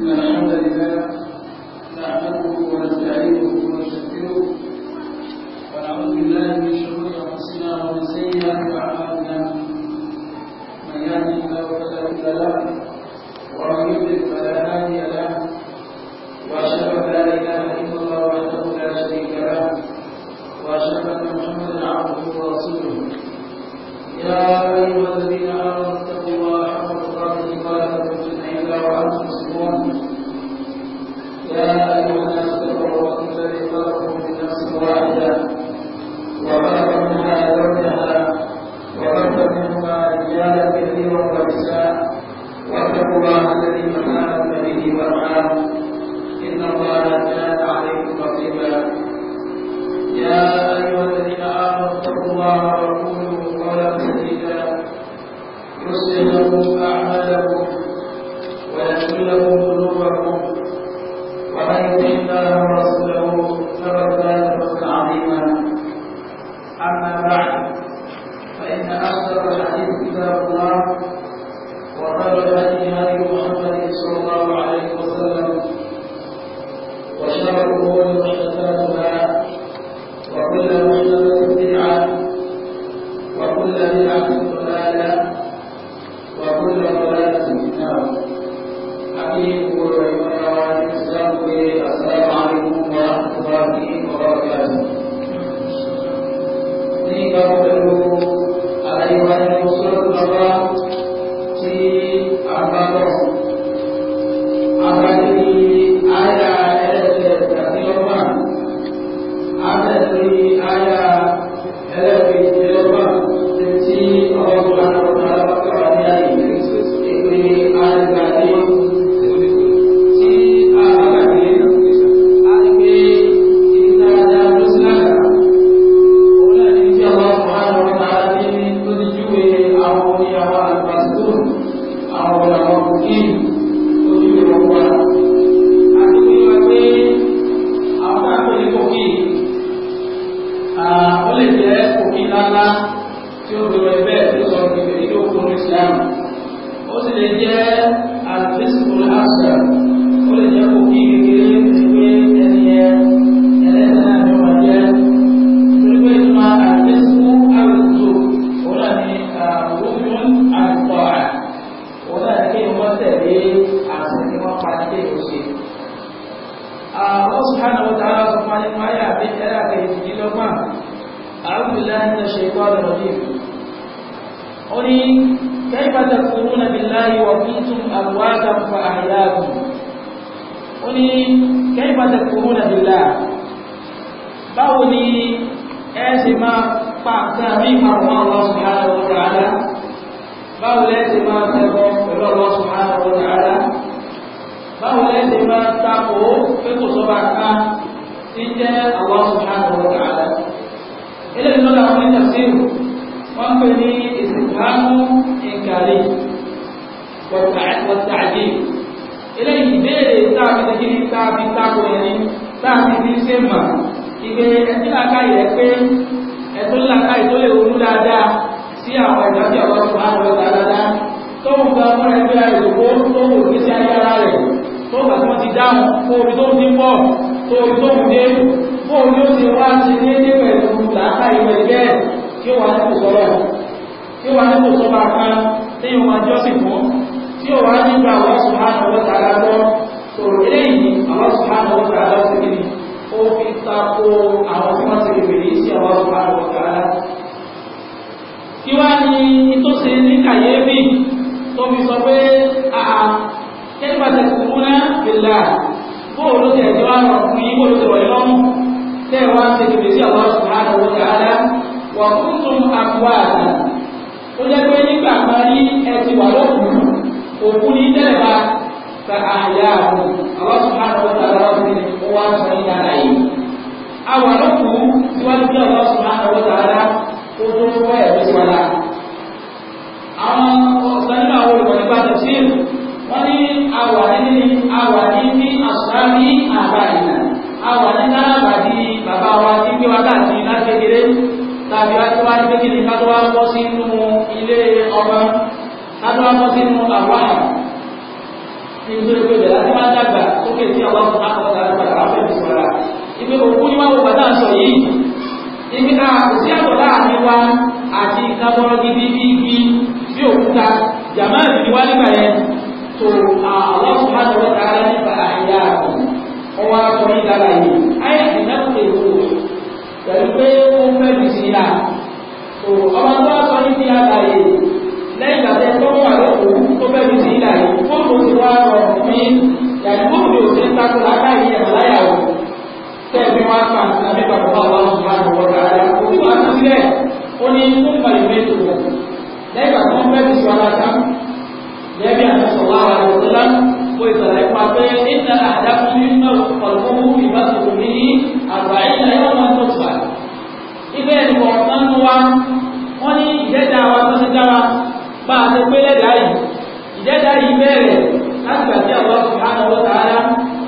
إن الحمد لله نحمده ونستعينه ونستغفره ونعوذ بالله من شرور أنفسنا ومن سيئات أعمالنا من يهده الله فلا مضل فلا هادي له وأشهد أن لا إله إلا وحده لا شريك له وأشهد أن محمدا عبده ورسوله يا أيها الذين آمنوا السلام أعوذ بالله من الشيطان الرجيم قولي كيف تكفرون بالله وكنتم أمواتا فأحياكم قولي كيف تكفرون بالله بولي أسمع فأكتابي مع الله سبحانه وتعالى báwo lẹ́ ti máa tẹ̀kọ́ pẹ̀lú ọlọ́ subhanahu wa ta'ala báwo tí jẹ́ Allah subhanahu wa ta'ala ilé ìlú náà wọ́n tafsir wọ́n pè ní ìsìnkánu ìkàlẹ̀ wọ̀tàjì ilé ìbéèrè táàbí tẹ́kìní táàbí táàbí ẹni táàbí ti ṣe mà ìgbé ẹtí làkàyè ẹ pé ẹtú làkàyè tó lè ronú dáadáa sí àwọn ìdájọ́ Allah subhanahu wa ta'ala tó ń gba fún ẹgbẹ́ àìlòkó tó wò ní sí ayára rẹ̀ tó gbà tí wọ́n ti dáhùn fún omi tó ń dín pọ̀ tó omi tó ń dé fún omi ó sì wá sí déédéé pẹ̀lú làákà ìwẹ̀ bẹ́ẹ̀ tí ó wà ní kò sọ́rọ̀ tí ó wà ní kò sọ́ba kan tí ó máa jọ́sìn fún tí ó wà nígbà wọ́n sùn hàn wọ́n tààrà lọ tó eléyìí àwọn sùn hàn wọ́n tààrà lọ sí kìíní ó fi tako àwọn tí wọ́n ti lè bèrè sí àwọn sùn hàn wọ́n tààrà kí wá ní tó ṣe ní kàyéfì tó fi sọ pé àà kẹ́lifà tẹ̀sùmúná bìlá bóòlù tẹ̀ ẹ̀jẹ̀ wá rọ̀ fún yín bóòlù tẹ̀ wọ̀ lọ́rùn tẹ̀ wá ṣe kìbè sí àwọn subhanahu wa ta'ala wà fún tún àbúwá àdá ó jẹ́ pé nígbà kan ní wá ní dáadáa yìí. àwọn àwọn subhanahu wa àwà nínú àwà nínú àṣùrábí àbá ìlà àwà nínú àbàdí bàbá wa ti gbé wa káàkiri láti kékeré tàbí wá tó wá ní kékeré ká tó wá bọ́ sínú ilé ọmọ ká tó wá bọ́ sínú àwa nítorí pé bẹ̀rẹ̀ láti máa dàgbà sókè tí àwọn ọmọ akọ̀ọ̀ta àgbàdà wà fẹ́ẹ̀ sọ̀rọ̀ ibi òkú ni wọ́n bàtà sọ yìí ibi ká kò sí àkọ́dá àríwá àti ìkábọ́rọ́ gidi so uh, Allah subhanahu wa ta'ala ni fa ahyaakum ó wá sọ ní ìdára yìí ayé ti náà ti wò pẹ̀lú pé ó ń fẹ́ mi sí so ọmọ tó wá sọ ní ti àgbà yìí lẹ́yìn ìgbà tó tó wà lóko tó fẹ́ mi sí i náà yìí fóònù ti wá rọ mí yàtí fóònù ò sí ń takò láká yìí ẹ̀rọ láyàwó tẹ́ẹ̀fì wá pa àbí bàbá Allah subhanahu wa ta'ala kò sí wàá sílẹ̀ ó ní fún màlúmẹ́tò lẹ́yìn mi lẹ́bí àtọ́sọ̀wọ́ ara rẹ̀ sílá ó ìtàlẹ̀ pa pé ìta àdákùn nínú ọ̀pọ̀lọpọ̀ ìbáṣepọ̀ ní àgbà ìlà yóò máa tó fà. ibẹ̀ Jawa, wọ́n tán ń wá wọ́n ní ìdẹ́dà wa tó ti dára bá a ti pé lẹ́dàá yìí ìdẹ́dà yìí bẹ̀rẹ̀ láti gbà tí àwọn subhanahu wa ta'ala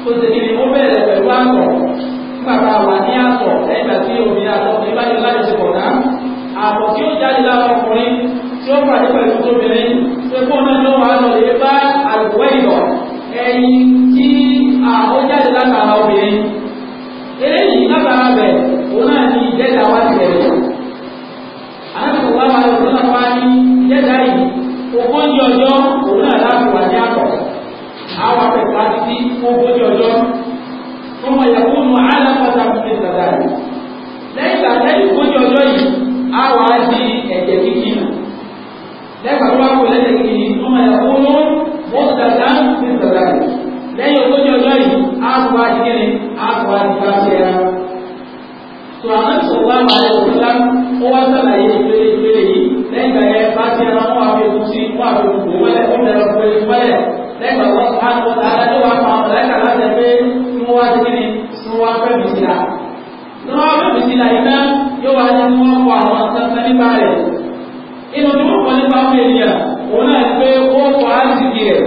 ó ti kiri ó bẹ̀rẹ̀ pẹ̀lú àtọ̀ nígbàtà wà ní àtọ̀ ẹgbà tí omi àtọ̀ ní bá ti láti sọ̀rọ̀ náà epo náà ló wà lọ lè bá àlùwẹ́ ìlọ ẹyin tí àwọn jáde látara obìnrin eléyìí látara bẹ̀ òun náà ní ìjẹ́ta wá ti rẹ̀ àlùkò wá máa lọ sọ́nà wá ní ìjẹ́ta yìí ogójì ọjọ́ òun náà láti wà ní àpọ̀ àwọn akẹ́kọ̀ọ́ àti tí ogójì ọjọ́ ọmọ ìyàwó mu àlàkọ́ta fún mi sàdáyé lẹ́yìn ìgbà lẹ́yìn ogójì ọjọ́ yìí àwọn àti wọn tààrà tó wà pa ọ̀rọ̀ ẹ̀ka láti pé kí wọ́n wá sí kíni kí wọ́n wá fẹ́ mi sí la. tí wọ́n wá fẹ́ mi sí la yìí náà yóò wá ní wọ́n kọ àwọn kankan nípa rẹ̀. inú tí wọ́n kọ́ nípa ọmọ ènìyàn òun náà pé ó kọ àìsíkì rẹ̀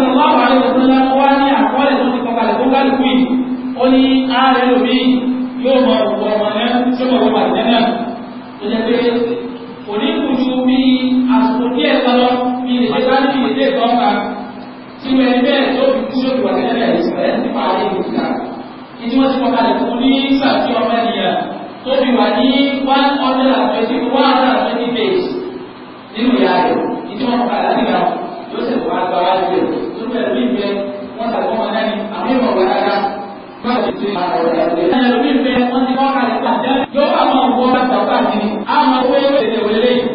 sallallahu alaihi wasallam wá ní àkọọ́lẹ̀ tó ti kọkalẹ̀ tó bá lùkú yìí ó ní ààrẹ lòmí yóò mọ òkú ọmọ náà tí ó mọ òkú àjẹ náà tó jẹ pé kò ní kù ju bí àsìkò díẹ̀ sọlọ bí lè dé láti lè dé ìtọ́ ka tí wọ́n ẹgbẹ́ tó fi kú sóòtù wà nílẹ̀ ìsọ̀rẹ́ nípa ayé ìgbà ìdí wọ́n ti kọkalẹ̀ fún ní sàtì ọmọ ènìyàn tó fi wà ní one hundred and twenty one hundred and twenty days nínú ìyá rẹ̀ ìdí wọ́n kọkalẹ̀ àti ìgbà yóò sì wá gbára lórí rẹ̀ pé ẹlòmíì bẹ wọ́n sàkó wọn náà ni àwọn ìmọ̀ wà rárá wọ́n ti ṣe ẹlòmíì bẹ wọ́n ti wọ́n kalẹ̀ pàdé yóò wà máa wọ bàtà bàtì ni a máa wọ ewé tètè wọlé lẹ́yìn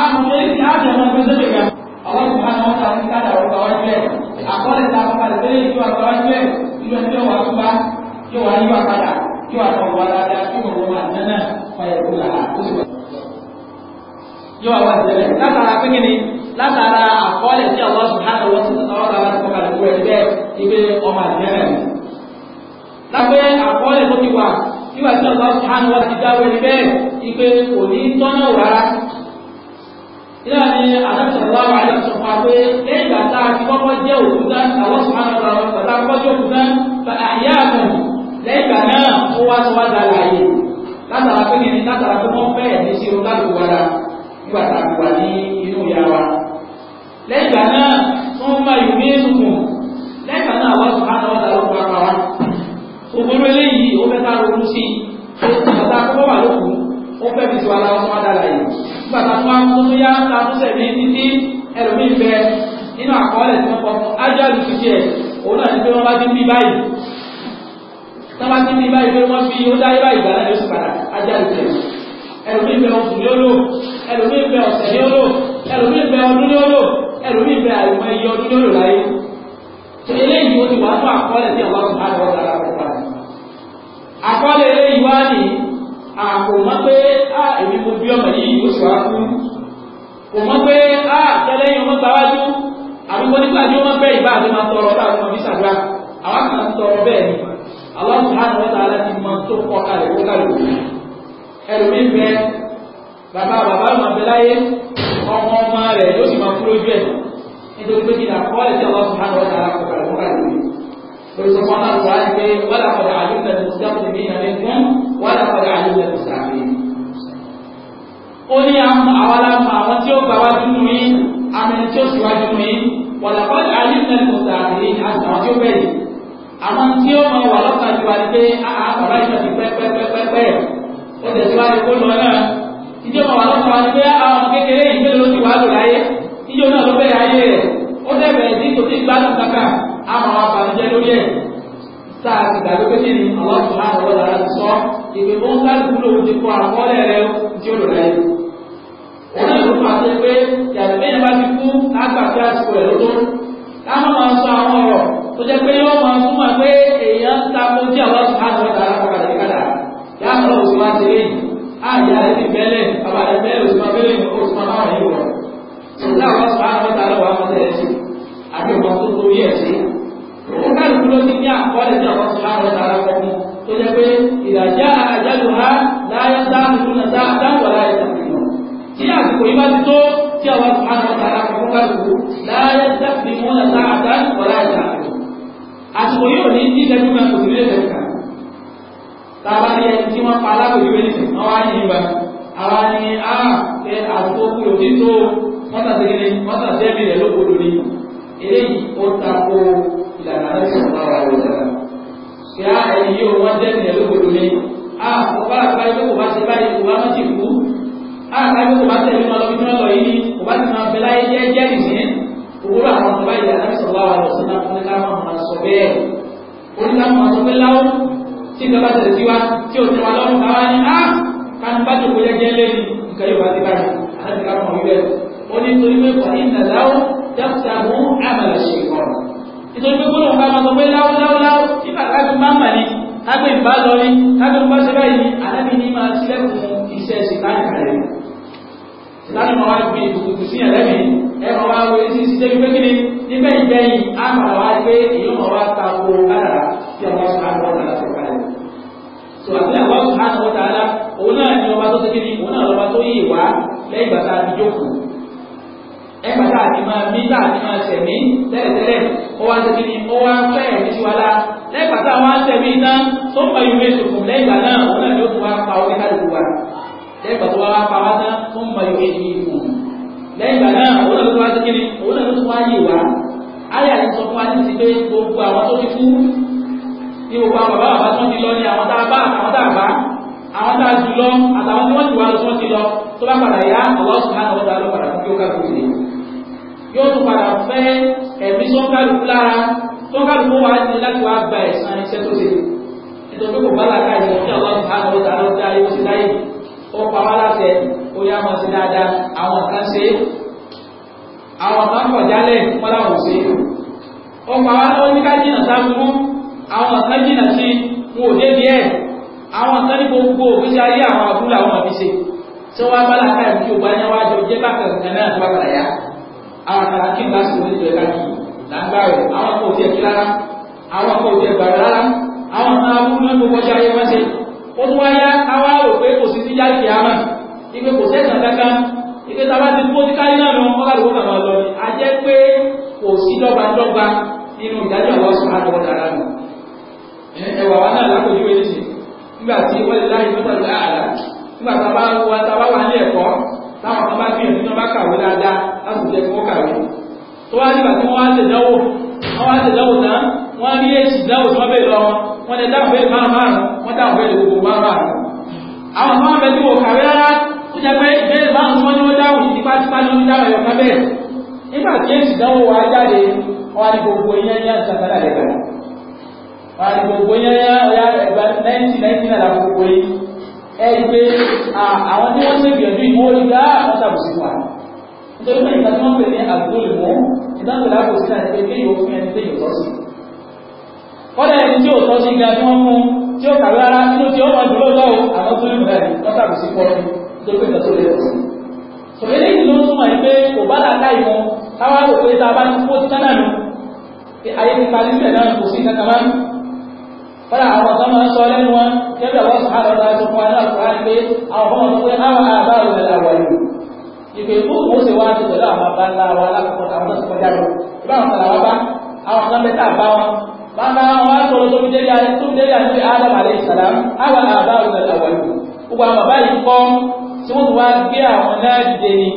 a máa wọ èsì àbí àwọn ọmọ ẹgbẹ́ gbẹ̀gà àwọn ìgbà náà wọ́n ta ní káàdà ọ̀rọ̀ àwọn ìgbẹ́ àkọọ́lẹ̀ ta àkọọ́lẹ̀ tẹ́lẹ̀ ìjọ àgbà ìgbẹ́ ìjọ tí ó wà túbá yóò wá yíwà padà yóò wà tọ̀ wà dáadáa kí wọ́n wọ́n àná náà fàyẹ̀kú làá ó sì wà. yóò wá wá ìṣẹ̀lẹ̀ látara pé kí ni látara àkọọ́lẹ̀ tí àwọn sùhánà wọ́n ti tọ́wọ́ ra láti kọ́ka lẹ́kọ́ ẹgbẹ́ ibi ọmọ àjẹ́rẹ̀ mi. lábẹ́ àkọọ́lẹ̀ tó ti wà nígbà tí àwọn sùhánà wọ́n ti dáwọ́ ẹni bẹ́ẹ̀ ipe kò ní tọ́nà rárá. ìlànà ni àdáṣọ̀rọ̀ àwọn àdáṣọ̀ fún wa pé lẹ́yìn ìgbà tá a ti kọ́kọ́ jẹ́ òkúta àwọn sùhánà wọ́n ti tọ́ta kọ́jọ́ òkúta fa àyà àgbọ̀n lẹ́yìn ìgbà náà ó wá sọ wá dára yìí látara pé kí ni látara pé tá a ti lẹ́gbà náà fún ma yìí ní ẹnùkùn lẹ́gbà náà wọ́n sùn láti ọ̀dà lọ́pọ̀ ara wa ògbóró eléyìí ó fẹ́ ká ronú sí i ọ̀tá akọ́kọ́ wà lókù ó fẹ́ fi tiwa láwọn ọmọ dára yìí nígbà táwọn akọ́ tó yá ta tó sẹ̀ ní títí ẹlòmíì bẹ nínú àkọọ́lẹ̀ tí wọ́n kọ́ ájá lù sí tiẹ̀ òun náà ti pé wọ́n bá ti ń bí báyìí tí wọ́n bá ti ń bí báyìí pé wọ́n fi ó dáyé báyìí gbà náà ló sì padà ájá lù tiẹ̀ ẹlòmíì bẹ oṣù ní ó lò ẹlòmíì bẹ ọ̀sẹ̀ ní ó lò ẹlòmíì bẹ ọdún ní ó lò ẹlòmíì bẹ àìmọ iye ọdún yóò láyé tó eléyìí ó ti wà fún àkọọ́lẹ̀ tí àwọn ọ̀sán àdúrà dára rẹ̀ pa ni. àkọọ́lẹ̀ eléyìí wá ní àpò mọ́ pé á èmi mo bí ọmọ yìí yóò sọ àkú kò mọ́ pé á tẹ́lẹ̀ yìí ọmọ gbáwájú àbí mo nígbà tí ó máa bẹ́ ìbá àti máa tọrọ ọ̀tá àti máa fi ṣàdúrà àwọn kan tọrọ bẹ́ẹ̀ ni àwọn sùhánù wọn tààlà ti mọ tó kọ kalẹ̀ kó kalẹ̀ wò ẹlòmíì bẹ bàbá bàbá ló máa bẹ láyé ọmọ ọmọ rẹ̀ yóò sì máa kú lójú ẹ̀ nítorí pé kíni àkọọ́lẹ̀ tí àwọn sùnmọ́ àwọn ará kọ̀ọ̀kan ló wà lórí. lórí sọ́kọ́ náà sọ wáyé pé wàlà kọ̀dà àdúgbò mùsùlùmí ní ìyàlẹ́ fún wàlà kọ̀dà àdúgbò mùsùlùmí. ó ní àwọn àwọn tí ó gbà wá dúró mi àmì tí ó sì wá dúró mi wàlà kọ̀dà àdúgbò mùsùlùmí àti àwọn tí ó bẹ̀rẹ̀ àwọn tí ó máa wà lọ́kàn ju wa ni pé àbàbá ìṣàtì pẹ́pẹ́pẹ́pẹ́ ó tẹ̀síwájú kó lọ náà ìjọba wà lọ́kàn wa ni pé àwọn kékeré yìí mélòó ti wàá lò láyé níjó náà ló bẹ̀rẹ̀ ayé rẹ̀ ó dẹ̀bẹ̀rẹ̀ sí kò sí gbádùn kankan àwọn abànújẹ́ lórí ẹ̀ sáà ti gbàgbé pé kí ni àwọn ọ̀sán àwọn ọ̀dà láti sọ ìpè ó ń kálukú lòun ti kọ àkọọ́lẹ̀ rẹ̀ tí ó lò láyé. wọ́n náà ló máa ṣe pé yàtọ̀ bẹ́ẹ̀ bá ti kú lágbàgbé àsìkò rẹ̀ lótó káwọn máa sọ àwọn ọ̀rọ̀ tó jẹ́ pé yóò máa túmọ̀ pé èèyàn ń ta kó tí àwọn ọ̀sán àwọn ọ̀dà láti àyà ẹni bẹ́lẹ̀ àbàdà bẹ́lẹ̀ òṣùpá bẹ́lẹ̀ òṣùpá máa yìí wọ̀. Ṣùgbọ́n àwọn ọ̀sán àwọn ọ̀tá lọ́wọ́ àwọn ọ̀tá ẹ̀sìn àti ọmọ tó torí ẹ̀sìn. Òun náà ló ti ní àkọọ́lẹ̀ tí àwọn ọ̀sán àwọn ọ̀tá lọ́wọ́ mú tó jẹ́ pé ìdájá àjálù ha láyé dáhùn náà dáhùn wà láyé tàbílọ̀. Tí àsìkò yìí bá ti tó tí àwọn ọ̀sán àwọn ọ̀tá lọ́wọ́ kálukú láyé tàbílọ̀ àsìkò yìí ò ní ní ìdájú kan kò sí lé tàbá ní ẹni tí wọ́n pa alábòjúwé nìsìn wọ́n wá ní ìgbà ara ní a ẹ àtòkù òbí tó wọ́n tàbí ní wọ́n tàbí ẹ̀mí rẹ̀ lókodò ní eléyìí ó tako ìlànà rẹ̀ sọ̀rọ̀ lára rẹ̀ dára kí á ẹni yóò wọ́n jẹ́ ìrẹ̀ lókodò ní a kò bá àgbá ilé kò bá ṣe báyìí kò bá mọ́tì kú a àgbá ilé kò bá tẹ̀lé wọn lọ́bí tí wọ́n lọ yìí kò bá ti máa bẹ láyé jẹ́ jẹ́ nìsín òwúrọ̀ àwọn ọmọ báyìí àtàkì sọ̀rọ̀ lára rẹ̀ sọ̀rọ̀ tí ìjọba tẹ̀lé sí wa tí ò tẹ̀wá lọ́rùn bá wá ah, ní á kánú bá jòkó jẹ́jẹ́ lẹ́nu nǹkan yóò bá ti báyìí láti ká mọ̀ wíwẹ̀. ó ní torí pé wà ní ìnàláwó dákúta mú àmàlà ṣe kọ́. nítorí pé gbọ́dọ̀ bá máa sọ pé láwọ́láwọ́láwọ́ nígbà kájú máa mà ní kágbé ìbá lọ ní kágbé ń bá ṣe báyìí ní alábì ní mi. sílẹ̀kùn iṣẹ́ ṣìkánì kàlẹ́. ṣìkánì máa wá gbé ìbùkún sí ẹ̀rẹ́mì ẹ̀rọ wa wọlé sí ṣiṣẹ́ wípé kí ni nígbẹ̀yìn gbẹ̀yìn á máa wá gbé èyí máa wá ta owó kádàrá tí ọmọ ṣe máa ń bọ̀ so àti àwọn subhanahu wa ta'ala òun náà ni ọba tó ti kíni òun náà lọba tó yí ìwá lẹ́yìn ìgbà tá a ti jókòó ẹgbà tá a ti máa mí tá a ti máa sẹ̀mí tẹ́lẹ̀tẹ́lẹ̀ ó wá ti kíni ó wá fẹ́ ẹ̀mí sí wa lá lẹ́gbà tá a wá sẹ̀mí iná tó ń pa ìwé sòkùn lẹ́yìn ìgbà náà òun náà ni ó tún wá pa orí kálukú wa lẹ́gbà wá pa wá tán tó ń pa ìwé sí lẹ́yìn ìgbà ní gbogbo àwọn bàbá bàbá tó ti lọ ní àwọn tá a bá àwọn tá a bá àwọn tá a jù lọ àtàwọn tí wọ́n ti wà lọ tí wọ́n ti lọ tó bá padà yá ọ̀lọ́ sùnmọ́ ọ̀dà ló padà fún kí ó ká gbogbo yìí. yóò tún padà fẹ́ ẹ̀mí sọ́kàlùkù lára sọ́kàlùkù wà ní láti wá gba ẹ̀san iṣẹ́ tó ṣe nítorí kò bá làkà ìṣẹ̀ tí ọ̀lọ́ sùnmọ́ ọ̀dà ló dá yóò ṣe sí dáadáa àwọn kan ṣe ní ká jìnnà sáfúrú àwọn kan jìnà sí wọn ò débi ẹ̀ àwọn kan ní gbogbo òfin ayé àwọn abúlé àwọn ọ̀bí ṣe tí wọ́n bá láta ìdí ògbà yẹn wá jọ jẹ́ bákan kan náà tó bá kàrà yá àwọn kan kí n bá sì wọlé ìgbẹ́ káàkiri làǹgbà rẹ̀ àwọn kan ò tiẹ̀ kí rárá àwọn kan ò tiẹ̀ gbà kan abúlé gbogbo ṣe ayé wọ́n ṣe ó tún wáyá káwá rò pé kò sí sí yá ìkè àmà ìpè kò sẹ́sàn ti kó sí káyé náà lọ wọ́n bá lè wọ́n a jẹ́ pé kò sí dọ́gbadọ́gba nínú ìdájọ́ àwọn sọ̀rọ̀ àwọn ọ̀daràn ẹwà wa náà lápòjú wẹ́lẹ́ sí nígbà tí wọ́n lè láyé nígbà tí àlá nígbà tá bá wà bá wà ní ẹ̀kọ́ táwọn kan bá gbìyànjú náà bá kàwé dáadáa láti jẹ kó kàwé tó wá nígbà tí wá lè wá lè á rí èsì tí lọ lè gbogbo àwọn kan bẹ tí kàwé rárá wọ́n á gbogbo yẹn yá ọ̀yá ẹgbẹ́ náírà náírà náírà gbogbo yìí ẹ rí pé àwọn tí wọ́n ṣe gbìyànjú ìwọ orí dá àwọn ah, ṣàbùsí wa nítorí pé ìgbà tí wọ́n pè ní àbúrò lè mú ìdáhùn lábòsí náà pé kéèyàn ó fún ẹni tí yóò tọ́ sí. kọ́dà ẹni tí yóò tọ́ sí ga tí wọ́n mú tí ó kàwé ara nínú tí ó máa dúró lọ́wọ́ àwọn tó lè mú ẹni lọ́sàbùsí pọ̀ nítorí pé ìgbà tó lè rọ̀ sí kọ́lá àwọn ọ̀tọ́ máa ń sọ lẹ́nu wọn kẹ́bí àwọn sọ̀hánà bá tó fún wa náà kúrá pé àwọn ọmọ tó pé àwọn àbá rẹ̀ là wà lù ìpè tó kò ṣe wá ti pẹ̀lú àwọn bá ńlá wa lákòókò àwọn tó ti kọjá lọ ìbá àwọn tàlà wa àwọn kan bẹ́tà bá wọn bàbá wọn wá sọ̀rọ̀ tó fi délé ayé tó fi délé ayé Adam alẹ́ ìsàlám àwọn àbá rẹ̀ là wà lù gbogbo àwọn bàbá yìí kọ́ tí wọ́n ti wá gbé àwọn náà dìde ni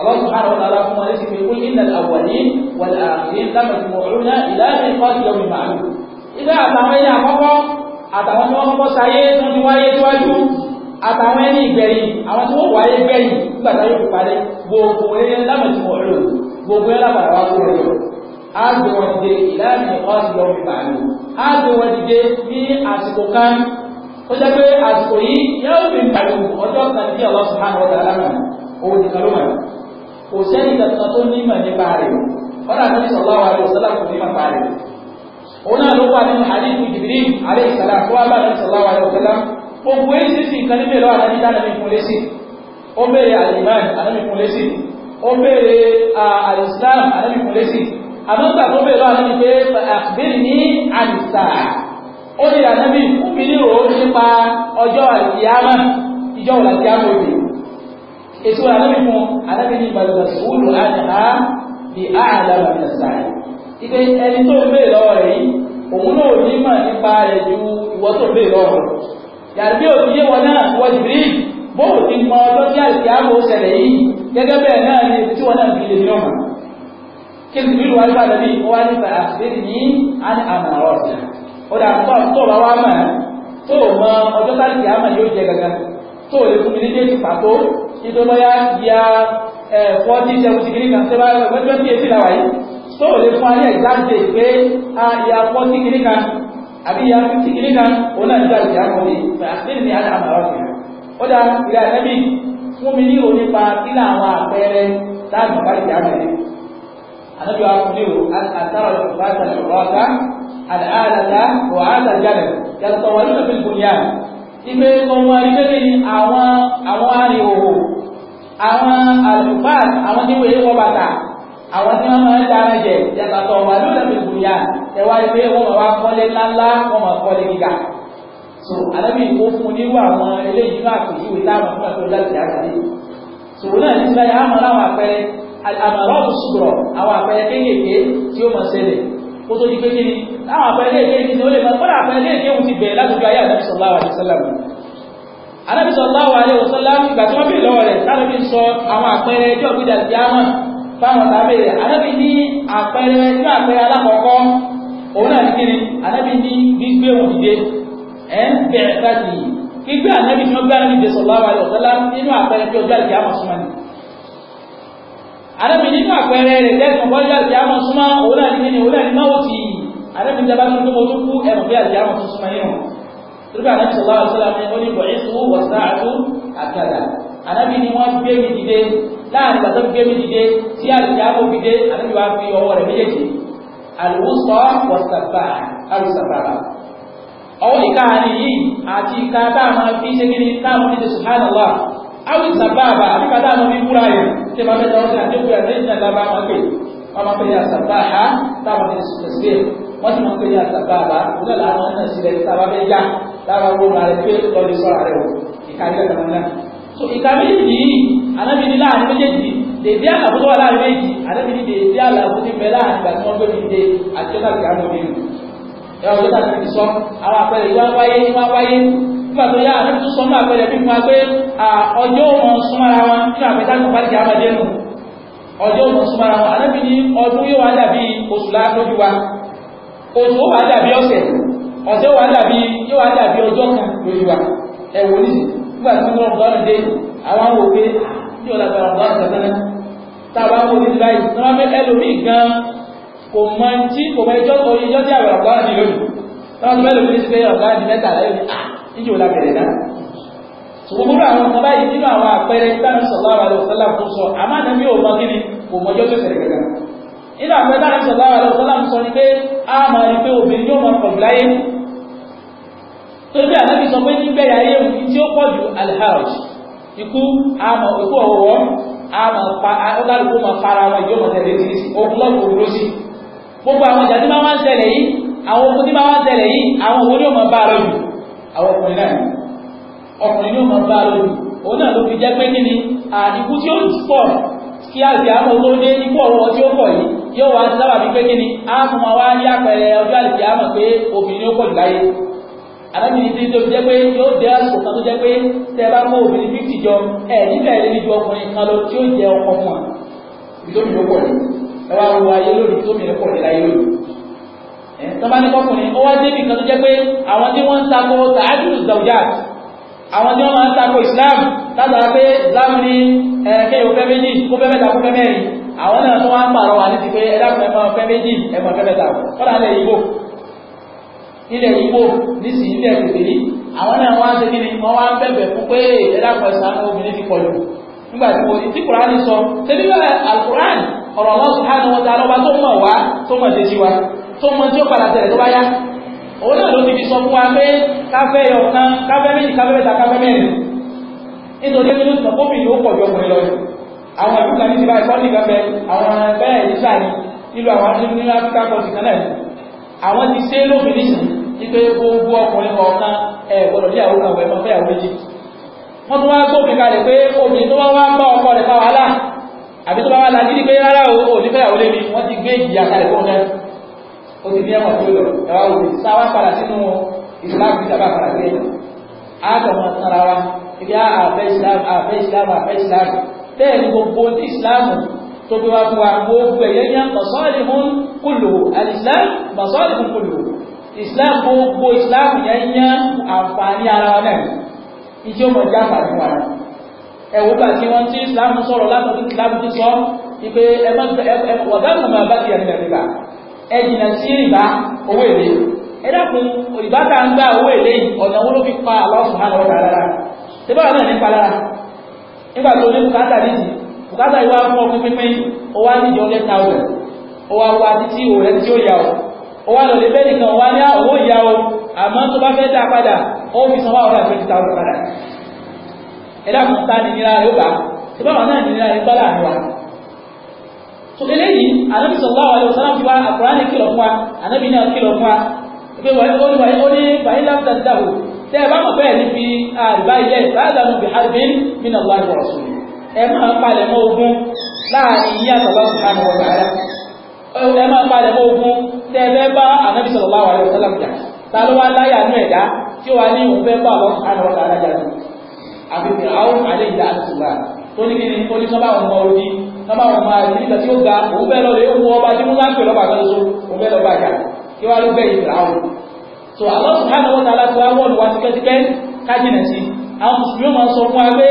الله سبحانه وتعالى في مالك يقول إن الأولين والآخرين لمجموعون إلى ميقات يوم معلوم ilé àtàwọn ẹni àkọ́kọ́ àtàwọn tí wọ́n kọ́kọ́ sáyé tó ti wáyé síwájú àtàwọn ẹni ìgbẹ̀yìn àwọn tí wọ́n wáyé gbẹ̀yìn nígbà táyé parí gbogbo ẹyẹ lámẹ̀tí lò gbogbo ẹyẹ lábàrá wá kó rẹ̀ lọ. a gbé wọn dìde ìlànà ọ̀sìn lọ́wọ́ ìbàlú a gbé wọn dìde ní àsìkò kan ó jẹ́ pé àsìkò yìí yóò fi pẹ̀lú ọjọ́ kan tí Allah subhanahu wa ta'ala òun nìkan ló mọ̀ kò sẹ́ni kankan tó ní ìmọ̀ nípa rẹ̀ ọ̀rọ̀ àti sọ̀lá wa ló sọ́lá kò ní ìmọ̀ nípa rẹ̀ òun náà ló wà nínú àdínkù jìbìrì alẹ́ ìsàlá tó wá bá ní sọ̀lá wa lọ sọ́lá gbogbo èyí sì sì nǹkan níbẹ̀ lọ́wọ́ àdáni dáná mi kún lésì ó béèrè àlìmáì àdáni kún lésì ó béèrè àlìsílám àdáni kún lésì àmọ́ gbà tó béèrè lọ́wọ́ àdáni pé àbírí ní àlìsà ó lè àdáni kúbi ní òun nípa ọjọ́ àlìyámà ìjọ òlàkíyámà òbí èso àdáni kún àdáni ní gbàdúrà sùúrù àdáni bí àdàbà ìsàlẹ̀ ipe ẹni tó ń béèrè lọ́wọ́ rẹ̀ yìí òun náà ní mà nípa rẹ̀ ju ìwọ tó ń béèrè lọ́wọ́ yàrá bí òbí yé wọn náà wọ́n ti rí bóò ti mọ ọjọ́ tí àti àbò ṣẹlẹ̀ yìí gẹ́gẹ́ bẹ́ẹ̀ náà ni tí wọ́n náà fi lè ní ọmọ kí n tìbí wáyé bá lẹ́bí wá ní fàásìlẹ̀ ní àmà ọ̀sẹ̀ ó dà tó tó bá wá mà tó mọ ọjọ́ tá àti àmà yóò jẹ gangan tó lè fún mi ní déètì pàtó ìdọ́bọ́yá ya fọ́tí sẹ́wọ́n ti kan sẹ́wọ́n ti èsì làwáyé tó lè fún ayé ìdájẹ́ pé a yà pọ́ sí kiri kan àbí yà fi sí kiri kan òun náà nígbà tí a kọ́ ni bẹ́ẹ̀ ni àdá àmàlà ọ̀sẹ̀ ó dá ìrẹ́ àtẹ́bí fún mi ní onípa kílà àwọn àpẹẹrẹ táàbù bá ti àgbẹ̀ àdájọ́ akúlé àtàrà ìfúnpá àtàrà ọ̀rọ̀ àdáàdàdà wà á dàjálẹ̀ yàtọ̀ wà nínú fi gbòmìyà ipe àwọn tí wọ́n máa ń dára jẹ yàtọ̀ wà ló lẹ́nu ìgbòyà ẹwà ìwé wọn máa wá kọ́lé ńláńlá wọn máa kọ́lé gíga so alábì kó fún nírú àwọn eléyìí náà kò yíwèé táwọn fún àtọ́ láti àgbáyé so wọn náà ní sílẹ̀ yà á mọ̀ láwọn àpẹẹrẹ àmàlà ọ̀tún sùrọ̀ àwọn àpẹẹrẹ kéékèèké tí ó máa ṣẹlẹ̀ kó tó di pé kí ni àwọn àpẹẹrẹ kéékèèké ni ó lè máa kọ́lá àpẹẹrẹ kéékèèké òun ti bẹ̀rẹ̀ látọjú ayé àdábì sallallahu alaihi wasallam àdábì sallallahu alaihi wasallam ìgbà tí wọ́n bèèrè lọ́wọ́ rẹ̀ láti fáwọn tàbí rẹ̀ anábì ní àpẹẹrẹ ní àpẹẹrẹ alákọ̀ọ́kọ́ òun náà ní kíni anábì ní gbígbé òun dìde ẹ̀ ń bẹ̀rẹ̀ láti gbígbé anábì tí wọ́n gbé anábì dèsọ̀ láwà rẹ̀ ọ̀tọ́lá nínú àpẹẹrẹ bí ọjọ́ àti àmọ̀ súnmọ́ ni anábì nínú àpẹẹrẹ rẹ̀ lẹ́sùn bọ́ ọjọ́ àti àmọ̀ súnmọ́ òun náà ní kíni òun náà ní náà ti anábì jábá tó tó tó kú ẹ̀rọ bí àti àmọ̀ súnmọ́ yìí rùn torí bá anábì sọ̀rọ̀ àwọn sọ̀rọ̀ àwọn ẹni ó ní bọ̀ láàrin ìgbà tó fi gbé méjì dé tí àlùjá kò fi dé àlejò wa fi ọwọ́ rẹ̀ méjèèjì àlùwùsọ wọ̀sàfà àlùsàfàrà ọwọ́ ìka àárín yìí àti ìka tá a máa fi ṣe kí ni táwọn ní ti subhanallah àlùsàfàrà àbíkà tá a máa fi búra rẹ̀ tí a máa fẹ́ tọ́wọ́ sí àdéhùn rẹ̀ lẹ́yìn náà lábá máa pè wọ́n máa pè ní àsàfàrà táwọn ní ti sùpẹ̀sì wọ́n ti máa pè ní àsàfàrà òun náà làwọn náà sílẹ̀ táwọn fẹ́ yá lára owó rẹ̀ pé lọ́ọ́ so ìka méjèèjì yìí anábì ní láàrin méjèèjì dèdé àlàbò tó wà láàrin méjì anábì ní dèdé àlàbò ní bẹ láàrin ìgbà tí wọ́n gbé mi dé àti ọjọ́ àti àwọn obìnrin ẹ̀rọ ọjọ́ àti ti sọ àwọn àpẹẹrẹ yìí wá wáyé wá wáyé nígbà tó yá àti sọ ní àpẹẹrẹ bí fún wa pé ọjọ́ wọn súnmọ́ra wọn nínú àpẹẹrẹ tó pàdé àmàdé nù ọjọ́ wọn súnmọ́ra wọn anábì ní ọdún yóò wá dàbí oṣù láàdójú wa oṣù ó dàbí ọ̀sẹ̀ ọ̀sẹ̀ ó dàbí yóò wá dàbí ọjọ́ kan lójú wa ẹ̀wọ̀n nísìnyí nígbà tí wọ́n bá dé àwọn àwọn òwe tí ọ̀la gba ọ̀la kàtàkàtà tá a bá wọ ní báyìí tí wọ́n fẹ́ ẹlòmíì gan kò mọ tí kò mọ ìjọ orí ìjọ tí àwọn ọ̀gá àdì lónìí tí wọ́n fẹ́ ẹlòmíì sí pé ọ̀gá àdì mẹ́ta láyé ní ah, à níjẹ́ ọ̀la bẹ̀rẹ̀ náà sòkòkòrò àwọn ọ̀gá báyìí nínú àwọn àpẹẹrẹ táwọn sallallahu alaihi wasallam tó sọ àmọ́ àdàbí ò mọ kí ni kò mọ ọjọ́ tó ṣẹlẹ̀ gẹ̀gẹ̀ nínú àpẹẹrẹ táwọn a máa rí pé obìnrin yóò pé ànábì sọ pé níbẹ̀rẹ̀ ayé òun tí ó pọ̀ ju alharaj ikú àmọ̀ ikú ọ̀wọ́ àmọ̀ ọ̀dàlùkù máa fara wọn ìjọba tẹ̀lé sí ogun lọ́gbọ̀n òwúrọ̀ sí gbogbo àwọn ìjà tí máa ń tẹ̀lé yìí àwọn ogun tí máa ń tẹ̀lé yìí àwọn òwúrọ̀ ni ó máa bá a lójú àwọn ọkùnrin náà ọkùnrin ni ó máa bá a lójú òun náà ló fi jẹ́ pé kí ni àdìkú tí ó pọ̀ kí àgbẹ̀ àmọ́ tó dé ikú ọ̀wọ́ tí ó pọ̀ yìí yóò wá sábà bí pé kí ni àmọ́ wá ní àpẹẹrẹ ọjọ́ àdìkú àmọ́ pé obìnrin ó pọ̀ jù láyé arábìnrin tí tó jẹ́ pé yóò dé àsìkò kan tó jẹ́ pé tẹ́ bá mú obìnrin fífì jọ ẹ̀ níbẹ̀ lè ju ọkùnrin kan lọ tí ó jẹ ọkọ fún wa ìtòmí ló pọ̀ ní ẹ wá wo ayé lónìí ìtòmí ló pọ̀ ní láyé lónìí ẹ̀ tọ́ba ní kọkùnrin ó wá débi kan tó jẹ́ pé àwọn tí wọ́n ń takò tààdùn zawjat àwọn tí wọ́n máa ń takò Islam látara pé Islam ní ẹ̀ẹ́kẹ́ òfẹ́ méjì kó fẹ́ mẹ́ta kó fẹ́ mẹ́rin àwọn náà tó wá ń pàrọwà ilẹ̀ ìgbò nísì ilẹ̀ ìgbèrí àwọn náà wá ṣe kíni wọ́n wá bẹ̀bẹ̀ fún pé ẹ̀dàpọ̀ ìsànà obìnrin ti pọ̀lù nígbà tí mo ti kùránì sọ tẹ́lẹ̀ bẹ́ẹ̀ alukùránì ọ̀rọ̀ Allah subhanahu wa ta'ala lọ́ba tó mọ̀ wá tó mọ̀ tẹ́sí wa tó mọ̀ tí ó padà tẹ̀lẹ̀ tó bá yá òun náà ló ti fi sọ fún wa pé káfẹ́ yọ kan káfẹ́ méjì káfẹ́ mẹ́ta káfẹ́ mẹ́rin nítorí ẹni ló ti sọ kófì yóò pọ̀ ju ọkùnrin lọ àwọn ìlú kan ní ti báyìí sọ́ọ́nì kan bẹ àwọn bẹ́ẹ̀ nísà ní ìlú àwọn arúgbó ní áfíríkà ipe gbogbo ọkùnrin kọ̀ọ̀kan ẹ gbọ́dọ̀ bí àwọn kan wẹ̀mọ́ fẹ́yàwó méjì wọ́n tún wá sófin kalẹ̀ pé obìnrin tó bá wá bá ọkọ rẹ̀ fa wàhálà àbí tó bá wá lagídí pé rárá o ò ní fẹ́yàwó lé mi wọ́n ti gbé ìjìyà kalẹ̀ fún ọ̀nà ó ti ní ẹ̀wọ̀n tó lọ ẹ̀wà òbí sáwá padà sínú ìsìláàmù bí sábà padà sí ẹ̀yìn àtọ̀mọ̀ sára wa ibi àfẹ́ ìsìláàmù àfẹ́ ìsìláàmù àfẹ́ ìsìláàmù bẹ́ẹ̀ ni gbogbo ti ìsìláàmù tó wa gbogbo ẹ̀yẹ́ yẹn mọ̀sọ́ọ̀lì kùlù alìsìláàmù mọ̀sọ́ọ̀lì kùlù islam gbogbo islam yẹn yán àǹfààní ara wọn náà ìjọ mọ̀ jẹ́ àǹfààní wa ẹ̀wọ́n gbà tí wọ́n ti islam sọ̀rọ̀ látọ̀dún islam ti sọ ìpè wọ̀dọ́kùn máa bá ti ẹ̀rìn rìbá ẹ̀jìnà sí rìbá owó èlé ẹ̀dàkùn rìbá tá ń gbá owó èlé ọ̀nà owó ló fi pa Allah subhanahu wa ta'ala tẹ́bọ̀ náà nípa lára nígbà tó ní bùkátà nídìí bùkátà ìwà fún ọkùn pínpín o wá nídìí ọjọ́ táwọn ó wá wá títí òun rẹ̀ tí ó yà ọ́ ó wá lọ lè bẹ́ẹ̀ nìkan wá ní owó ìyá o àmọ́ tó bá fẹ́ dá padà ó fi san wáhùn láti twenty thousand padà ẹ̀dá kan ta nìyíra rẹ̀ ó bá tó bá wà náà nìyíra rẹ̀ bá láàrin wa so eléyìí anabi sallallahu alayhi wa sallam fi wá akurani kìlọ̀ fún wa anabi náà kìlọ̀ fún wa pé wàá ó ní wàá ó ní bàyí láti dáhù tẹ ẹ bá bi harbin min Allah wa rasul ẹ máa ogun láàrin yíyá sọ̀rọ̀ sùn àná wọ̀ ẹ máa palẹ̀ ogun tẹ́lẹ̀ bá ànábì sallallahu alaihi wasallam jà ta wá láyà nú ẹ̀dá tí ó wá ní òun bá àwọn subhanahu wa ta'ala jà ní àbíkì àwọn àlẹ́ ìlà àtìsùgbà tó ní kíni ó ní sọ́bà àwọn ọmọ orí sọ́bà àwọn ọmọ àti nígbà tí ó ga òun fẹ́ lọ lè wọ ọba tí mo láǹpẹ̀ lọ́ba kan lóṣù òun fẹ́ lọ bá jà kí wá ló bẹ́ àwọn so àwọn subhanahu wa ta'ala ti wá wọ́ọ̀lù wa tipẹ́tipẹ́ kájìnà sí àwọn mùsùlùmí máa sọ wa pé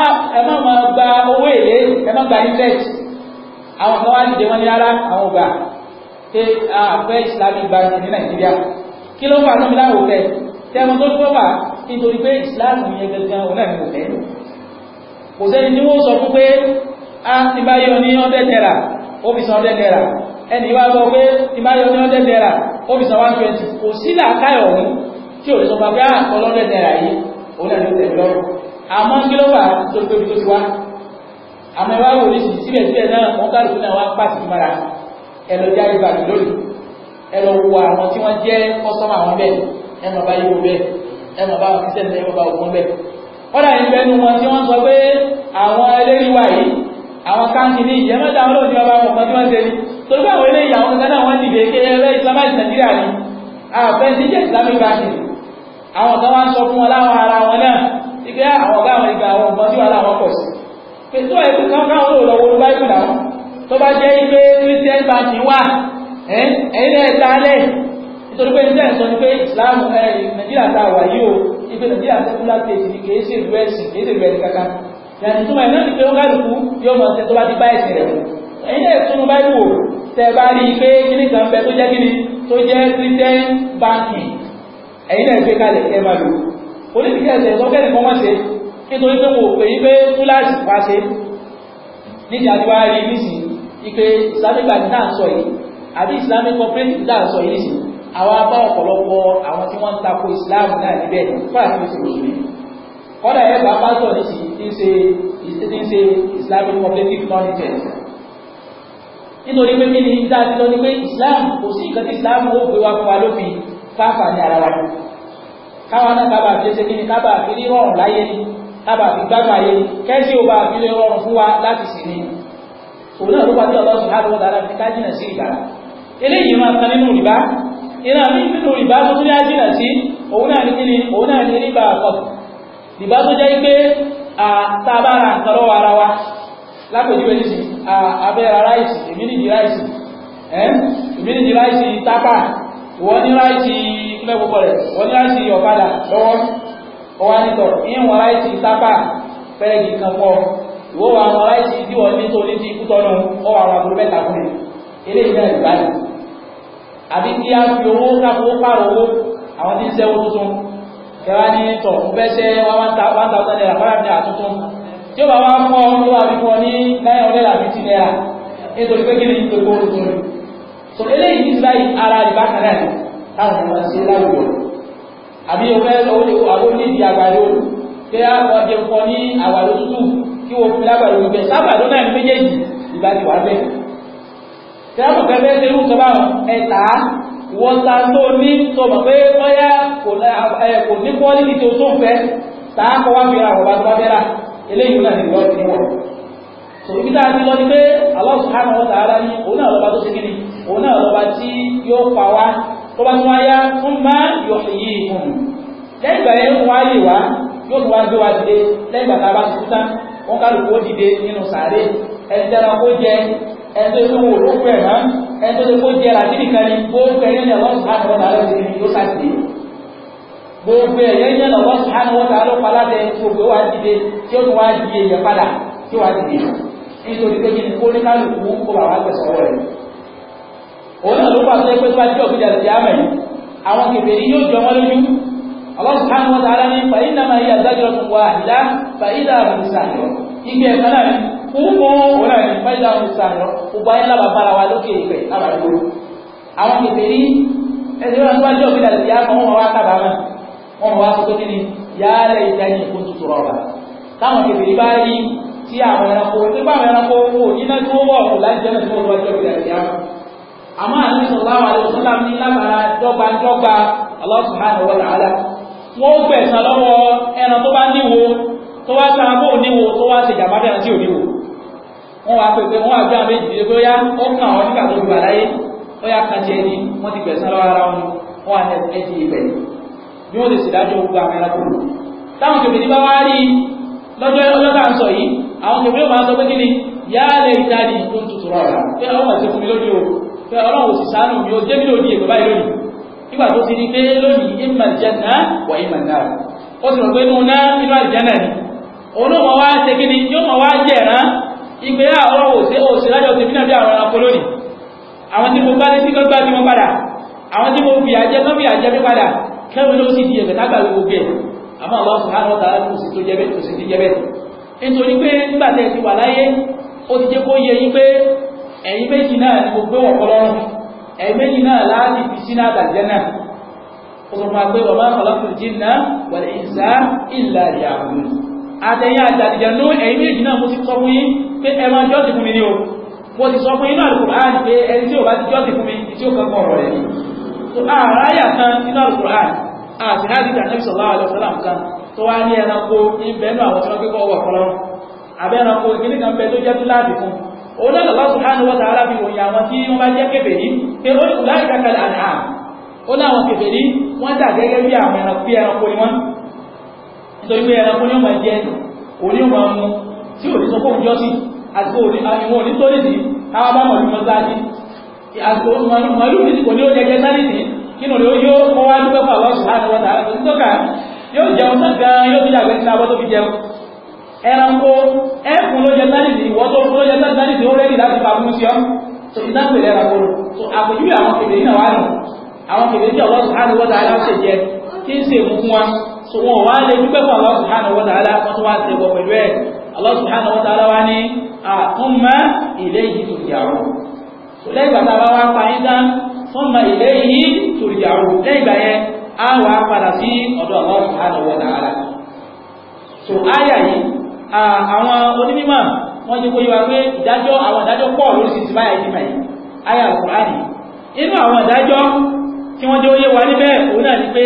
ah, ẹ má máa gba owó èlé ẹ pé àfẹ́ islamic bank ní nàìjíríà kí ló fà lómi láwò fẹ́ tẹ́mọ tó tó fà nítorí pé islam yẹn gẹ́gẹ́ òun náà ní òfẹ́ kò sẹ́ni tí wọ́n sọ fún pé a ti bá yọ ní ọdẹ tẹ́ra ó fi san ọdẹ tẹ́ra ẹni wá sọ pé ti bá yọ ní ọdẹ tẹ́ra ó fi san one twenty kò sí làákàyọ̀ ọ̀hún tí ò lè sọ fún pé àtọ́ lọ́dẹ tẹ́ra yìí òun náà ní òfẹ́ lọ́rùn àmọ́ kí ló fà tó tóbi tó ti wá àmọ́ ẹ wò ní síbẹ̀síbẹ̀ náà wọ́n kálukú náà wá pàṣẹ ẹlọ jáde bàbí lónìí ẹlọ wo àwọn tí wọ́n jẹ́ kọ́sọ́mà àwọn bẹ́ẹ̀ ẹ máa bá yíwo bẹ́ẹ̀ ẹ máa bá wọn fi sẹ́ńtẹ̀ ẹ máa bá ògùn bẹ́ẹ̀. wọ́n dà níbẹ̀ nu wọn tí wọ́n sọ pé àwọn eléyìí wà yìí àwọn káńtì ní ìyẹn mẹ́ta wọn lòdì bàbá wọn kan tí wọ́n ṣe ni torí pé àwọn eléyìí àwọn kan náà wọ́n dìde ké ẹlẹ́ islamite nàìjíríà ni àfẹ́ntì jẹ́ islamic banking àwọn kan wá ń sọ fún wọn láwọn ara wọn náà ti pé àwọn ọ̀gá àwọn ìgbà àwọn ọ̀gbọ́n tí wọ́n láwọn pọ̀ sí pé tó ẹ̀kú káwọn lò lọ́wọ́ báyìí náà tó bá jẹ́ pé christian bank wà ẹ̀yin náà ta lẹ̀ nítorí pé nígbà sọ ni pé islam nàìjíríà ta wà yìí o ibi nàìjíríà secular state ni kì í ṣe ìlú ẹ̀sìn kì í ṣe ìlú ẹ̀sìn kankan yàtí túmọ̀ ẹ̀ náà ni pé ó kálukú yóò mọ̀ ṣe tó bá ti bá ẹ̀sìn rẹ̀ ẹ̀yin náà tún bá wò tẹ bá rí i pé kíní kan bẹ tó jẹ́ kíní tó jẹ́ christian banking ẹ̀yin náà gbé kalẹ̀ ẹ máa lò oníṣìṣẹ́ ẹ̀sẹ̀ ìsọ́kẹ́ni kan wọ́n ṣe nítorí pé mo pè é pé túláàsì wá ṣe níjà tí wàá rí nísìnyí ipe islamic bank náà sọ yìí àbí islamic cooperative náà sọ yìí sí àwọn abá ọ̀pọ̀lọpọ̀ àwọn tí wọ́n ń tako islam náà níbẹ̀ fáàfin sí òṣèlú kọ́dà ẹ̀ bá pásítọ̀ ní sí ti ń ṣe islamic cooperative non-intent nítorí pé kí ni dáadé lọ ní pé islam kò sí ìkan tí islam ó gbé wa fún wa lófin káfà ní ara wa káwa náà kábà fi ṣe kí ni kábà fi rí rọrùn láyé ni kábà fi gbádùn ayé ni kẹ́sì ò bá fi lè rọrùn fún wa láti sì ni òun náà ló bá bí ọlọ́run subhanahu wa ta'ala ní ká jìnà sí ìgbà eléyìí máa kan nínú rìbá iná mi nínú rìbá tó tún ní á jìnà sí òun náà ní kíni òun náà ní rìbá àkọ́ rìbá tó jẹ́ pé àtàbára nǹkan lọ́wọ́ ara wa lápèjúwe ní sí abẹ́ra ráìsì èmi nìdí ráìsì èmi nìdí ráìsì tápà wọ́n ní ráìsì ilé gbogbo rẹ̀ wọ́n ní ráìsì ọ̀kadà lọ́wọ́ ọwọ́ nítọ̀ ìwọ̀n ráìsì tápà fẹ́ẹ̀gì kan pọ̀ ìwọ́ wa àwọn aláìsí tí wọ́n ní tó ní ti ikú tọ́nu ọ wà wọn mẹ́ta fún mi eléyìí náà ìgbà ni àbí kí a fi owó káfowó pààrọ̀ owó àwọn tí ń sẹ́wó tuntun kẹwa ní tọ̀ mo fẹ́ sẹ́ one thousand naira fọ́nà mi àtúntún tí ó bá wá kọ́ tó wà fífọ́ ní ni gbogbo tuntun rẹ̀ so eléyìí àbí o fẹ́ owó ní ìdí kí a kọ́ jẹun kọ́ ní àwàdo tútù kí wo lágbàdo ibẹ̀ sábàdo náà ní méjèèjì ìgbà tí wà bẹ́ẹ̀. Tíráàmù kẹfẹ́ ṣe irú sọ́bà ẹ̀ta wọ́n ta tó ní tó mọ̀ pé bóyá kò ní pọ́lí ní tó tó ń fẹ́ tá a kọ́ wá fi ra ọ̀bá tó bá fẹ́ eléyìí náà nìyọ́ ti wọ̀. Sòrò bí táà ti lọ ni pé Allah subhanahu wa ta'ala ní òun náà lọ́ba tó ṣe kí ni òun náà lọ́ba tí yóò pa wá tó bá tún wáyá ń bá yọ̀ èyí ìfún. Lẹ́yìn ìgbà yẹn wọ́n wá wá yóò tún wá gbé wá dìde lẹ́yìn ìgbà tá a bá ti kú tán wọn kálukú ó dìde nínú sàárè ẹ̀ẹ́dẹ́ra kó jẹ ẹ̀ẹ́dẹ́ tó wò ó pẹ̀ mọ́ ẹ̀ẹ́dẹ́ tó kó jẹ làbí nìkan ni gbogbo ẹ̀yẹ́ ni ọlọ́run sùhánù wọ́n tààrọ̀ sí ni yóò sàdìde gbogbo ẹ̀yẹ́ ni ọlọ́run sùhánù wọ́n tààrọ̀ paládẹ gbogbo wa dìde tí ó tún wá di èèyàn padà tí ó wá dìde nítorí pé kí ni kó ní kálukú kó bàbá gbẹ̀sọ̀ wọ̀ rẹ̀ òun náà ló pàṣẹ pé tó bá jẹ́ òkúta ti àmọ̀ yìí àwọn kèfèrí yóò jọ wọn lójú Allah subhanahu wa ta'ala ní fàyínà máa yí àdájọ́ tó wà ìdá fàyínà àbùsàyọ̀ ibi ẹ̀ka náà kúkú òun náà ní fàyínà àbùsàyọ̀ gbogbo ayé lábàá bára wa lókè ìfẹ́ lábàá dúró àwọn kèfèrí ẹni wọn wájú òbí dàbí ìyá kan wọn wá kábàámà wọn wá sọ pé kí ni yálẹ̀ ìdáyìn kó tutù rọ̀bà táwọn kèfèrí bá rí tí àwọn ẹranko nípa àwọn ẹranko owó iná tí wọ́n wọ̀ kù láti jẹ́ mẹ́tí wọ́n wájú òbí dàbí ìyá àmọ́ àti sọ̀rọ̀ àwọn àlejò sọ́lá ní lábàá dọ́gbadọ́gba Allah subhanahu wa ta'ala wọ́n gbẹ̀sán lọ́wọ́ ẹran tó bá níwo tó wá sára bóò níwo tó wá ṣe jàmbá bẹ́ẹ̀ tí ò níwo wọ́n wá pé pé wọ́n wá gbé àwọn méjì pé ó yá ó kàn wọ́n nígbà tó gbà láyé ó yá kan tiẹ̀ ni wọ́n ti gbẹ̀sán lọ́wọ́ ara wọn wọ́n wá ní ẹ̀sìn ibẹ̀ ni bí wọ́n ti sì dájọ́ gbogbo àwọn ẹranko lò táwọn tòmìnì bá wá rí lọ́jọ́ ọlọ́gbà ń sọ yìí àwọn tòmìnì máa sọ pé kí ni yá lè dáàdì tó ń tutù rọ̀rà pé ọlọ́run ti fún mi lójú o pé ọlọ́run ò sì sánú mi ó jẹ́ mi lónìí èkó báyìí lónìí nígbà tó ti di pé lónìí ìmọ̀ ìjẹ́nà wà ìmọ̀ náà ó ti rò pé nínú náà inú àlìjánà ni olóòmọ̀ wá ṣe kí ni yóò mọ̀ wá jẹ́ ẹ̀rán ìgbé àwọn ah, òṣè lájọ́ ti fínà bí àwọn ẹranko lónìí àwọn tí mo bá ní síkọ́ gbá tí mo padà àwọn tí mo fi àjẹ́ tó fi àjẹ́ mi padà kẹ́rù ló sì di ẹ̀bẹ̀ tágbà gbogbo ẹ̀ àmọ́ àwọn subhanahu wa ta'ala sì tó jẹ́bẹ̀ tó sì ti jẹ́bẹ̀ nítorí pé nígbà tẹ̀ ti wà láyé ó ti jẹ́ kó yẹ yín ẹ̀mẹ́yìn náà láti fi sínú àtàjẹ́ náà ó sọ fún agbé wàmá ọlọ́pùn jìnnà wal insa illa liya'budun àtẹ̀yìn àtàjẹ́ ló ẹ̀yìn méjì náà mo ti sọ fún yín pé ẹ máa jọ́sìn fún mi ní o mo ti sọ fún yín náà Al-Qur'an pé ẹni tí ò bá ti jọ́sìn fún mi tí ó kankan ọ̀rọ̀ òun náà Allah ta'ala fi wòye àwọn tí wọ́n bá jẹ́ kèfèrí pé ó ní láì kankan àná ó ní àwọn kèfèrí wọ́n dà gẹ́gẹ́ bí àwọn ẹranko bí ẹranko ni wọ́n nítorí pé ẹranko ni ó máa jẹ ni ó máa mu tí òun sọ fóun jọ́sìn àti òun àwọn onítọ́lẹ̀ ní káwá bá mọ̀lú ni ó yóò kọ́ wá dúpẹ́ fún àwọn subhanahu wa ta'ala ẹranko ẹkùn ló jẹ sáyẹnsì ìwọ tó kú ló jẹ sáyẹnsì ó rẹ́ẹ̀dì láti fa burú sí ọ so ìdáǹpẹ̀ rẹ̀ ẹranko so àpèjúwe àwọn kèbèrè náà wà nù àwọn kèbèrè tí ọlọ́sùn hàn wọ́n tààlà ṣe jẹ kí ń ṣe fún wa so wọn wá lè dúpẹ́ fún ọlọ́sùn hàn wọ́n tààlà wọ́n tún wá ṣe wọ pẹ̀lú ẹ̀ ọlọ́sùn hàn wọ́n tààlà wá ní àtúnmá ilé yìí tó yàrá so lẹ́yìn bá wá pa yín tán àwọn onímọ̀ wọ́n ti kó yíwa pé ìdájọ́ àwọn ìdájọ́ pọ̀ lóríṣiríṣi báyà ní mẹ́yìn ayé àkùránì inú àwọn ìdájọ́ tí wọ́n jẹ́ oyé wa níbẹ̀ òun náà ni pé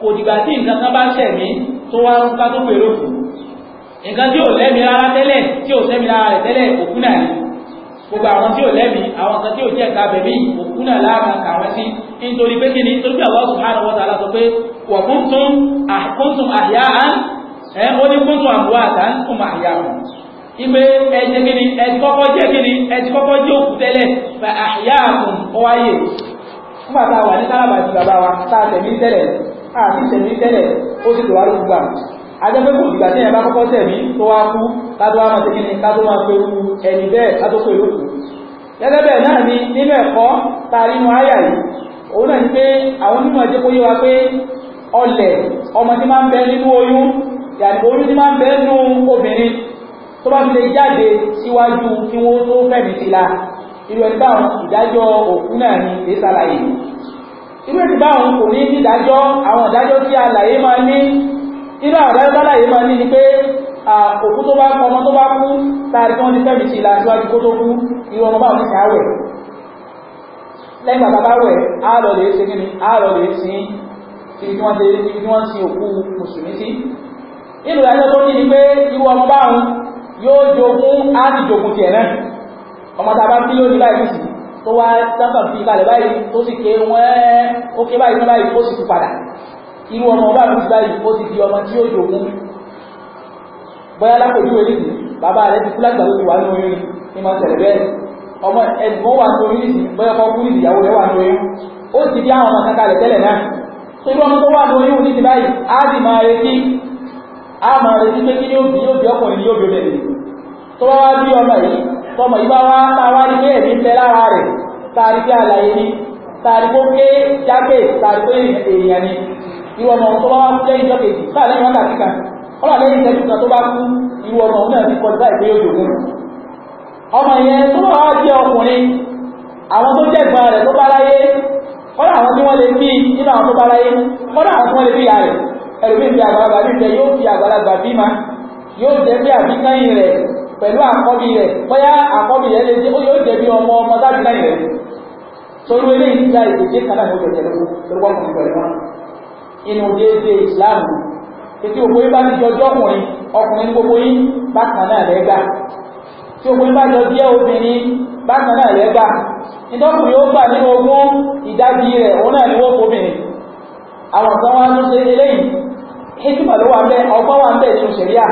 kò dìgbà tí nǹkan kan bá ṣẹ̀mí tó wá rúpa tó pèrò kù nǹkan tí ò lẹ́mi rárá tẹ́lẹ̀ tí ò sẹ́mi rárá rẹ̀ tẹ́lẹ̀ òkú náà ni gbogbo àwọn tí ò lẹ́mi àwọn nǹkan tí ò jẹ́ ẹ̀ka bẹ̀mí òkú náà láàrín àwọn sí nítorí pé kí ni nítorí pé Allah subhanahu wa ta'ala sọ pé wa kuntum ẹ ó ní kóńtù àbúrò àtà ń kùn máa yà wọn ipe ẹjẹ kini ẹti kọ́kọ́ jẹ kini ẹti kọ́kọ́ jẹ òkú tẹ́lẹ̀ fẹ àyà àkùn ọwáyè nígbà tá a wà ní sálábà ti bàbá wa tá a tẹ̀mí tẹ́lẹ̀ tá a ti tẹ̀mí tẹ́lẹ̀ ó sì tó wá lóko gbà adẹ́gbẹ́ kò dìgbà tí ẹ bá kọ́kọ́ tẹ̀mí tó wá kú kátó wá máa tẹ̀kí kátó máa pe wu ẹni bẹ́ẹ̀ kátó pe lóko gẹ́gẹ́ náà ni nínú ẹ̀kọ́ tá nínú àyà yìí òun náà ni pé àwọn onímọ̀ ẹ̀jẹ̀ kó yé wa pé ọlẹ̀ ọmọ máa ń bẹ nínú oyún yàtí oyún tí máa ń bẹ́ẹ̀ nú obìnrin tó bá ti lè jáde síwájú kí wọ́n tó fẹ̀mí sí la irú ẹni báwọn ìdájọ́ òkú náà ni lè ṣàlàyé irú ẹni báwọn kò ní ìdájọ́ àwọn ìdájọ́ tí àlàyé máa ní irú àwọn ìdájọ́ tálàyé máa ní ni pé òkú tó bá ọmọ tó bá kú tààrí tí wọ́n ti fẹ̀mí sí la síwájú kó tó kú irú ọmọ báwọn ti ṣàwẹ̀ lẹ́yìn bàbá bá wẹ̀ àárọ̀ lè ṣe kí ni àárọ̀ lè sin ibi tí wọ́n sin òkú mùsùlùmí sí nínú ìdájọ́ tó ní ni pé irú ọmọ báhùn yóò jogún áàdì jogún tiẹ̀ náà ọmọ tàbá tí yóò ní báyìí sí tó wá sábà fi kalẹ̀ báyìí tó sì ké wọ́n ó ké báyìí báyìí ó sì tún padà irú ọmọ báhùn ti báyìí ó ti di ọmọ tí yóò jogún bóyá lápòjú wẹ̀ nìyí bàbá rẹ̀ ti fúlàgbà ló ti wà nínú oyún ní máa tẹ̀lé bẹ́ẹ̀ ọmọ ẹnìkan wà nínú oyún bóyá ọkọ kú nìyàwó rẹ̀ wà nínú oyún ó sì di àwọn ọmọ kankalẹ̀ tẹ́lẹ̀ náà tó irú ọmọ tó wà nínú oyún ní ti báyìí á sì máa retí a máa retí pé kí ni ó bí yóò bí ọkùnrin ni yóò bí obìnrin tó bá wá bí ọmọ yìí tọmọ yìí bá wá tá a wá rí pé ẹ̀mí tẹ lára rẹ̀ tá a rí pé àlàyé ni tá a rí pé ké jákè tá a rí pé èèyàn ni irú ọmọ tó bá wá kú lẹ́yìn ìjọ kejì tá a lẹ́yìn wọn kàkí kan ọlọ́ lẹ́yìn ìṣẹ́jú tó bá kú irú ọmọ ti kọjá ìpé yóò ọmọ yẹn tó bá wá jẹ́ ọkùnrin àwọn tó jẹ́ ẹlòmí fi àgbàlagbà bíbẹ yóò fi àgbàlagbà bímá yóò jẹ́ bí àbíkáyìn rẹ̀ pẹ̀lú àkọ́bí rẹ̀ bóyá àkọ́bí rẹ̀ lè jẹ́ yóò jẹ́ bí ọmọ ọmọ dábìkáyìn rẹ̀ torí eléyìí gba ìdíje kan láti ọjọ́ ìjẹ̀lú lórí wọn kùnrin pẹ̀lú wọn inú déédéé ìsìláàmù títí òpó yín bá ti jọjọ́ ọkùnrin ọkùnrin gbogbo yín bákan náà lẹ́gbà tí òpó yín bá jọ jẹ́ obìnrin bákan náà lẹ́gbà ìdọ́kùnrin ó gbà nínú ogún ìdájí rẹ̀ òun náà ni wọ́n fobìnrin àwọn kan wá ló ṣe eléyìí hikima ló wà ń bẹ ọgbọ́n wà ń bẹ nínú ṣẹ̀ríà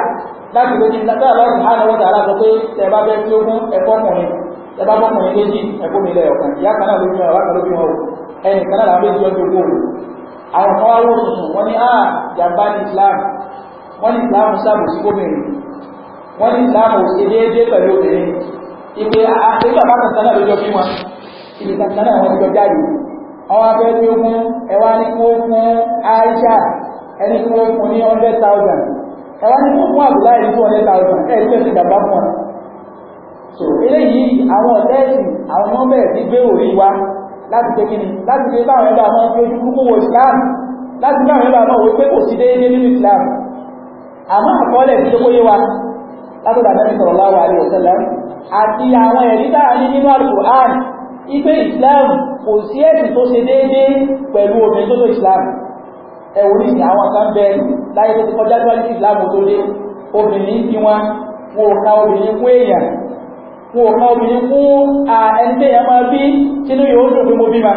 láti ló ti lọ́wọ́ wọ́n dára sọ pé tí ó mú ẹ̀kọ́ ọkùnrin méjì ẹ̀kọ́ mi ìyá kan náà ló wá kan ló o ẹnì kan náà àwọn kan wá wó tuntun wọ́n ní ah, jàmbá ní Islam wọ́n ní Islam sábò sí gómìnà wọ́n ní Islam ò déédéé pẹ̀lú obìnrin ah, ah, kan ẹni tí wọ́n fún ní hundred thousand ẹwà ní fún àbúláì ní two hundred thousand ẹ̀ tí ó ti dàgbà fún ọ so eléyìí àwọn ọ̀tẹ́ẹ̀sì àwọn ọmọ bẹ̀rẹ̀ sí gbé òrí wa láti pé kíni láti pé báwọn ẹgbẹ́ àwọn ọmọ ojú kúkú wo Islam láti báwọn ẹgbẹ́ àwọn òwe pé kò sí déédé nínú Islam àmọ́ àkọọ́lẹ̀ tí ó kóyé wa látọ̀dà Ànábì sallallahu alaihi wasallam àti àwọn ẹ̀rí dáa ní nínú Al-Qur'an ipe Islam kò sí ẹ̀sìn tó ṣe déédé pẹ̀lú obìnrin tó tó Islam ẹ̀wọ̀n ní àwọn kan bẹ láyé tó ti kọjá tó wájú ìsìláàmù tó dé obìnrin kí wọn wọn ò ka obìnrin fún èèyàn wọn ò ka obìnrin fún ẹni tẹ́yàn máa bí sínú yóò dùn fún mo bí ma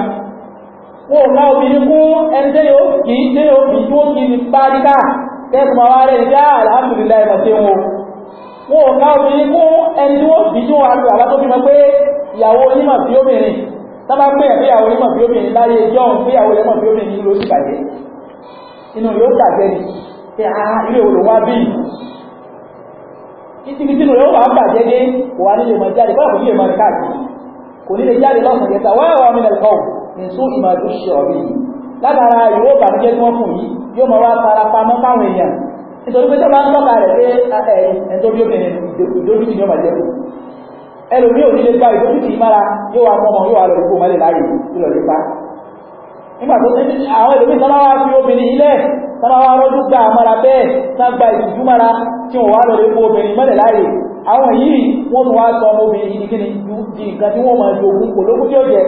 wọn ò ká obìnrin fún ẹni tẹ́lẹ̀ ó kì í tẹ́lẹ̀ ó kì í tó kì í pàdíkà tẹ́sùn àwọn ará ìdá àlàáfìlá ẹ̀mọ̀ tí wọn wọn ò ká obìnrin fún ẹni tí wọ́n bí tí wọ́n alù àbá tó fi mọ́ pé ìyàwó onímọ̀ bí obìnrin tábà pé ẹ̀fẹ́ ìyàwó onímọ̀ bí obìnrin láyé jọ́un pé ìyàwó onímọ̀ bí obìnrin ló sì bàjẹ́ inú yóò bàjẹ́ ni pé a ah, ah, ilé òòrùn wá bí ìtìbí sínú rẹ̀ ó wà bàjẹ́ dé kò wá nílé mọ̀ jáde bọ́ọ̀kù nílé mọ̀ káàkiri kò nílé jáde lọ́sàn yẹta wá wà mí lẹ́kọ̀ọ́ ní sún ìmọ̀ tó ṣe ọ̀rí látara ìwó bàjẹ́ tí wọ́n fún yìí yóò mọ̀ wá tara pamọ́ fáwọn èèyàn nítorí pé tó bá ń tọ́ka rẹ̀ pé ah, eh, ẹ̀ẹ́dóbi obìnrin ìdójútì ni ó bàjẹ́ kù ẹlòmí ò nílé gba ìdójútì mára yóò wá mọ́ ọmọ yóò wá lọ nígbà tó ní àwọn ìlú sábà wá fi obìnrin ilẹ̀ sábà wá rọ́jú gba àmàrà bẹ́ẹ̀ sábà ìtìjú mara tí wọ́n wá lọ lè fún obìnrin mọ́lẹ̀ láàyè àwọn yìí wọ́n tún wá sọ ọmọ obìnrin yìí kíni di nǹkan tí wọ́n máa jogun kò lókun tí ó jẹ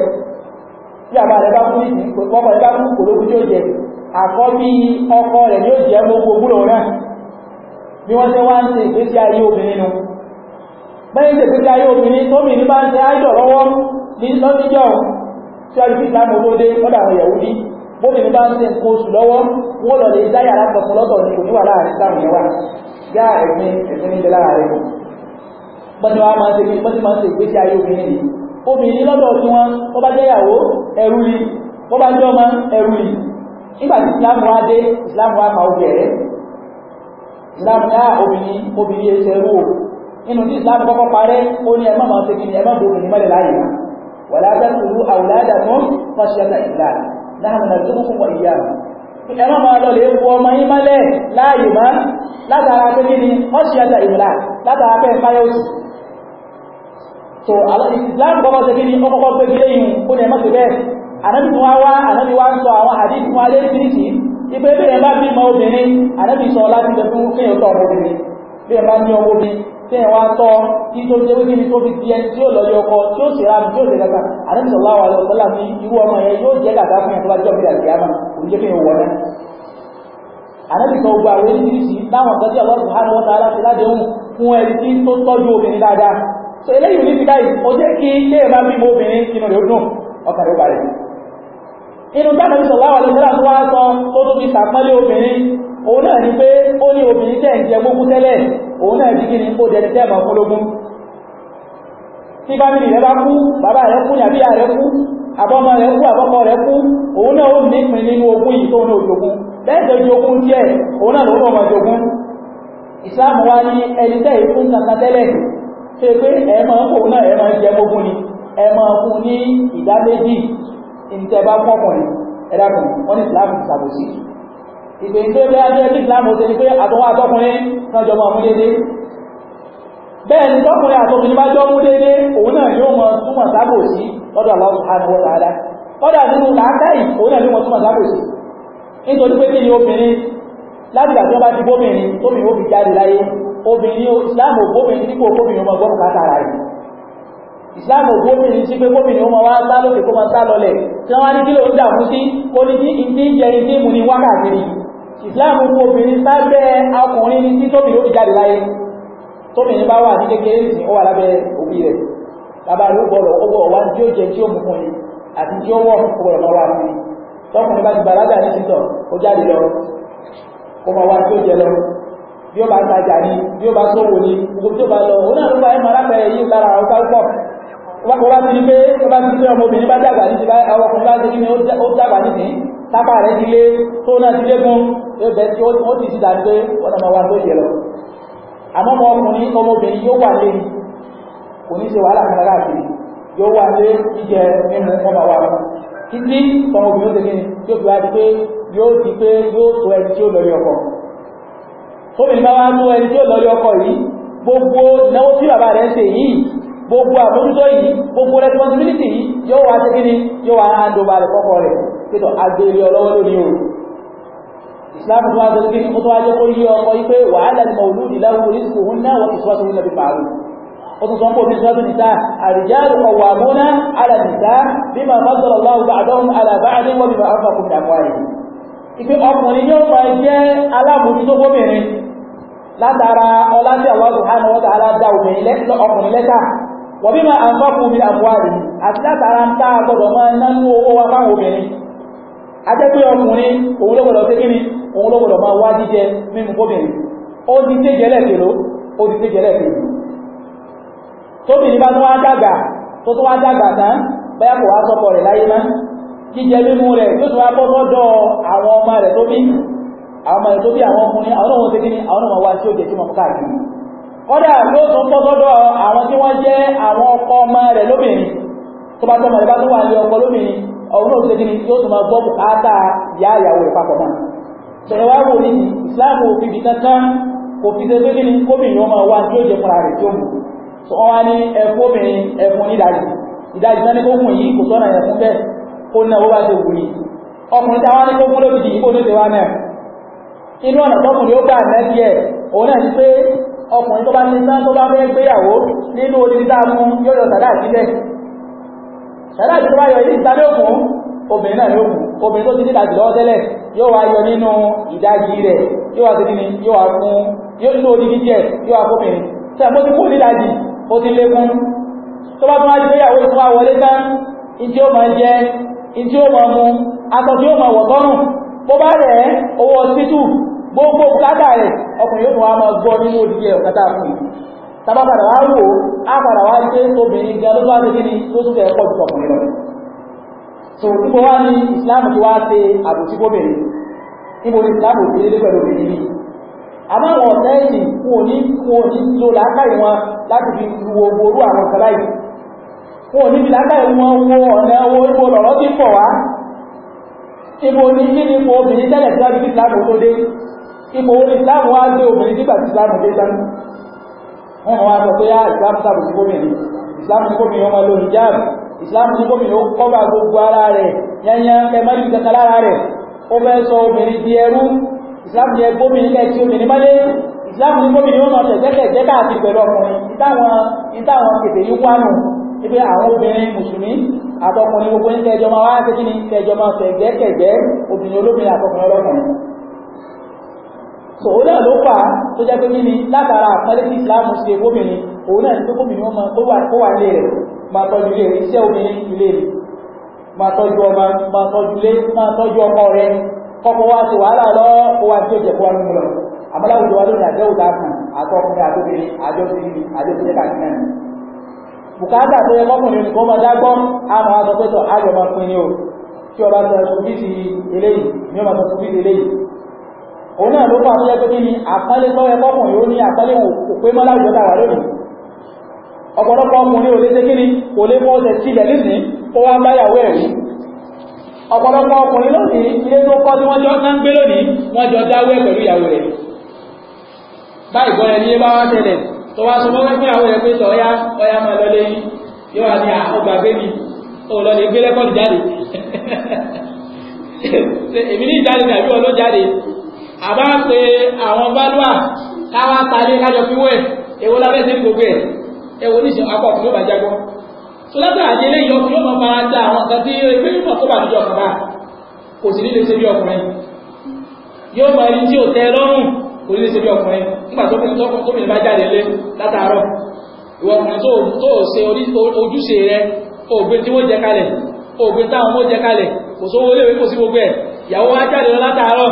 bí àbá rẹ bá kú ní ọkọ rẹ bá kú kò lókun tí ó jẹ àkọ́bí ọkọ rẹ̀ yóò jẹ́ gbogbo gbúrò náà bí wọ́n tẹ́ wá ń ṣe ìgbésí ayé obìnrin tí a rí sí ìlànà owó dé lọ́dọ̀ àwọn ìyàwó bí bóbìnrin bá ń ṣe nǹkan oṣù lọ́wọ́ wọ́n lọ lè dá yàrá kọ̀ọ̀kan lọ́dọ̀ ní kò níwà láàrin sáwọn yẹn wà yá ẹ̀gbin ẹ̀gbin níbi lára rẹ̀ kù bọ́ni máa ń ṣe bọ́ni máa ń ṣe ìgbésí ayé obìnrin yìí obìnrin lọ́dọ̀ tí wọ́n wọ́n bá jẹ́ ẹrú ni wọ́n bá jẹ́ ọmọ ẹrú ni nígbà tí ìsìlámù wa dé ìsìlámù wa máa wùyẹ̀ rẹ̀ ìsìlámù náà obìnrin obìnrin ẹsẹ̀ rú o nínú tí ìsìlámù kọ́kọ́ parẹ́ ó ní ẹ má máa ṣe kí ni ẹ má bo obìnrin mọ́lẹ̀ láyé náà ولا تقتلوا أولادكم خشية إملاق نحن نرزقكم وإياهم ẹ̀rọ máa lọ lè wọ ọmọ yí mọ́lẹ̀ láàyè máa látara pé kí ni ọ́ṣíyàtà ìmìlá látara pé fáyọ́sì so islam kọ́kọ́ sí kí ni ó kọ́kọ́ pé gílé yìí kó ní ẹmọ́sí bẹ́ẹ̀ anábi fún wá anábi wá ń sọ àwọn hadith fún alẹ́ sírísì ipé bí ẹ bá bí ma obìnrin anábi tẹ́ ẹ̀ wá tọ́ kí tó ṣe wí kíni tó fi di ẹni tí ó lọ yọ ọkọ tí ó ṣe ráàmù tí ó ṣe kàkà àdébí sọ̀rọ̀ àwọn àlọ́ sọ́là ní irú ọmọ yẹn yóò jẹ́ kàkà fún ẹ̀kọ́ lájọ́ bí àti àmà òun jẹ́ kéèyàn wọ̀ náà àdébí sọ gbogbo àwọn oríṣiríṣi láwọn ọ̀gá tí àwọn ọ̀gá ni wọ́n ta aláṣẹ ládéhùn fún ẹni tí tó tọ́jú obìnrin dáadáa so eléyìí ní fi dáyìí ó jẹ́ kí ilé ẹ̀ bá bímọ obìnrin inú rẹ̀ ó dùn ọkàn rẹ̀ ó balẹ̀ inú dáná bí sọ̀rọ̀ àwọn ọ̀gá tó wá sọ tó tó fi sàpọ́nlé obìnrin òun náà ni pé ó ní obìnrin tẹ́ ń jẹ gbógún tẹ́lẹ̀ òun náà ti kí ni ó dẹni tẹ́ẹ̀mọ̀ fọlógún tí fámìlì rẹ bá kú bàbá rẹ kú ní àbíyà rẹ kú àbọ́mọ rẹ kú àbọ́kọ rẹ kú òun náà ó nípin nínú ogún yìí tó ní òjògún lẹ́ẹ̀tọ́ ju díẹ̀ òun náà ní ẹni tẹ́ tẹ́lẹ̀ ṣe pé òun náà jẹ ni ìpèyìn tó bẹ́ẹ̀ jẹ́ sí ìsìlámù ó ṣe ni pé àtọwọ́ àtọkùnrin náà jọmọ ọmú dédé bẹ́ẹ̀ ni tọkùnrin àtọkùnrin bá jọmú dédé òun náà yóò mọ túmọ̀ sábò sí lọ́dọ̀ àwọn àwọn tààdá kọ́dà nínú làákàyè òun náà yóò mọ túmọ̀ sábò sí nítorí pé kí ni obìnrin láti ìgbà tí wọ́n bá ti bóbìnrin tóbìnrin ó fi jáde láyé obìnrin ìsìlámù ògbóbìnrin nípò kóbìnrin ọmọ gbọ́n kàtà ara rẹ̀ ìsìláàmù gómìnì sí pé gómìnì ó ma wá sá lókè kó ma sá lọlẹ̀ tí wọ́n wá ní kí ló ń dàmú sí ó ní kí ìdí jẹ ìdí mú ní wákàtí ìsìláàmù kó obìnrin sábẹ́ ọkùnrin ní tí tóbi ló fi jáde láyé tóbi ní bá wà ní kékeré sí ó wà lábẹ́ òbí rẹ̀ bàbá rẹ̀ ó gbọ́dọ̀ ó gbọ́dọ̀ wá tí ó jẹ tí ó mú fún ni àti tí ó wọ̀ ó gbọ́dọ̀ máa wà sí tọkùnrin bá ti bàlágà ní títọ̀ ó jáde lọ kó máa wá tí ó jẹ lọ bí ó bá tajà ní bí ó bá ni ó dàgbà ní sí tápà rẹ̀ ti lé tó náà ti lé gan ẹbẹ̀ tí wọ́n ti síta pé wọ́n máa wá tó yẹ lọ àmọ́ ọmọ ọkùnrin ọmọbìnrin yóò wà lé kò ní ṣe wàhálà kan káàkiri yóò wà lé jíjẹ nínú ọmọ wa títí ọmọ obìnrin tẹ̀lé yóò fi wá di pé yóò di pé yóò tó ẹni tí ó lọ rí ọkọ tóbìnrin bá wá tó ẹni tí ó lọ rí ọkọ yìí gbogbo ìnáwó tí bàbá rẹ̀ ń ṣe yìí gbogbo àmójútó yìí gbogbo responsibility yìí yóò wá ṣe kí ni yóò wá hand over rẹ̀ kọ́kọ́ rẹ̀ pẹ̀tọ̀ agbèrè ọlọ́wọ́ lónìí o islam tó wá sọ pé ó tó wá jẹ́ kó yí ọkọ yí pé wàhálà ni mọ̀lúdì láwùjọ oríṣiríṣi òun náà wọ́n ìṣúra tó ń lẹ́bi pààrọ̀ ó tún sọ pé omi sọ́dún nìta àrìjáàlù ọ̀wà múná alà nìta bí màá fásọ̀rọ̀ láwùjọ àdọ́hùn alàbá àdéhùn bí màá fàkùn dàpọ̀ àyè ìpé ọkùnrin yóò máa jẹ́ alábòójútó gómìnrin látara ọlá tí àwọn subhanahu wa ta'ala dá ọkùnrin lẹ́tà wọ̀bí máa àǹfàkùn mi àbúwárì àti látara ń tá àgbọ̀dọ̀ máa nánú owó wa fáwọn obìnrin ajẹ́pẹ́ ọkùnrin òun lọ́gbọ̀dọ̀ tí kíni òun lọ́gbọ̀dọ̀ máa wá jíjẹ mímú fóbìnrin ó ti tẹ́ jẹ́lẹ̀ tèló ó ti tẹ́ jẹ́lẹ̀ tèló tóbìnrin bá tún wá dàgbà tó tún wá dàgbà tán bẹ́ẹ̀ kò wá sọ́kọ rẹ̀ láyé mọ́ jíjẹ mímú rẹ̀ tó tún wá bọ́ lọ́dọ̀ àwọn ọmọ rẹ̀ tó bí àwọn ọmọ rẹ̀ tó bí àwọn ọkùnrin àwọn ọmọ wa tí ó jẹ tí mo káàkiri kọ́dà yóò tún bọ́ sọ́dọ̀ àwọn tí wọ́n jẹ́ àwọn ọkọ ọmọ rẹ̀ lóbìnrin tó bá tọmọ rẹ̀ bá tún wà ọ̀run náà ṣe kí ni yóò tún máa gbọ́ bùkátà ìyá ìyàwó náà ṣẹ̀yẹ̀ ní islam ò kankan kò fi ṣe pé kí ni kóbìnrin wọn máa wá tí ó jẹ fúnra rẹ̀ tí ó mú sọ wọn wá ní ẹkọ́bìnrin ẹkùn nídàájì ìdájì náà ní kó gùn yìí kò sọ́nà ẹ̀fún bẹ́ẹ̀ kó náà ó bá ṣe wù ní ọkùnrin tí a wá ní kó gún lóbi dìí kó ní ṣe wá náà inú ọ̀nà tọkùnrin ó gbà nẹ́bí ẹ̀ òun náà ti pé ọkùnrin tó bá ní sán bá fẹ́ gbéyàwó nínú orí tá mú yóò yọ sàdá àti bẹ́ẹ̀ yàrá ìṣòro ayọ̀ ilé ìta ló kún obìnrin náà ló kún obìnrin tó ti níta jùlọ tẹ́lẹ̀ yóò wá yọ nínú ìdajì rẹ̀ yóò wá sí kíni yóò wá fún yóò nínú odidi díẹ̀ yóò wá fóbìnrin tí a mọ́ ti kú nídajì ó ti lékún tó bá tún wá jẹ́ ìyàwó ìtura wọlé tán ìdí ó máa jẹ ìdí ó máa mu aṣọ tí ó máa wọ̀ sọ́rùn bó bá rẹ̀ owó ọsítù gbogbo bùkátà rẹ̀ ọkùnrin yóò máa gbọ́ nínú odidi ẹ̀ tabakara wa wò akara wa ṣe obìnrin gan ló bá ṣe kíni tó tún tẹ̀ pọ̀ ju ọkùnrin lọ. so níbo wá ní islam tí wàá ṣe àbòsí gómìnir níbo ní islam ò ṣe pẹ̀lú obìnrin yìí. àmọ́ àwọn ọ̀tẹ́ ẹ̀sìn wọn ò ní wọn ò ní lo làákàyè wọn láti fi wo orú àwọn ọ̀sán láyìí. wọn ò fi làákàyè wọn wo ọ̀nà owó ipò lọ̀rọ̀ ti pọ̀ wá. ibo ní kí ni ipò obìnrin tẹ́lẹ̀ síwájú kí islam tó dé ipò wo ni islam wá gbé obìnrin nígbà tí islam dé sáà wọ́n mọ̀ wá sọ pé ah, islam sábò sí gómìnà islam sí gómìnà ọmọ lórí jáàmù islam sí gómìnà ó kọ́bà gbogbo ara rẹ̀ yányá ẹ má ní kankan lára rẹ̀ ó fẹ́ sọ obìnrin di ẹrú islam yẹ gómìnà kẹ́ tí obìnrin má lé islam sí gómìnà ó mọ̀ tẹ̀gbẹ́kẹ̀gbẹ́ káàkiri pẹ̀lú ọkùnrin ìtàwọn kèfè yìí wánu ibi àwọn obìnrin mùsùlùmí àtọkùnrin gbogbo ń tẹjọ máa wá kẹ́kí ni tẹjọ máa fẹ̀gbẹ́kẹ̀gbẹ́ obìnrin olóbìnrin àtọkùnrin ọlọ́kùnrin so òun náà ló fà tó jẹ́ pé kí ni látara àpẹẹrẹ tí islam ṣe gómìnir òun náà ní pé gómìnir wọn máa kó wà kó wà lé rẹ̀ máa tọ́jú ilé rẹ̀ iṣẹ́ obìnrin ilé rẹ̀ máa tọ́jú ọmọ máa tọ́jú ilé máa tọ́jú ọkọ rẹ̀ kọ́kọ́ wá sí wàhálà lọ kó wá tí ó jẹ́ kó wá nínú lọ àmọ́ láwùjọ wa lónìí àjẹ́wò tá a kù àtọkùnrin àtobìnrin àjọ sí àjọ sí lẹ́ka sí bùkátà tó yẹ kọkùnrin nìkan máa dágbọ́ a máa sọ pé tọ́ àjọ máa pin ni o tí ọba sọ ẹ̀sùn bíìsì eléyìí ni ó sọ ẹ̀sùn bíìsì eléyìí òun náà ló pàtó jẹ́ pé kí ni àpọ́nlé tọ́wẹ́ pọ́kùnrin ó ní òpé tàwà lónìí ọ̀pọ̀lọpọ̀ ò lè kí ni kò lè fọ́ ọ̀sẹ̀ sílẹ̀ nísìn ó wá báyàwó ẹ̀rí ọ̀pọ̀lọpọ̀ ọkùnrin lónìí ilé tó kọ́ tí wọ́n jọ ń gbé lónìí wọ́n jọ pẹ̀lú ìyàwó rẹ̀ báyìí ẹni bá wá tẹ̀lẹ̀ tó wá sọmọ́ sọ ọyá ọyá máa lọ lẹ́yìn yóò wá ní bébì ó lọ lè gbé jáde èmi àbá pé àwọn bálúà káwá tàlé kájọ fi wẹ̀ èwo lábẹ́ sí gbogbo ẹ̀ èwo ní ìṣẹ̀lẹ̀ apá ọ̀tún ló bá jágbọ́ tó lọ́tọ̀ àti eléyìí ọkùnrin yóò máa bára dá àwọn nǹkan tí ẹgbẹ́ mímọ̀ tó bà níjọ kan bá kò sì nílé ṣe bí ọkùnrin yóò máa rí tí ò tẹ́ lọ́rùn kò nílé ṣe bí ọkùnrin nígbà tó kùnrin tó kùnrin bá jáde lé látàárọ̀ ìwọ ọkùnrin tó ṣe ojúṣe rẹ ògbé tí wọ́n jẹ kalẹ̀ ògbé táwọn wọ́n jẹ kalẹ̀ kò sówó léwé kò sí gbogbo ẹ̀ ìyàwó wá jáde lọ látàárọ̀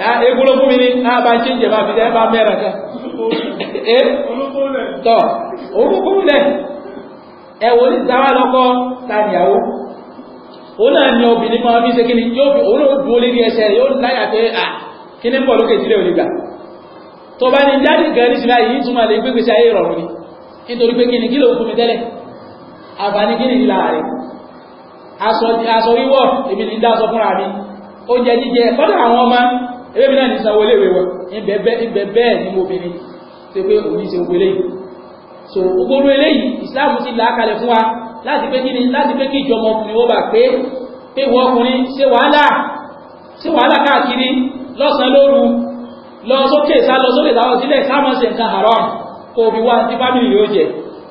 Ah, egúló fún mi ah, eh? ní àbá jíjẹ bá fi ẹbá mẹ́ra ká tọ́ orúkúnlẹ̀ ẹ̀wọ̀ ní sáwà lọ́kọ́ tàníyàwó ó náà ní obìnrin máa bí ṣe kíni yóò fi olóògbò lórí ẹsẹ̀ yóò láyà pé à ah, kí ní pọ̀ lókè sílẹ̀ òní gbà tó bá ní jáde gan ní sílá yìí túnmà lè gbégbèsí ayé ìrọ̀rùn ni nítorí pé kíni kí ló fún mi tẹ́lẹ̀ àbáni kíni ìlà rẹ̀ aṣọ wíwọ̀ èmi ní dá fúnra mi oúnjẹ jíjẹ kọ́dà àwọn ọmọ ebi náà ní sanwó léwe wọn ibẹ̀ bẹ́ẹ̀ ni mo bìnrin ṣe pé òun ṣe wọlé yìí so gbogbo eléyìí Islam ti là á kalẹ̀ fún wa láti pé kíni láti pé kí ìjọmọ ọkùnrin ó bà pé pé wọ ọkùnrin ṣe wàhálà ṣe wàhálà káàkiri lọ́sàn lóru lọ sókè sá lọ sókè sáwọn sílẹ̀ sáwọn ṣe nǹkan haram kò fi wá sí fámìlì yóò jẹ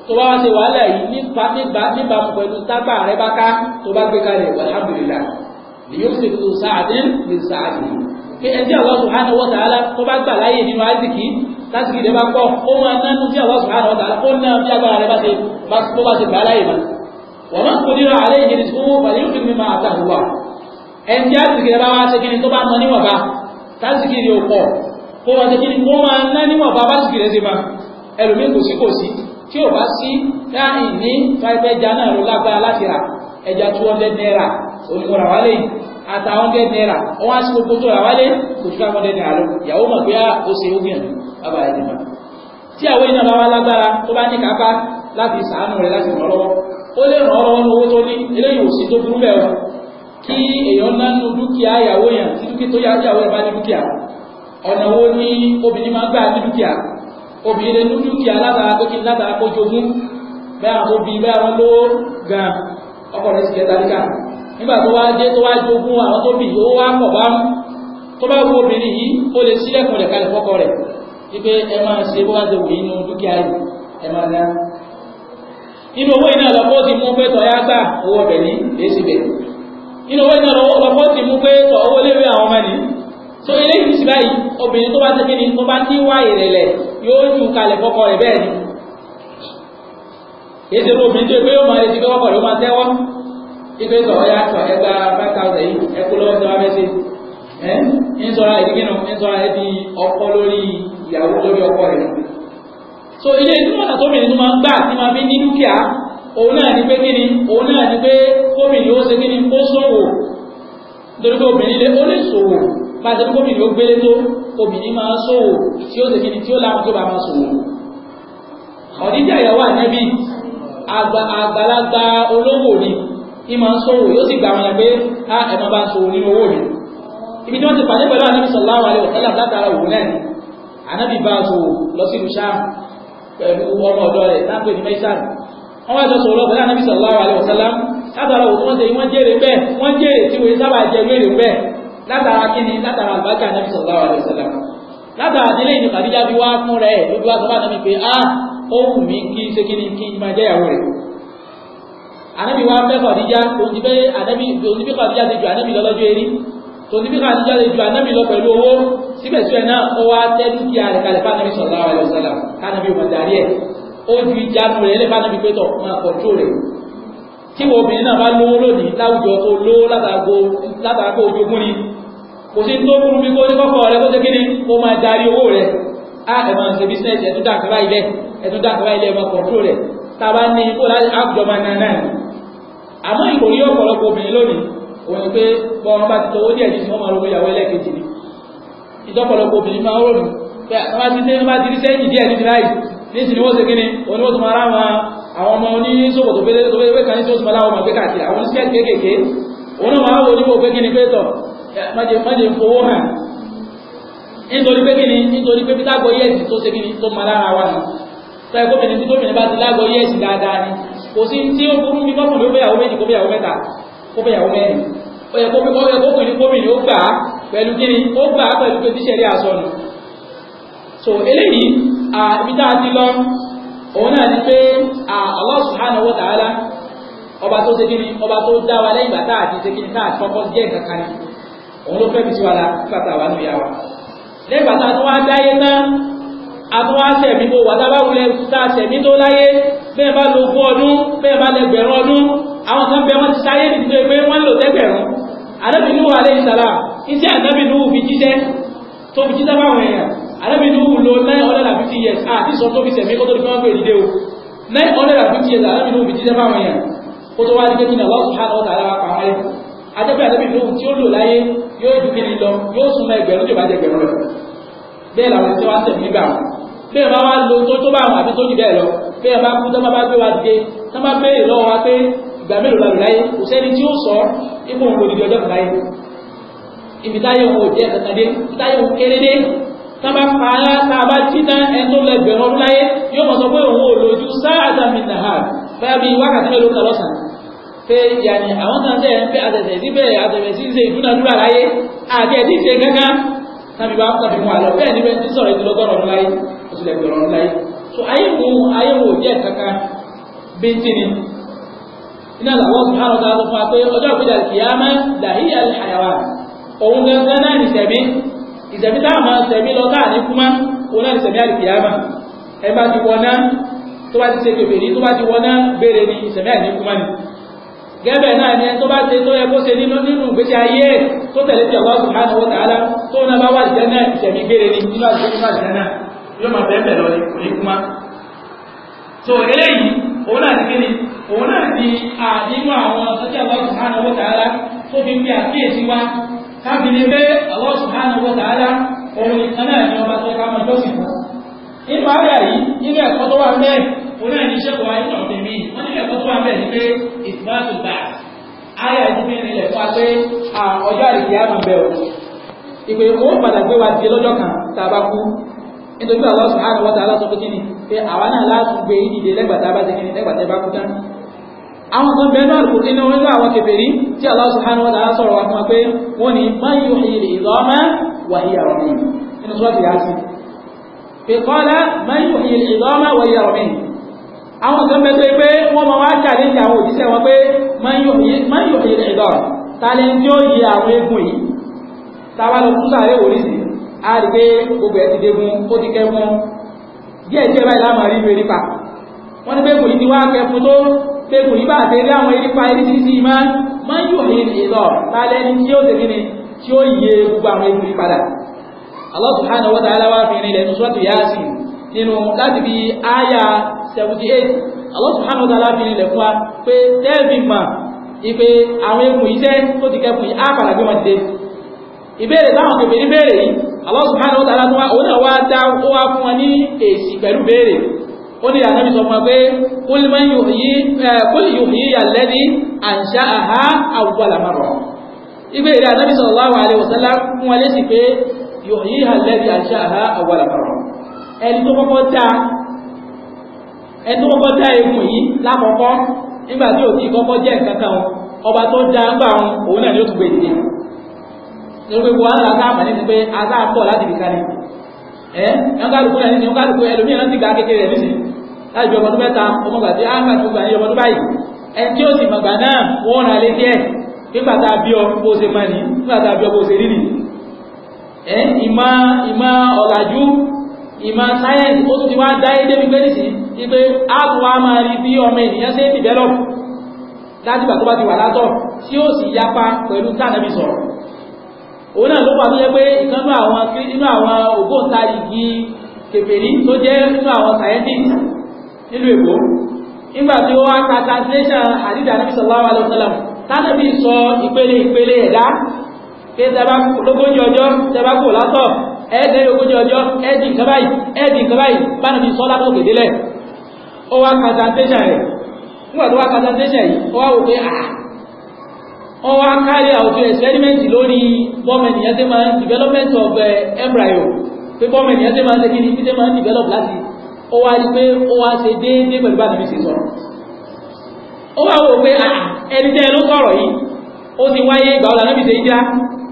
tó bá wá ṣe wàhálà yìí nípa nígbà níbàámu pẹ̀lú tábà rẹ bá ká tó bá gbé kalẹ̀ alhamdulillah ni yóò ṣe tó sáà dín ní sáà dín pé ẹni tí Allah subhanahu wa ta'ala tó bá gbà láyè nínú àzìkí lásìkò ìdẹ́ bá pọ̀ ó máa nánú tí Allah subhanahu wa ta'ala ó náà bí agbára rẹ̀ bá ti gbà láyè mọ́ wọ́n máa ń kó nínú àlẹ́ ìjẹ́ni tí ó pàdé òfin mímọ́ àtàkùwà ẹni tí àzìkí rẹ̀ bá wá ṣe kíni tó bá mọ níwọ̀nba lásìkò ìdẹ́ òpọ̀ kó wọ́n ṣe kíni ó máa ná níwọ̀nba lásìkò bá sí láì ní àtàwọn hundred naira ọwọ́n àti gbogbo tó rà wálé kò ju five hundred naira lọ ìyàwó mọ̀ pé ah, ó ṣe ogún ẹ̀mí bàbá ẹ̀ dì mọ́ tí àwọn èèyàn bá wá lágbára tó bá ní kápá láti sàánú rẹ̀ láti ràn lọ́wọ́ ó lè ràn lọ́wọ́ ní owó tó ní eléyìí ò sí tó burú bẹ́ẹ̀ o kí èèyàn nánú dúkìá ìyàwó yẹn tí dúkìá tó yá ìyàwó yẹn bá ní dúkìá ọ̀nà wo ni obìnrin máa gbà ní dúkìá obìnrin lè ní dúkìá látara pé kí n látara kó jogún bẹ́ẹ̀ àwọn obìnrin bẹ́ẹ̀ àwọn lówó gan ọkọ̀ rẹ̀ sì kẹta níkà nígbà tó wá dé tó wá jogún àwọn tó bì ó wá pọ̀ bá mú tó bá wo obìnrin yìí ó lè sílẹ̀kùn rẹ̀ kalẹ̀ fọ́kọ rẹ̀ wípé ẹ máa ṣe bó bá ṣe wù nínú dúkìá yìí ẹ máa ná nínú owó iná lọ́pọ̀ ti mú pé tọ́yá gbà owó ọbẹ̀ ní èsì bẹ̀ nínú owó iná lọ́pọ̀ ti mú pé tọ́ owó léwé àwọn ọmọ nìyí so eléyìí ti báyìí obìnrin tó bá ti kí ni tó bá ní wá ìrẹ̀lẹ̀ yóò ju kalẹ̀ fọ́kọ rẹ̀ bẹ́ẹ̀ ni èdè obìnrin tó gbé yóò máa retí pé fọ́kọ rẹ̀ ó máa tẹ́wọ́ ipe tọ̀ ọ́ yà tọ̀ ẹgbà five thousand yìí ẹkú lọ́wọ́ tí wọ́n fẹ́ ṣe ẹ́ ń sọ̀rọ̀ ìdíkẹ́ náà ń sọ̀rọ̀ ẹbí ọkọ lórí ìyàwó so ilé ìtumọ̀ ọ̀nà tómìnì tó máa ń gbà tí máa fi ní dúkìá òun náà ni pé kíni òun náà ni pé kómìnì ó ṣe kíni ó ṣòwò nítorí pé obìnrin lé ó lè ṣòwò bá a ṣe pé kómìnì ó gbélé tó obìnrin máa ṣòwò tí ó ṣe kíni tí ó láwọn bá máa ṣòwò ọ̀díjà ìyàwó ànẹ́bí àgbàlagbà olówó ni ìmọ̀ ń sọ̀rọ̀ yóò sì gbà wọn pé ah, a ẹ̀mọ́ bá ń sọ̀rọ̀ nínú owó mi ibi tí wọ́n ti pàdé pẹ̀lú anábì sallallahu alaihi wasallam látara òun náà ni anábì bá sọ̀rọ̀ lọ sí ìlúṣàm pẹ̀lú ọmọ ọ̀dọ́ rẹ̀ tápé ní mẹ́sàn wọ́n wá jọ sọ̀rọ̀ lọ pẹ̀lú anábì sallallahu alaihi wasallam látara òun wọ́n ṣe wọ́n jèrè bẹ́ẹ̀ wọ́n jèrè tí wọ́n sábà jẹ mérè bẹ́ẹ̀ látara kíni látara àlùbákà anábì sallallahu alaihi wasallam ànábì wa fẹ́ kọ̀díjá òun ti fẹ́ ànábì òun ti fẹ́ kọ̀díjá ti ju ànábì lọ́lọ́jọ́ erí òun ti fẹ́ kọ̀díjá ti ju ànábì lọ pẹ̀lú owó síbẹ̀síbẹ̀ náà ó wá tẹ́ dúkìá rẹ̀ kalẹ̀ fún ànábì sallallahu alaihi wasallam kánábì ò mọ̀dárí ẹ̀ ó ju ìjánu rẹ̀ lẹ́fà ànábì pé tọ̀ máa kọ̀jú rẹ̀ tí obìnrin náà bá lówó lónìí láwùjọ tó lówó látàgbó ojogún ni kò sí tó burú bí kó ní kọ́kọ́ rẹ̀ kó ṣe kí ni ó máa darí owó rẹ̀ á ẹ̀ máa ń ṣe bísíǹsì ẹ̀tún dàkúrá ilẹ̀ ẹ̀tún dàkúrá ilẹ̀ ẹ̀ máa kọ̀jú rẹ̀ tá a bá ní kó láti àjọ máa nà náà àmọ́ ìkòrí ọ̀pọ̀lọpọ̀ obìnrin lónìí òun ni pé bọ́ọ̀rọ̀ bá ti tọwọ́ díẹ̀ ní wọ́n máa ronú ìyàwó ẹlẹ́ẹ̀kejì ni ìtọ́pọ̀lọpọ̀ obìnrin máa ń ronú pé àwọn bá ti rí sẹ́yìn díẹ̀ ní láì níṣì ni wọ́n ṣe kíni òun ni wọ́n tún máa rá wọn àwọn ọmọ oníṣòwò tó fẹ́ tó fẹ́ kan ní tó tún máa láwọn ọmọ pé káàkiri àwọn oníṣẹ́ kéékèèké òun náà máa wọ onímọ̀ pé kíni pé ń fowó kò sí tí ó burú bí kọ́kùnrin ó bẹ̀yàwó méjì kó bẹ̀yàwó mẹ́ta kó bẹ̀yàwó mẹ́rin ó yẹ kókùnrin kóbìnrin ó gbà á pẹ̀lú kíni ó gbà so eléyìí ibi tá a ti lọ òun náà ni pé Allah subhanahu wa ta'ala ọba tó ṣe kíni ọba tó dá wa lẹ́yìn ìgbà tá a ti ṣe kíni tá a ti kọ́kọ́ jẹ́ kankan ni òun ló fẹ́ fi sí nígbà tá a wà nù yà wa lẹ́yìn ìgbà tá a tún wá dáyé náà àtúwá sẹ̀mí bó wà tábà wulẹ̀ ta sẹ̀mí tó láyé bẹ́ẹ̀ bá lo ogún ọdún bẹ́ẹ̀ bá lẹgbẹ̀rún ọdún àwọn kan bẹ wọ́n ti sáyé ní ìdílé pé wọ́n lò lẹ́gbẹ̀rún arábìnú wa alẹ́ ìsàlá iṣẹ́ àdábìnú fi jíṣẹ́ tó fi jíṣẹ́ fáwọn èèyàn arábìnú lo nine hundred and fifty years àti sọ tó fi sẹ̀mí kó tó di fún wọn pé ìdílé o nine hundred and fifty years arábìnú fi jíṣẹ́ fáwọn èèyàn kó tó wá ní kékin àwọn ọ̀sán àwọn ọ̀tà ara pàwọn ẹ̀ adébẹ̀ arábìnú tí ó lò láyé yóò dùn kí ni lọ yóò súnmọ́ ẹgbẹ̀rún tó bá jẹ ẹgbẹ̀rún rẹ̀ bẹ́ẹ̀ làwọn ti wá sẹ̀mí gbà wọn bí ẹ bá wá lo tó tó bá àwọn àti tó jù bẹ́ẹ̀ lọ bí ẹ bá kú tó bá gbé wa dìde tó bá béèrè lọ́wọ́ wa pé ìgbà mélòó la lò láyé kò sẹ́ni tí ó sọ ipò òun òdìdí ọjọ́ láyé ibi táyé òun òjẹ́ kankanlé táyé òun kérédé tó bá pa á tá a bá jí ná ẹni tó lọ ẹgbẹ̀rún ọdún láyé yóò mọ̀ sọ pé òun ò lójú sáà àtàmì nàá báyà bíi wákàtí mélòó kan lọ́sàn-án pé yàní àwọn kan tilẹ̀ gbẹ̀rọ̀ ńlá yìí so ayéwo ayéwo jẹ́ kankan bíntínì iná làwọn subhanahu wa ta'ala fún wa pé ọjọ́ àpéjà kìyàmá làhíyà àyàwá òun gangan náà ní sẹ̀mí ìsẹ̀mí táà máa sẹ̀mí lọ káà ní kúmá òun náà ní sẹ̀mí àlìkìyàmá ẹ bá ti wọ náà tó bá ti ṣe kèfèrí tó bá ti wọ náà béèrè ní ìsẹ̀mí àlìkúmá ni gẹ́gẹ́ náà ni tó bá ṣe tó yẹ kó ṣe nínú nínú ìgbésí ayé tó tẹ̀lé ti Allah subhanahu wa ta'ala tó náà bá wà ìjẹ́ náà ìṣẹ̀mí gbére ní nínú àjẹ́ yóò máa lọ ní kò so eléyìí òun náà ti kíni òun náà ti nínú àwọn sọ́jà Allah subhanahu wa ta'ala tó fi ń bí àkíyèsí wa káfí ní pé Allah subhanahu wa ta'ala òun nìkan náà ni ọba tó ká máa jọ́sìn fún inú àyà yìí nínú ẹ̀kọ́ tó wà ń bẹ́ẹ̀ òun náà ní iṣẹ́ kọ̀ wá nínú ọ̀tẹ̀ mi wọ́n nínú ẹ̀kọ́ tó wà ń bẹ́ẹ̀ ni pé ìtìbátò bá àyà yìí fi rìnlẹ̀ fún wa pé ọjọ́ àdìgbì á máa bẹ̀ ọ́ ìpè òun padà gbé wa di lọ́jọ́ kan tá a bá kú nítorí Allah subhanahu wa ta'ala sọ pé kí ni pé àwa náà láti gbé ìdìde lẹ́gbàtà bá ti kí ni lẹ́gbàtà bá kú tán àwọn kan bẹ̀rẹ̀ náà kò nínú orí àwọn kèfèrí tí Allah subhanahu wa ta'ala sọ̀rọ̀ wa fún wa pé wọ́n ni man yuhyi al-'idhama wa hiya ramim nínú sọ́ọ̀tì yáàsì pé qala man yuhyi al-'idhama wa hiya ramim àwọn kan bẹ̀rẹ̀ pé wọ́n máa wá challenge àwọn òjíṣẹ́ wọn pé man yuhyi al-'idhama a rí pé gbogbo ẹ̀ ti dégun ó ti kẹ́kún díẹ̀ díẹ̀ báyìí láàmú àrí ìwé nípa wọ́n ní pẹ́kùn yìí ti wá kẹfun tó pẹ́kùn yìí bá àti eré àwọn erépa eréṣiríṣi máa máa ń ní ìlọ lálẹ́ ní tí ó ṣe kíni tí ó yẹ gbogbo àwọn egun yìí padà Allah subhanahu wa ta'ala wá fi rinlẹ̀ nù sọ́ọ̀tù Yasin nínú láti fi áyà 78 Allah subhanahu wa ta'ala fi ilẹ̀ fún wa pé tẹ́ẹ̀bì mà ìpè àwọn egun iṣẹ́ tó ti kẹkùn yìí á ìbéèrè táwọn kèfè ní béèrè yìí Allah subhanahu wa ta'ala wa ona wa da wa fún wa ní èsì pẹ̀lú béèrè ó ní ànábì sọ fún wa pé qul man yuhyi eh, qul yuhyi alladhi ansha'aha awwala marra ibe ira ànábì sallallahu alaihi wasallam fún wa lesi pé yuhyi alladhi ansha'aha awwala marra en tó kọ́kọ́ dá en tó kọ́kọ́ dá egun yìí lákọ̀ọ́kọ́ nígbà tí ó ti kọ́kọ́ jẹ́ nǹkan ọba tó dá ń gbà òun náà ni ó tún gbé dìde torí pé wàhálà káàmà ní ti pé azá pọ̀ láti fi kalẹ̀ ẹ ẹnkálukú náà nínú ẹnkálukú ẹlòmíì náà ti ga kékeré rẹ nísìnyí láti fi ọmọdún mẹ́ta ọmọgbà tí áńgà tó gbà ní ọmọdún báyìí ẹni tí ó sì mọ̀gbà náà wọ́n rà lé díẹ̀ nígbà tá a bí ọ bó ṣe mọ̀ ní nígbà tá a bí ọ bó ṣe rí nì ẹ ìmọ̀ ìmọ̀ ọ̀làjú ìmọ̀ sáyẹ́ǹsì ó tún ti wá dá ẹdẹ́ wípé áàpù láti gbà bá ti wà látọ̀ tí ó sì yapa pẹ̀lú tánàbí sọ̀rọ̀ òun náà ló pàtó yẹ pé àwọn nínú àwọn ògbóǹtarìgì kèfèrí tó jẹ́ nínú àwọn scientist nílùú èkó nígbà tí ó wá ka translation àdídà níbi sallallahu alaihi sọ ìpele ìpele ẹ̀dá pé tẹ́bá lógójì ọjọ́ tẹ́bá kò látọ̀ ẹ̀ẹ́dẹ́ lógójì ọjọ́ ẹ̀ẹ́dì nǹkan báyìí ẹ̀ẹ́dì nǹkan báyìí sọ látọ̀ kèdélẹ̀ ó wá wọ́n wá kárí àwùjọ ẹ̀sẹ́rímẹ́ǹtì lórí bọ́ọ̀mẹ̀nì yẹn development of eh, embryo pé bọ́ọ̀mẹ̀nì yẹn tẹ́ máa ń develop láti ó wá rí pé ó wá ṣe déédéé pẹ̀lú bá níbi ṣe sọ̀rọ̀ ó wá wò pé ah, ẹni tẹ́ ló sọ̀rọ̀ yìí ó ti wáyé ìgbà ọ̀la anábì ṣe ìjìlá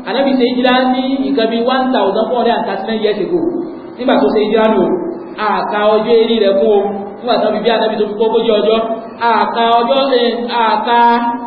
anábì ṣe ìjìlá ní nǹkan bíi one thousand four hundred and thirty years ago nígbà tó ṣe ìjìlá nù àka ọjọ́ eré rẹ̀ fún o nígbà tó fi bí anábì tó fi kókó jẹ́ ọjọ́ àka ọjọ́ àka eh,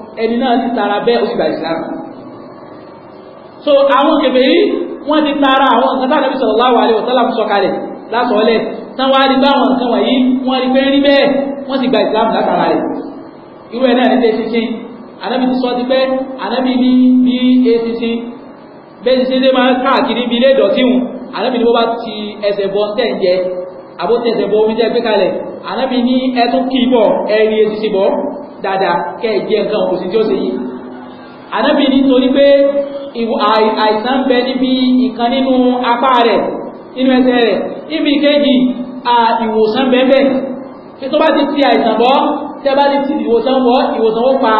ẹni náà ti tara bẹ́ẹ̀ ó sì gba ìsìlámù so àwọn kèfèrí wọ́n ti tara àwọn nǹkan tí Ànábì sallallahu alaihi wasallam sọ̀kalẹ̀ lásọ̀ọ́lẹ̀ tán wá rí báwọn nǹkan wọ̀nyí wọ́n rí pé rí bẹ́ẹ̀ wọ́n sì gba ìsìlámù látara rẹ̀ irú ẹ̀ náà ní tẹ́sísìn Ànábì ti sọ ti pẹ́ Ànábì ní bí esísìn bẹ́ẹ̀ ti ṣe dé máa káàkiri ibi ilé ìdọ̀tí hùn Ànábì ni bó bá ti ẹsẹ̀ bọ́ tẹ̀ ń jẹ àbótẹ̀sẹ̀ bọ́ omi tẹ́ gbé kalẹ̀ Ànábì ní ẹtún kì í bọ̀ ẹ̀rí esísìn bọ́ dáadáa kẹ́ ẹ jẹ nǹkan kò sí tí ó ṣe yìí ànábì nítorí pé àìsàn bẹ níbi ìkan nínú apá rẹ̀ nínú ẹsẹ̀ rẹ̀ ibi kejì ìwòsàn bẹ́ẹ̀ tí tó bá ti ti àìsàn bọ́ tẹ́ bá ti ti ìwòsàn bọ́ ìwòsàn ó pa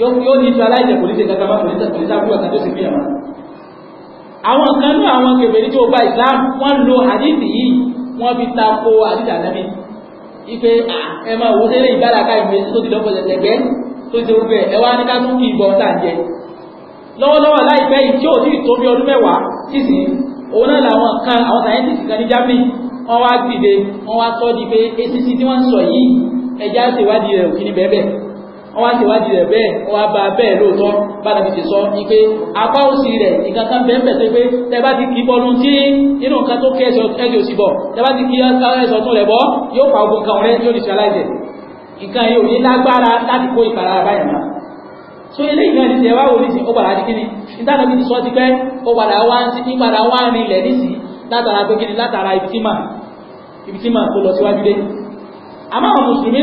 yóò ní ju aláìsẹ̀ kò ní ṣe kankan má kò ní ṣe àbúrò tó ṣe fi hàn àwọn kan ní àwọn kèfèrí tó bá ìsìlámù wọ́n lo àdìsí yìí wọ́n fi tako àdìsí ànábì ipe ah, ẹ máa wò sẹ́lẹ̀ ìgbára ká ìwé tó ti lọ́pọ̀ lẹ́gbẹ́ tó ti rúbẹ̀ ẹ wá ní ká tún kí ìbọn tà jẹ lọ́wọ́lọ́wọ́ láìpẹ́ yìí tí ò tí ì tó bí ọdún mẹ́wàá sísìn òun náà làwọn kan àwọn sàyẹ́ntìsì kan ní Germany wọ́n wá dìde wọ́n wá sọ́ di pé acc tí wọ́n ń sọ yìí ẹja ṣèwádìí rẹ̀ òkìní bẹ́ẹ̀ bẹ́ẹ̀ wọ́n wá tẹ̀wájú rẹ̀ bẹ́ẹ̀ wọ́n wá bá bẹ́ẹ̀ lóòótọ́ bára fi ṣe sọ ní pé apá òsì rẹ̀ nǹkan kan bẹ́ẹ̀ bẹ́ẹ̀ pé tẹ bá ti kí bọ́nu tí inú nǹkan tó kẹ́ ẹsẹ̀ òsì bọ̀ tẹ bá ti kí ẹsẹ̀ ọ̀tún rẹ̀ bọ́ yóò pa ogun kan rẹ̀ yóò ní ṣaláìsẹ̀ nǹkan yóò ní lágbára láti kó ìpara báyìí so eléyìí náà ti tẹ̀ wá wò nísìnyí ó padà di kíni nítorí àbí ti sọ ti pẹ́ ó padà wá ní padà wá ní ilẹ̀ nísìnyí látara pé kíni látara ibi tí mà ibi tí mà tó lọ síwájú dé mùsùlùmí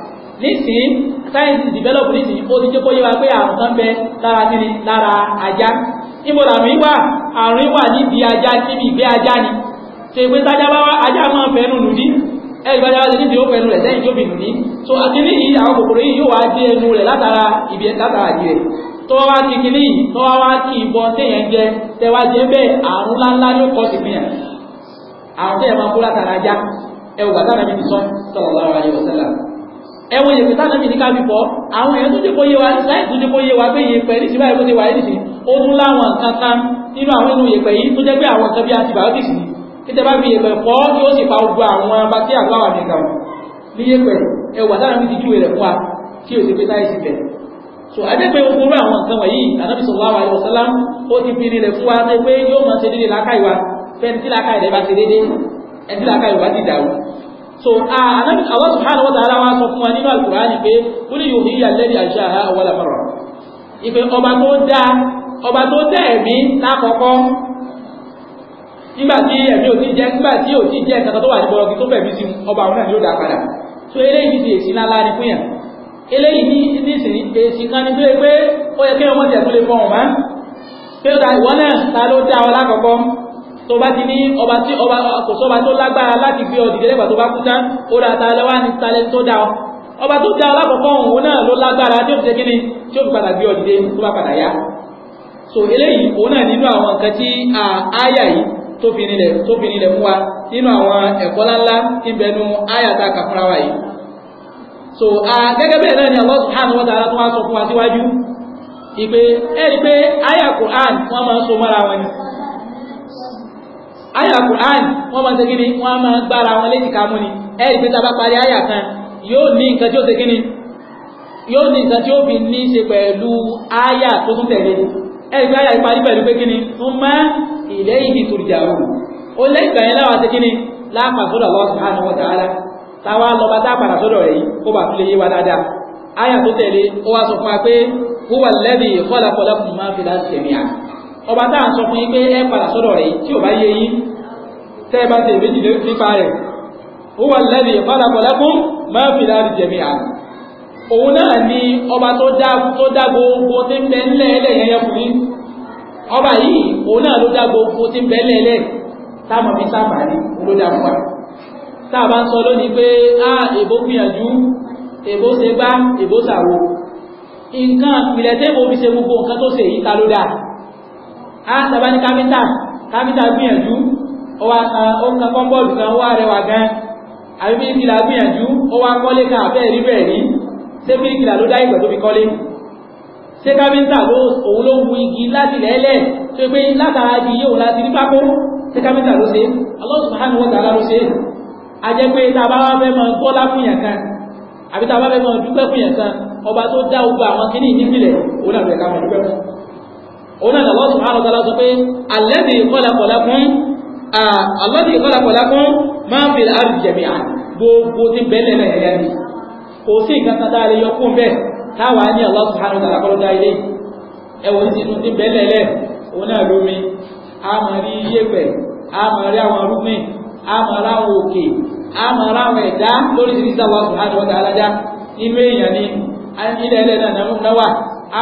nísìnyí sáyẹ́ǹsì develop nísìnyí ó ti jẹ́ kó yé wa pé àrùn kan bẹ lára kíni lára ajá níbo làrùn yìí wà àrùn yìí níbi ajá níbi ìgbé ajá ni ṣe pé tájá bá wá ajá máa fẹnu nùdí ẹgbẹ́ ajá ti níbi ó fẹnu rẹ̀ sẹ́yìn tó fi nùdí yìí àwọn kòkòrò yìí yóò wá dé ẹnu ibi látara ìdí rẹ̀ tó wá tó wá kí ìbọn téèyàn jẹ jẹ bẹ́ẹ̀ àrùn ńláńlá ló kọ́ sí àrùn máa kó látara ajá ẹwọ yẹ̀pẹ̀ tá nàbì ní ká fi bọ́ àwọn èèyàn tó jẹ́ kó yé wa sáì tó jẹ́ kó yé wa pé yẹ̀pẹ̀ ní ìsìnbáyé kó ti wà ní ìsìn ó tún láwọn nǹkan kan nínú àwọn inú yẹ̀pẹ̀ yìí tó jẹ́ pé àwọn nǹkan bí antibiotics ni títẹ bá fi yẹ̀pẹ̀ fọ́ yóò sì pa gbogbo àwọn bacteria tó wà ní ìgbà wọn ní yẹ̀pẹ̀ ẹwà tá nàbì ti júwe rẹ̀ fún wa tí o sì fi sáì síbẹ̀ so a jẹ́ pé gbogbo àwọn nǹkan wọ̀nyí ànábì sallallahu alaihi wasallam ó ti fi rinlẹ̀ fún wa pé yóò máa ṣe déédéé lákàìwá fẹ́ni tí lákàìwá bá ṣe déédéé ẹni so anabi ah, Allah subhanahu wa ta'ala wa sọ fún wa nínú alukurani pé wúlò yóò hí alẹ́bí àṣàhà ọ̀wọ́lá mọ̀rọ̀ ìpè ọba tó dá ọba tó dá koko. lákọ̀ọ́kọ́ nígbà tí ẹ̀mí ò ti jẹ́ nígbà tí ò ti jẹ́ nǹkan tó wà ní bọ́lọ́gì tó fẹ̀mí sí ọba òun náà ni ó dá padà so eléyìí ti èsì ńlá ní fún yàn eléyìí ní nísìnyí èsì kan ní tó yẹ pé ó yẹ kí ọmọ tẹ̀ tó lè fọ ọ̀mà pé ìwọ náà ta ló dá ọ lákọ̀ọ́kọ́ tó bá ti ní ọba tí ọba kò sọ́ba tó lágbára láti gbé ọdì délẹ́gbà tó bá kú tán ó dà ta lọ́wọ́ ní talẹ́ tó dá ọ ọba tó dá alákọ̀ọ́kọ́ òun náà ló lágbára tí ó fi ṣe kíni tí ó fi padà gbé ọdì dé tó bá padà yá so eléyìí òun náà nínú àwọn nǹkan tí àáyà yìí tó fi nílẹ̀ tó fi nílẹ̀ fún wa nínú àwọn ẹ̀kọ́ láńlá tí bẹnu àáyà tá a kà fúnra wa yìí so gẹ́gẹ́ bẹ́ẹ̀ náà ni Allah subhanahu wa ta'ala tó wá sọ fún wa síwájú ìpè ẹ̀rí pé àyà Qur'an wọ́n máa ṣe kí ni wọ́n máa gbára wọn léjì ká mú ni ẹ̀rì pé tàbá parí àyà kan yóò ní nǹkan tí ó ṣe kí ni yóò ní nǹkan tí ó fi ní ṣe pẹ̀lú àyà tó tún tẹ̀lé ẹ̀rì pé àyà ìparí pẹ̀lú pé kí ni tún má ilé ìdí turja'un ó lẹ́yìn kan yẹn láwọn ṣe kí ni láàpà sọ́dọ̀ Allah subhanahu wa ta'ala táwa lọ bá tá padà sọ́dọ̀ rẹ̀ yìí kó bá tún lè yé wa dáadáa àyà tó tẹ̀lé ó wá sọ fún wa pé ọba táà sọ fún yín pé ẹ padà sọ́dọ̀ rẹ̀ tí ò bá yé yín tẹ́ ẹ bá ti èmi jìlẹ̀ nípa rẹ̀ ó wà lẹ́bi ìfọ́dàpọ̀lẹ́kún máa fi láti jẹ̀mí à òun náà ni ọba tó dá gbogbo tí ń bẹ ńlẹ̀ ẹlẹ̀ yẹn yẹn fún yín ọba yìí òun náà ló dá gbogbo tí ń bẹ ńlẹ̀ ẹlẹ̀ táwọn mi sábà ní ló dá fún wa tá a bá ń sọ lónìí pé á èbó gbìyànjú èbó ṣe gbá èbó ṣàwo nǹkan ìpìlẹ̀ tẹ́bó fi ṣe gbogbo nǹkan tó ṣe yìí ta ló dáa á tàbá ní kámítà kámítà gbìyànjú ó wá ta ó kan kọ́ńbọ́ọ̀lù kan ó wá rẹwà gan àbí bíríkìlà gbìyànjú ó wá kọ́lé kan àbẹ́ rí bẹ́ẹ̀ rí ṣé bíríkìlà ló dá ìgbà tó fi kọ́lé ṣé kámítà òun ló wu igi láti lẹ́lẹ̀ tó pé látara di yóò láti rí pákó ṣé kámítà ló ṣe Allah subhanahu wa ta'ala ló ṣe a jẹ́ pé tá a bá wá fẹ́ mọ gbọ́lá fún yàn kan àbí tá a bá fẹ́ mọ dúpẹ́ fún yàn kan òun náà lọ́wọ́ subhanahu wa ta'ala sọ pé alladhi khalaqa lakum alladhi khalaqa lakum ma fil ardi jami'an gbogbo ti bẹ́lẹ̀ náà yẹ̀yẹ́ ni kò sí nǹkan kan dáa lè yọ fún bẹ́ẹ̀ táwa ní Allah subhanahu wa ta'ala kọ́ ló dá ilé ẹ̀wọ̀n sì tún ti bẹ́lẹ̀ lẹ̀ òun náà lómi a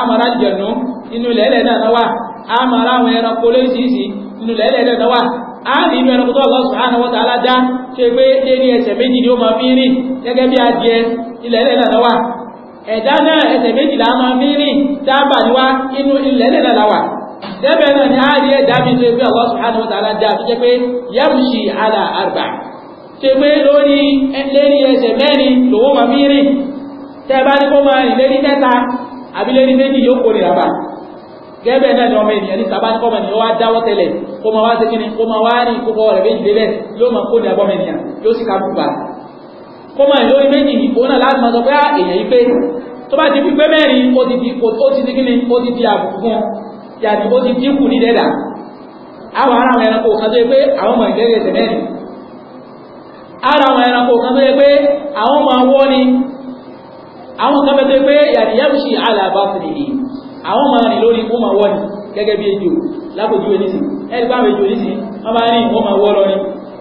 máa rí yẹ̀pẹ̀ inú lẹ́lẹ̀ náà wà á máa ráwọn ẹranko lóríṣiríṣi inú lẹ́lẹ̀ náà wà á rí inú ẹranko tó Allah subhanahu wa ta'ala dá ṣe pé dé ní ẹsẹ̀ méjì ni ó máa fi rìn gẹ́gẹ́ bí adìẹ ilẹ̀lẹ̀ náà wà ẹ̀dá náà ẹsẹ̀ méjì là máa fi rìn dábà ni wá inú ilẹ̀lẹ̀ náà wà dẹ́bẹ̀ náà ni á rí ẹ̀dá mi ṣe pé Allah subhanahu wa ṣe pé lórí gẹ́gẹ́ náà ni ọmọ ènìyàn ní sábà kọ́ ọmọ ènìyàn wá dáwọ́ tẹ́lẹ̀ kó máa wá sí kíni kó máa wá rí kókó rẹ̀ méjì lélẹ̀ yóò máa kó ní abọ́mọ ènìyàn yóò sì kábù gbà kó máa lórí méjì ní òun náà láti máa sọ pé ah, èèyàn yìí pé tó bá ti fi pé mẹ́rin ó ti di ó ti di kíni ó ti di àbùkún yàtì ó ti dínkù ní dẹ́dà àwọn ará àwọn ẹranko kan tó yẹ pé àwọn ọmọ ìdẹ́rẹ́ ẹsẹ̀ mẹ́rin ara àwọn ẹranko kan tó yẹ pé àwọn ọmọ awọ́ ni àwọn kan tó yẹ pé yàtì yàtì sí àlàbà fìdí àwọn máa rìn lórí wọ́n máa wọ́ ni gẹ́gẹ́ bí ejò lápòjú onísìn ẹni bá àwọn ejò onísìn wọ́n máa rìn wọ́n máa wọ́ lọ ni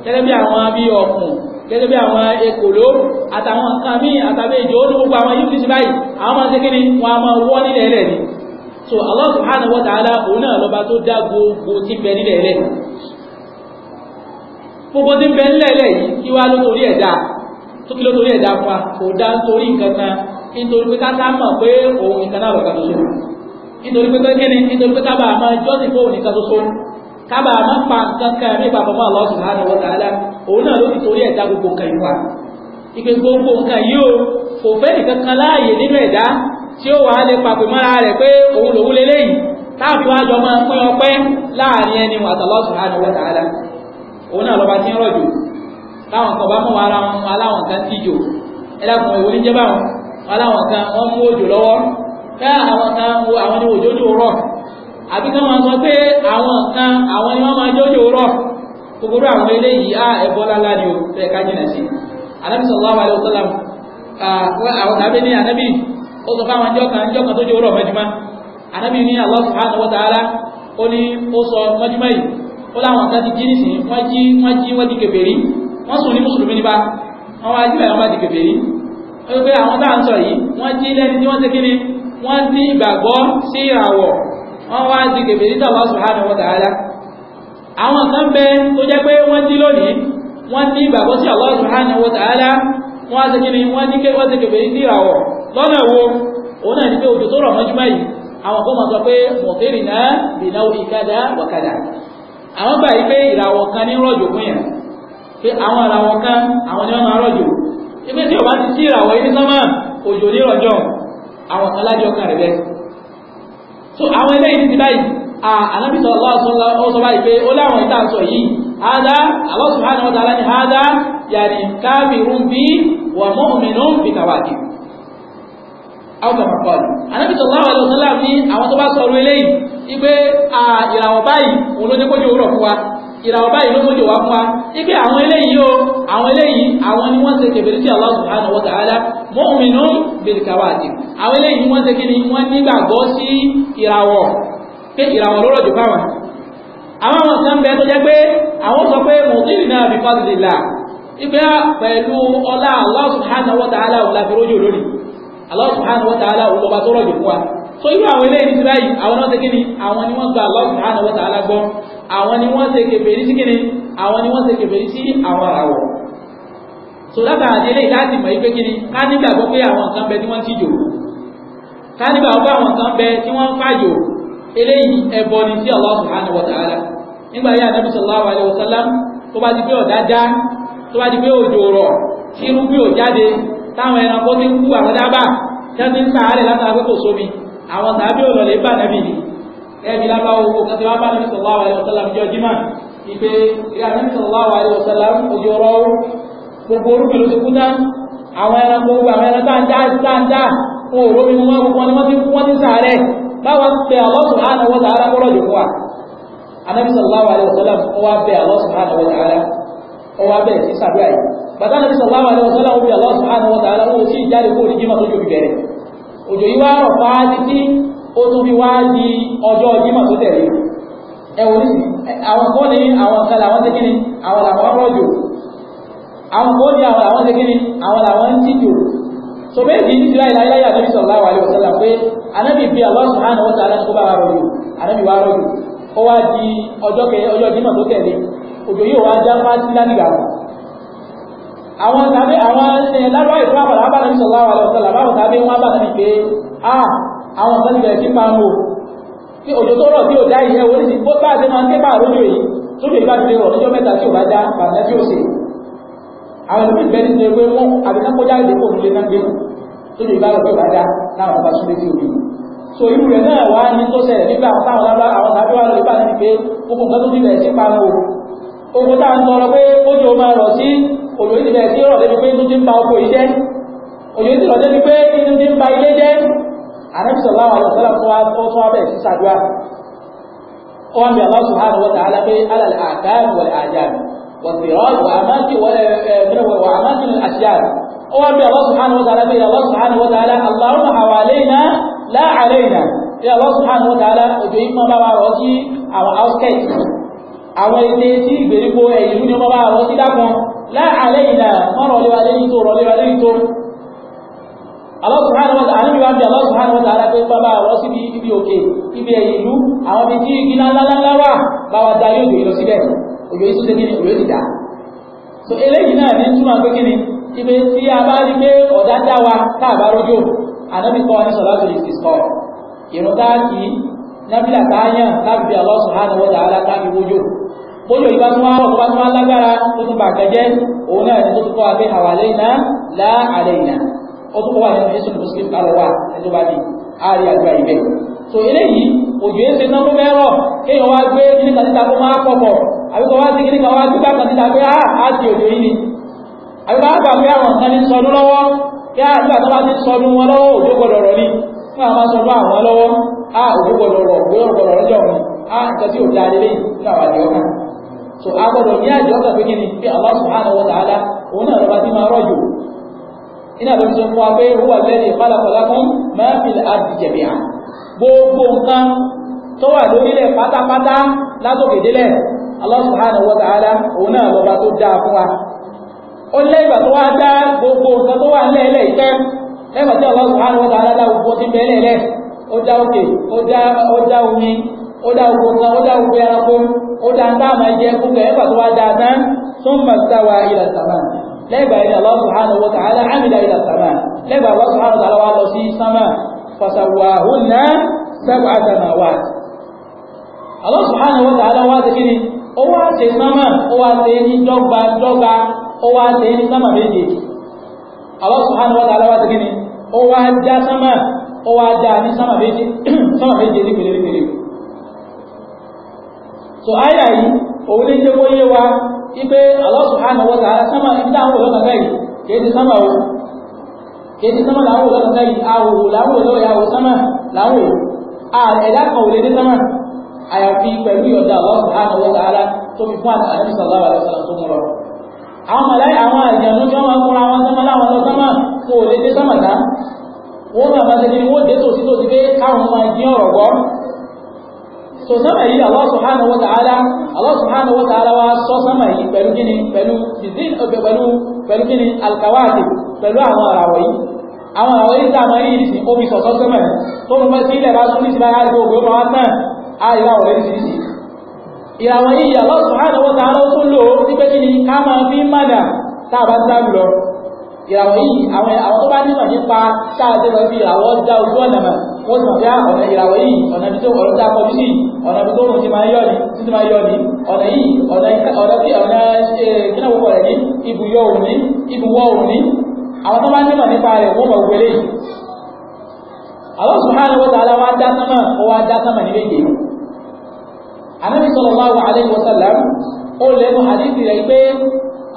gẹ́gẹ́ bí àwọn bí ọkùn gẹ́gẹ́ bí àwọn ekòló àtàwọn nǹkan míì àtàbí ejò ní gbogbo àwọn yìí ti báyìí àwọn máa ṣe kíni wọ́n máa wọ́ nílẹ̀ ẹlẹ́ ni so Allah subhanahu wa ta'ala òun náà lọ́ba tó dá gbogbo tí bẹ nílẹ̀ ẹlẹ́ gbogbo tí bẹ nílẹ̀ ẹlẹ́ yìí kí wá lótorí ẹ̀dá tó kí lótorí ẹ̀dá pa kò dá nítorí nǹkan kan nítorí pé ká sá mọ̀ pé òun nǹkan náà lọ́ka tó ṣe nítorí pé kẹ́ni nítorí pé kábàá máa jọ́sìn fóun nìkan ṣoṣo kábàá máa pa nǹkan kan ní ìbàbọ̀ fún Allah subhanahu wa ta'ala òun náà ló ti torí ẹ̀dá gbogbo kan ìwà ìpè gbogbo nǹkan yìí o kò fẹ́ nìkan kan láàyè nínú ẹ̀dá tí ó wàá lè papè mọ́ra rẹ̀ pé òun lòun lélẹ́yìn táàfin wájọ máa pín ọpẹ́ láàrin ẹni wà Allah subhanahu wa ta'ala òun náà lọ́ba ti ń rọ̀jò táwọn kan bá mú wa ara wọn aláwọn kan ti jò ẹlẹ́kùn ìwé ká àwọn kan wo àwọn ni òjòjò rọ̀ àbí ká máa sọ pé àwọn kan àwọn ni wọ́n máa jójò rọ̀ gbogbo àwọn eléyìí á ẹ̀bọ́ lálá ni ó fẹ́ ká jìnà sí anábì sallallahu alaihi àwọn tàbí ní anábì ó sọ fáwọn jọ́kan tó jẹ́ òrọ̀ mẹ́júmá anábì ní Allah subhanahu wa ta'ala ó ní ó sọ mẹ́júmá yìí ó láwọn kan ti jí nìsín wọ́n jí wọ́n jí wọ́n di kèfèrí wọ́n sùn ní mùsùlùmí nípa wọ́n wá jí wọ́n ní ìgbàgbọ́ sí ìràwọ̀ wọ́n wá di kèfèrí sí Allah sùhánà wa ta'ala àwọn kan bẹ tó jẹ́ pé wọ́n dí lónìí wọ́n ní ìgbàgbọ́ sí Allah sùhánà wa ta'ala wọ́n á ṣe ni wọ́n ní kí ti kèfèrí sí ìràwọ̀ lọ́nà wo òun náà ní pé òjò tó rọ̀ mọ́júmọ́ àwọn kó sọ pé mọ̀tẹ́rì náà orí kádà àwọn gbà yí pé ìràwọ̀ kan ní rọ̀jò fún àwọn kan lájọ kan rẹ̀ bẹ́ẹ̀ so àwọn eléyìí ti báyìí ànábì sallallahu alaihi wasallam ó sọ báyìí pé ó láwọn ìta sọ yìí hádá Allah subhanahu wa ta'ala ní hádá yàní kafirun bí wa mu'minun bí kàwáàkì àwùjọpàpọ̀lù anábì sallallahu alaihi wasallam ní àwọn tó bá sọ ọ̀rọ̀ eléyìí ìràwọ̀ báyìí ló mójú wá fún wa ike àwọn eléyìí o àwọn eléyìí àwọn ni wọ́n ṣe kèbèrè sí Allah subhanahu wa ta'ala mu'minun bil kawatib àwọn eléyìí wọ́n ṣe kíni wọ́n nígbàgbọ́ sí ìràwọ̀ pé ìràwọ̀ ló rọ̀jù fáwọn àwọn àwọn kan bẹ tó jẹ́ pé àwọn sọ pé mùsùlùmí náà bí fadlillah ìgbé pẹ̀lú ọlá Allah subhanahu wa ta'ala òun òun so irú àwọn eléyìí ti báyìí àwọn náà ṣe kí ni àwọn ni wọ́n gba Allah subhanahu wa ta'ala gbọ́ àwọn ni wọ́n ṣe kèfèrí sí kí ni àwọn ni wọ́n ṣe kèfèrí sí àwọn àràwọ̀ so látara àti eléyìí láti mọ̀ yí pé kí ni ká nígbàgbọ́ pé àwọn nǹkan bẹ tí wọ́n ti jò ká nígbàgbọ́ pé àwọn nǹkan bẹ tí wọ́n ń pàjò eléyìí ẹbọ ni sí Allah subhanahu wa ta'ala nígbà yá Nabi sallallahu alaihi wasallam tó bá di pé ọ̀dá já tó bá di pé òjò rọ̀ tí irúgbìn ò jáde táwọn ẹranko ti ń kú àwọn dábà tí wọ́n ti ń sàárẹ̀ látara pé kò sómi àwọn tàbí olùlẹ̀ bá nàbí ni ẹbí lábá owó kàtí wá bá nàbí sallallahu alaihi wasallam jọ jimá ìpè ìyá nàbí sallallahu alaihi wasallam òjò rọ gbogbo orúkẹ ló ti kú náà àwọn ẹran gbogbo àwọn ẹran táńdá táńdá fún òró mi wọn gbogbo wọn ti kú wọn ti sàárẹ báwa bẹ Allah subhanahu wa ta'ala kọlọ jù fún wa anabi sallallahu alaihi wasallam ó wá bẹ Allah subhanahu wa ta'ala ó wá bẹ sísàdúrà yìí bàtà anabi sallallahu alaihi wasallam ó bẹ Allah subhanahu wa ta'ala ó sì jáde kó òdìjí máa tó jòbí bẹ̀rẹ̀ òjò yìí wá rọ̀ fáá títí ó tún fi wá di ọjọ́ jímọ̀ tó tẹ̀lé ẹ̀wọ̀n ní àwọn kọ́ ní àwọn kan làwọn ṣe kíni àwọn làwọn rọ̀jò àwọn kọ́ ní àwọn làwọn ṣe kíni àwọn làwọn ń tíjò tó bẹ́ẹ̀ di ìdíra ìlàyé ànábì sallallahu alaihi wasallam pé ànábì bí Allah subhanahu wa ta'ala kó bá wa rọ̀jò ànábì wa rọ̀jò ó wá di ọjọ́ jímọ̀ tó tẹ̀lé òjò yìí wá já fásitì lánìgbà wọn àwọn tàbí àwọn lárúbá ìfúnra padà bá nàbí sọ̀rọ̀ àwọn àlọ́ sọ̀rọ̀ báwọn tàbí wọn bá nàbí pé a ah, àwọn kan ti bẹ̀rẹ̀ sí máa ń wò tí òjò tó rọ̀ tí ò dá ìyẹn orí ti bó bá ti máa ń tẹ́pà lójú yìí tó lè bá ti rọ̀ níjọ́ mẹ́ta tí ò bá já bàtà tí ò sì àwọn ìlú ìgbẹ́ ní ṣe pé wọ́n àbínákọ́já lè kó nílé náà gbé tó lè bá rọ̀ pé bàjá láwọn ọba súnlé tí ò rí so irú rẹ̀ náà wá ní tó ṣẹlẹ̀ nígbà táwọn lábá àwọn tàbí wà lórí bá ti pé gbogbo nǹkan tó ti bẹ̀rẹ̀ sí máa ń wò ogun tá ń tọrọ pé ojú o máa rọ̀ sí òjò ìdílẹ̀ tí rọ̀ débi pé tuntun ba oko ìjẹ́ òjò ìdílẹ̀ débi pé tuntun ba ilé jẹ́ àrẹ́bí sallallahu alaihi wasallam tó wá tó wá bẹ̀rẹ̀ sí sàdúrà ó wá bí Allah subhanahu wa pé alal àkáàmì wal àjàm wàtìrọ́d wà àmáàtì wà àmáàtì àṣìyàn ó wá bí Allah subhanahu wa ta'ala pé eh, eh, Allah subhanahu wa àwọn outskirts àwọn ilé tí ìgbèríko ẹ̀yìn ní ọmọ bá rọ sí dákan láàárẹ̀ ìlà mọ́rọ̀ léwa lé nító rọ léwa lé nító Allah subhanahu wa ta'ala níbi wá bí ibi òkè ibi ẹ̀yìn ìlú àwọn ibi tí wa darí òjò lọ síbẹ̀ òjò yìí síse so eléyìí náà ní túmọ̀ pé kíni ibi tí a bá rí wa tá a bá rójò ànábì kọ́ wa nábìlà táyàn láti Allah subhanahu wa ta'ala táàkì wójò bójú ìbá tún wá wọ́n bá tún wá lágbára tó tún bà kẹjẹ́ òun náà ni tó tún kọ́ wa pé hawalaina la alaina ó tún kọ́ wa nínú yéṣu muslim kálọ̀ wà tó bá di àárí àdúrà ibẹ̀ so eléyìí òjò ẹsẹ̀ náà tó fẹ́ rọ̀ kéèyàn wá gbé kíníkà títa kó máa pọ̀ pọ̀ àbíkọ́ wá sí kíníkà wá gbígbà kan títa pé ah, á ti òjò yìí ni àbíkọ́ wá gbà pé àwọn kan ní sọdún lọ́wọ́ kí á nígbà tó bá ti sọdún wọn lọ́wọ́ òjò gbọdọ̀ rọ̀ ni fún àwọn aṣọ bá àwọn lọ́wọ́ á òkúgbọ̀ lọ́rọ̀ gbọ́rọ̀ lọ́jọ́ mi á nǹkan tí ò dá lélẹ̀ nínú àwọn àdìọ́kàn so a gbọ́dọ̀ ní àdìọ́kàn pé kíni pé Allah subhanahu wa ta'ala òun náà lọ́ba tí máa rọ́jò iná ló ń sọ fún wa pé huwa alladhi khalaqa lakum ma fil ardi jami'a gbogbo nǹkan tó wà lórílẹ̀ pátápátá látòkè délẹ̀ Allah subhanahu wa ta'ala òun náà lọ́ba tó dáa fún wa ó lẹ́yìn tó wá dá gbogbo nǹkan tó wà lẹ́ẹ̀lẹ́ ìtẹ́ lẹ́gbà tí Allah subhanahu wa ta'ala òkú ti bẹ̀rẹ̀ lẹ̀ ó dá òkè ó dá omi ó dá òkú kan ó dá òkú ẹranko ó dá ntáàmà jẹ kúkẹ́ ẹgbà tó wá dá tán thumma stawa ila sama lẹ́gbà ilẹ̀ Allah subhanahu wa ta'ala Allah subhanahu wa ta'ala wá sí kíni ó wá já sánmà ó wá já ní sánmà méjì méjì ní so àyà yìí òun ní jẹ́ wọ́n yé wa ipe Allah subhanahu wa ta'ala sánmà ibi táwọn òwò lọ́kàn báyìí kìí ti sánmà o kìí ti sánmà làwọn òwò lọ́kàn báyìí àwò làwọn òwò lọ́wọ́ yàwó sánmà làwọn òwò ẹ̀dá kan ò lè dé sánmà àyàfi pẹ̀lú ìyọ̀dá Allah subhanahu wa ta'ala tó àwọn mọ̀láì àwọn àjànú tí wọ́n máa kúra wọn sọ́mọ́ láwọn lọ sọ́mọ́ kò lè dé sọ́mọ̀ tá wọ́n máa bá tẹ́lẹ̀ wọ́n dé tòsí tòsí pé káwọn máa dín ọ̀rọ̀ gbọ́ so sọ́mọ̀ yìí Allah subhanahu wa ta'ala Allah subhanahu wa ta'ala wa sọ sọ́mọ̀ yìí pẹ̀lú kíni pẹ̀lú dizin ọ̀gbẹ̀ pẹ̀lú pẹ̀lú kíni alkawaati pẹ̀lú àwọn àràwọ̀ yìí àwọn àràwọ̀ yìí tá máa rí omi sọ̀sọ́ tó ń sí ilẹ̀ bá tún sí ìràwọ̀ yìí Allah subhanahu wa ta'ala tó lò sí pé kí ni ká máa fi mọ̀nà tá a bá dá lọ ìràwọ̀ yìí àwọn àwọn tó bá nímọ̀ nípa tá a ti lọ fi ìràwọ̀ dá ojú ọ̀nà mọ̀ wọ́n sì máa ah, ọ̀nà ìràwọ̀ yìí ọ̀nà ibi tó ọ̀rọ̀ dá kọjú sí ọ̀nà ibi tó rùn ti máa yọ̀ ní títí máa yọ̀ ní ọ̀nà yìí ọ̀nà ọ̀nà tí ọ̀nà kíná gbogbo rẹ̀ ní ibùyọ̀ òun ibùwọ̀ òun àwọn tó bá nímọ̀ nípa rẹ̀ wọ́n mọ̀ gbélé Allah subhanahu wa ta'ala wá ó wá dá sánmà Ànábì sallallahu alaihi wasallam ó lẹ́nu hadithi rẹ̀ pé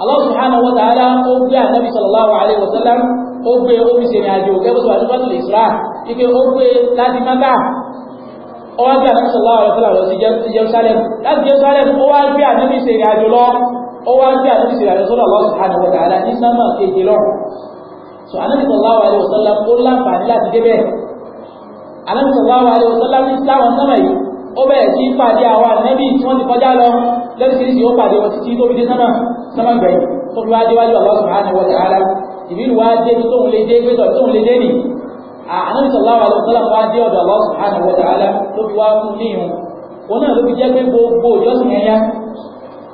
Allah subhanahu wa ta'ala ó gbé Ànábì sallallahu alaihi wasallam ó gbé ó fi ṣèrìn àjò gẹ́gẹ́ bó ṣe wà Isra ike ó gbé láti Mákà ó wá gbé Ànábì sallallahu alaihi wasallam lọ sí Jerusalem láti Jerusalem ó wá gbé Ànábì ṣèrìn àjò lọ ó wá gbé Ànábì ṣèrìn àjò sọ́dọ̀ Allah subhanahu wa ta'ala ní sámà kejì lọ so Ànábì sallallahu alaihi wasallam ó láǹfààní láti débẹ̀ Ànábì sallallahu alaihi wasallam ní sáwọn sámà yìí ó bẹ̀rẹ̀ sí pàdé àwọn ànábì tí wọ́n ti kọjá lọ lẹ́sìrìsì ó pàdé wọn títí tó fi dé sánà sánà gbẹ̀yìn tó fi wá déwájú Allah subhanahu wa ta'ala ìbílù wá dé tó ń lè dé gbẹ́tọ̀ tó ń lè dé nì ànábì sallallahu Allah subhanahu wa ta'ala tó fi wá fún ní ìhun òun náà ló fi jẹ́ pé gbogbo ìjọsìn ẹ̀yà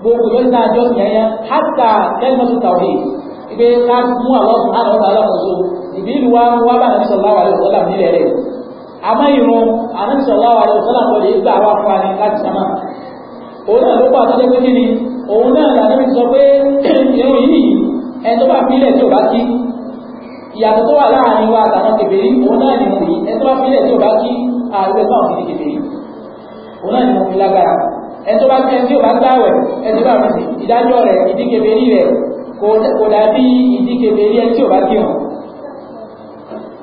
gbogbo ìjọsìn náà jọsìn ẹ̀yà hátà lẹ́gbẹ̀ẹ́ tó tàwé ìgbé ká Allah subhanahu wa àmọ́ ìrun àníṣọ̀lá wa lọ sọ́là pẹ̀lú ìgbà wa fún wa ní láti sọ́mà òun náà ló pàtó jẹ́ kí ni òun náà lànà sọ pé ìrun yìí ẹni tó bá fílẹ̀ tí ò bá kí ìyàtọ̀ tó wà láàrin wa àtàwọn kèbèrè òun náà nìmú yìí ẹni tó bá fílẹ̀ tí ò bá kí ààrẹ táwọn fi kèbèrè òun náà nìmú fi lágbára ẹni tó bá kí ẹni bá gbáwẹ̀ ẹni bá fi ìdájọ́ rẹ̀ ìdíkèbèrè rẹ̀ kò dàbí ìdíkèbèrè ẹni bá kí wọn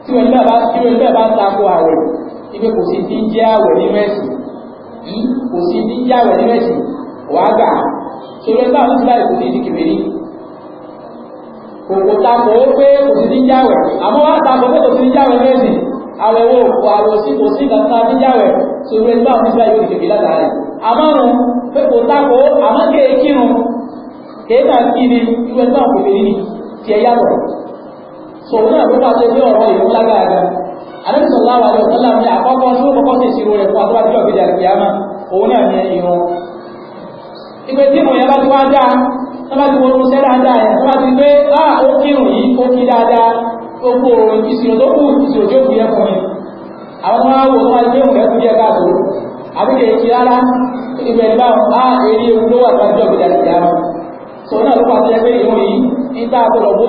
tí wọ́n bẹ́ẹ̀ bá tí wọ́n bẹ́ẹ̀ bá tako àwẹ̀ ibi kò sí ti jẹ́ àwẹ̀ nínú ẹ̀sìn yìí kò sí ti jẹ́ àwẹ̀ nínú ẹ̀sìn wàá gbà sórí ẹgbẹ́ àwọn ìsìláì kò sí ti kìbìrì kò kò tako ó pé kò sí ti jẹ́ àwẹ̀ àmọ́ wàá tako pé kò sí ti jẹ́ àwẹ̀ nínú ẹ̀sìn àwẹ̀ wo kò àwẹ̀ sí kò sí kankan ti jẹ́ àwẹ̀ sórí ẹgbẹ́ àwọn ìsìláì kò sí kìbìrì látàrí sòwò náà ló pàṣẹ pé ọ̀rọ̀ ìlú lágbàdà alẹ́sọ̀lá wa lọ sọ́lá ní àkọ́kọ́ tó kọ́kọ́ sì ṣírò rẹ̀ fún àtúwájú ọ̀gbẹ̀dẹ̀ àlùkìyàmà òun náà ní ìran ìpè tí mo yẹ bá ti wá dáa tó bá ti wọ́n ṣẹ́ dáadáa yẹn tó bá ti pé á ó kírun yìí ó kí dáadáa ó kú òòrùn ìṣirò tó kù ìṣirò tó kù yẹ fún mi àwọn tó máa wò tó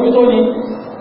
máa yẹ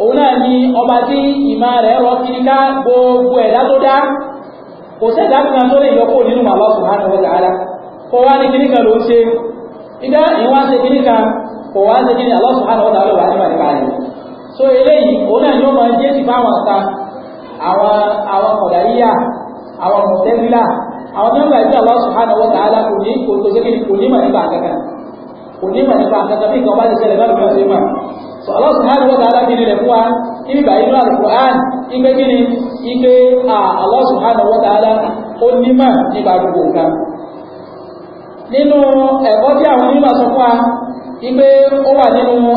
òun náà ni ọba tí ìmọ̀ rẹ̀ rọ kiri ká gbogbo ẹ̀dá tó dá kò sẹ́dá kan tó lè yọkó nínú Allah subhanahu wa ta'ala kò wá ní kíníkà ló ń ṣe ìdá ìwá ṣe kíníkà kò wá ṣe kíní Allah subhanahu wa ta'ala wà nípa nípa rẹ̀ so eléyìí òun náà ni ó máa jẹ́ sí fáwọn ta àwọn àwọn kọ̀dáyíyà àwọn mọ̀tẹ́bílà àwọn tí wọ́n gbà tí Allah subhanahu wa ta'ala kò ní kò tó ṣe kíní kò ní mà nípa àkàkà so Allah subhanahu wa ta'ala kí ni rẹ̀ fún wa níbi bàyí nínú alukur'an ipe kí a ipe Allah subhanahu wa ta'ala ó nímọ̀ nípa gbogbo nǹkan nínú ẹ̀kọ́ tí àwọn onímọ̀ sọ fún wa ipe ó wà nínú yìí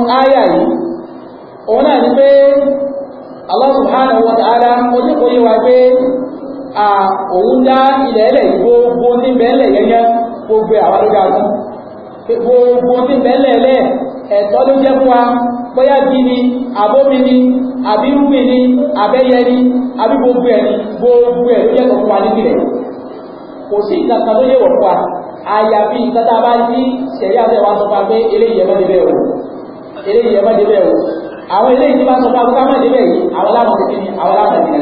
òun náà ni pé Allah subhanahu wa ta'ala wa pé òun dá ilẹ̀ ẹlẹ̀ ní bẹ́ẹ̀lẹ̀ yẹnyẹ gbogbo àwọn gbogbo bóyá bí ni àbómi ni àbí rúmi ni àbẹ́yẹ ni àbí gbogbo ẹ̀ gbogbo ẹ̀ ló yẹ kó pa nípìnlẹ̀ kò sí nǹkan kan ló yẹ wọ̀ pa àyàfi nǹkan tá a bá ní sẹ̀rí àti ẹ̀wà sọ pa pé eléyìí ẹ̀ má débẹ̀ o eléyìí ẹ̀ má débẹ̀ o àwọn eléyìí tí wọ́n sọ pé àwọn débẹ̀ yìí àwọn láwọn ti ní àwọn láwọn ti nà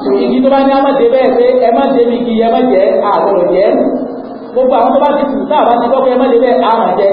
sí igi tó bá ní a má débẹ̀ pé ẹ má débi igi ẹ má jẹ́ àgbọ̀rọ̀ jẹ́ gbogbo àwọn tó bá ti tù tá a bá ti gbọ́ pé ẹ débẹ̀ àmà jẹ́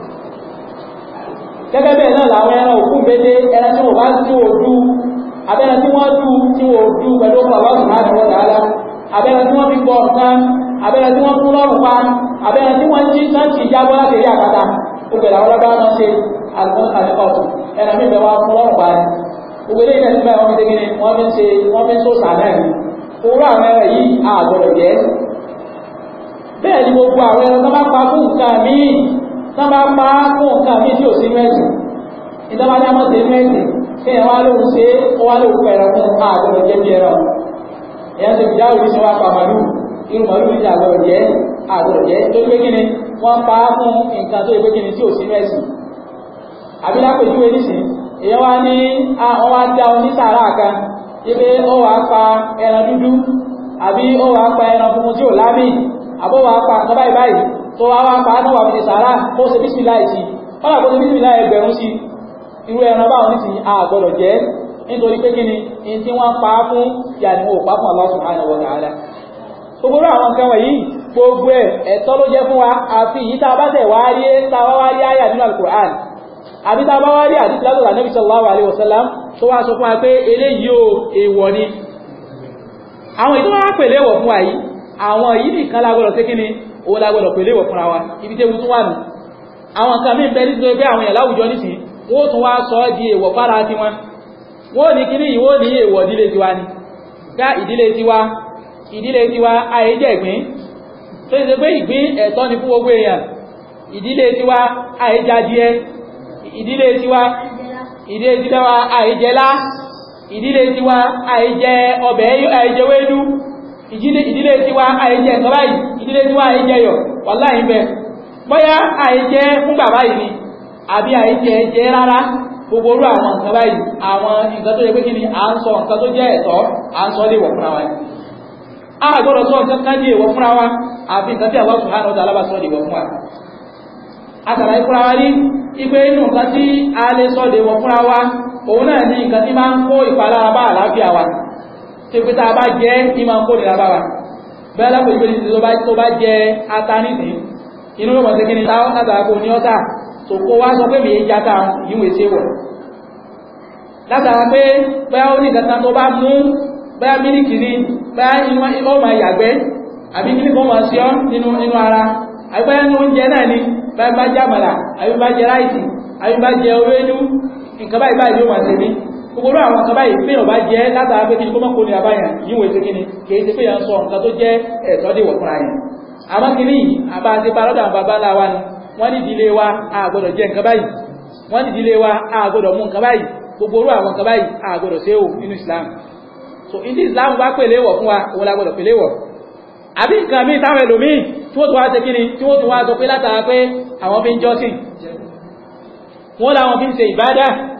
gẹ́gẹ́ bẹ́ẹ̀ náà làwọn ẹran òkú gbédé ẹran tí wọ́n bá tí wọ́n dú abẹ́ran tí wọ́n dú tí wọ́n dú pẹ̀lú ọkọ̀ aláàbò máa tọwọ́ dáadáa abẹ́ran tí wọ́n fi gbọ́ ọ̀sán abẹ́ran tí wọ́n kú lọ́rùn pa abẹ́ran tí wọ́n jí sáǹtì ìjábọ́ láti rí àkàtà gbogbo ìlàwọ́ lọ́ba ni gbogbo ilé ìtẹ́sí báyìí wọ́n fi dégé ni wọ́n ni owó àwọn ẹran yìí àgbọ̀rọ̀ jẹ́ tó bá pa á fún nǹkan bí ò sí mẹ́sì ìjọba ní àmọ́ sí mẹ́sì kí ẹ̀ lóhun ṣe ó wá lóhun pẹ̀rẹ̀ fún àgbọ̀dọ̀ jẹ́ bí ẹran èèyàn ti fìdáwò bí sọ́wọ́ pa jẹ́ jẹ́ tó gbé kíni wọ́n pa á fún nǹkan tó gbé kíni tí ò sí ní dá kan ibi ó wàá pa tó wá wá pa ánúwà fi sàárà ó ṣe bísí láì sí ọ́nà kó ṣe bísí láì ẹgbẹ̀rún sí irú ẹran báwọn ní ti àgbọ̀dọ̀ jẹ́ nítorí pé kí ni in tí wọ́n pa fún ìyàní wọn ò pa fún Allah subhanahu wa ta'ala gbogbo àwọn nǹkan wọ̀nyí gbogbo ẹ̀ ẹ̀tọ́ ló jẹ́ fún wa àfi yìí tá a bá tẹ̀ wá rí a wá rí àyà nínú al-Qur'an àbí tá a bá wá rí àti látọ̀ Ànábì sallallahu alaihi wasallam tó wá sọ fún wa pé eléyìí ò èèwọ̀ ni àwọn ìtọ́wọ́ pẹ̀lẹ́wọ̀ fún wa yìí àwọn yìí nìkan lágbọ́dọ̀ sí kí ni owó lágbọ́dọ̀ pèlè wọ̀ fúnra wa ibi tẹ́wu tún wà nù àwọn kan mí bẹ́ẹ̀ nítorí pé àwọn èèyàn láwùjọ nísìn wọ́n tún wá sọ ọ́ di èèwọ̀ fára tiwọn wọ́n ní kíní yìí wọ́n ní èèwọ̀ ìdílé tiwa ni ká ìdílé tiwa ìdílé tiwa ayé jẹ́ ìpín tó ṣe pé ìpín ẹ̀tọ́ ni fún gbogbo èèyàn ìdílé tiwa ayé jadìẹ ìdílé tiwa ìdílé tiwa ayé jẹlá ìdílé tiwa ayé jẹ ọbẹ̀ ìdílé tiwa àìjẹ ìtọ́ báyìí ìdílé tiwa àìjẹ yọ wàláhì ń bẹ bóyá àìjẹ fún bàbá yìí ni àbí àìjẹ jẹ rárá gbogbo orú àwọn nǹkan báyìí àwọn nǹkan tó yẹ pé kí ni à ń sọ nǹkan tó jẹ́ ẹ̀tọ́ à ń sọ lè fúnra wa ni a gbọ́dọ̀ sọ nǹkan kan jẹ́ ìwọ̀ fúnra wa àfi nǹkan tí Allah subhanahu wa ta'ala bá sọ lè fún wa àtàrà ìfúnra wa ní ipé inú nǹkan tí a lè sọ lè fúnra wa òun náà ní nǹkan tí máa ń kó ìpalára bá àlàáfíà wa tó pé tá a bá jẹ́ ní máa ń kó nira bára bẹ́ẹ̀ lápòjúwe ní tó bá jẹ́ ata nìdí inú ló mọ̀ sí kíni táwọn látara kó ní ọ́tà tó kó wá sọ pé mi yé jata ìwé ṣe wọ̀ látara pé bẹ́ẹ̀ ó ní ìdáta tó bá mú bẹ́ẹ̀ mílíkì ní bẹ́ẹ̀ inú ọmọ ìyàgbẹ́ àbí mílíkì ọmọ sí ọ nínú ara àbí bẹ́ẹ̀ oúnjẹ náà ni bẹ́ẹ̀ bá jẹ́ àmàlà àbí bá jẹ́ ráìsì àbí bá jẹ́ ewédú nǹkan báyìí báyìí yóò máa ṣe mí gbogbo àwọn kan báyìí pé ọba jẹ́ látara pé kí ni kó mọ́kò ní abáyàn yíwọ̀n èsì kí ni kìí ṣe pé yàn sọ nǹkan tó jẹ́ ẹ̀tọ́ dìwọ̀ ni àbá ti bá lọ́dọ̀ àwọn bàbá láwa ni wọ́n ní ìdílé wa àgbọ̀dọ̀ jẹ nǹkan báyìí wọ́n ní ìdílé wa Islam so ìdí Islam bá pèlè wọ̀ fún wa òun la gbọ́dọ̀ pèlè wọ̀ àbí nǹkan míì táwọn ẹlòmíì tí wọ́n tún wá ṣe kí ni tí wọ́n fi ń jọ́sìn wọ́n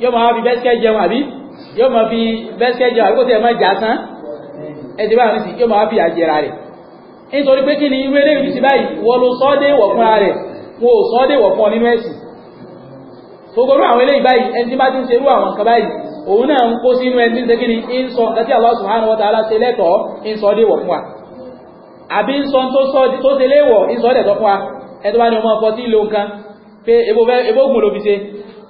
yóò máa fi bẹ́sẹ̀ jẹun àbí yóò máa fi bẹ́sẹ̀ jẹun àbí kò tẹ̀ máa jà sán ẹ̀sìn báyìí sì yóò máa fi àjẹra rẹ̀ nítorí pé kí ni irú eléyìí ti báyìí wọ́n ló sọ́ dé wọ̀ fúnra rẹ̀ wọn ò sọ́ dé wọ̀ fún ọ nínú ẹ̀sìn gbogbo irú àwọn eléyìí báyìí ẹni tí bá ti ń ṣerú àwọn nǹkan báyìí òun náà ń kó sínú ẹni tí kí ni ń sọ nǹkan tí Allah subhanahu wa ta'ala ṣe lẹ́tọ̀ọ́ ń sọ dé wọ̀ fún wa àbí ń sọ tó ṣe léwọ̀ ń sọ dẹ̀ tọ́ fún wa ẹni tó bá ní ọmọ ọkọ tí ń lo nǹkan pé ebógun ló fi ṣe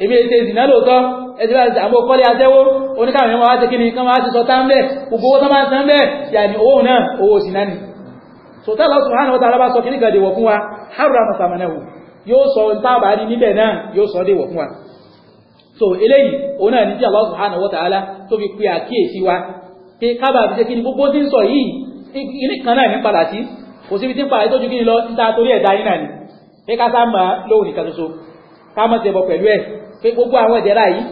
èmi ètè ìdìnà lóòótọ́ ẹ̀sìn láti àmọ́ kọ́lé atẹ́wó oníkàwọn èèyàn wá ti kí ni kán máa ti sọ tán bẹ́ẹ̀ gbogbo owó tán máa tán bẹ́ẹ̀ yà ní owó náà owó sì náà ni so tá lọ́sùn hàn wọ́ta alábá sọ kí ní gàdé wọ̀ fún wa harura masamana wò yóò sọ tábà ní níbẹ̀ náà yóò sọ dé wọ̀ fún wa so eléyìí òun náà ní tí Allah ká mọ̀ ṣẹbọ pẹ̀lú ẹ̀ pé gbogbo àwọn ìdẹ̀ra yìí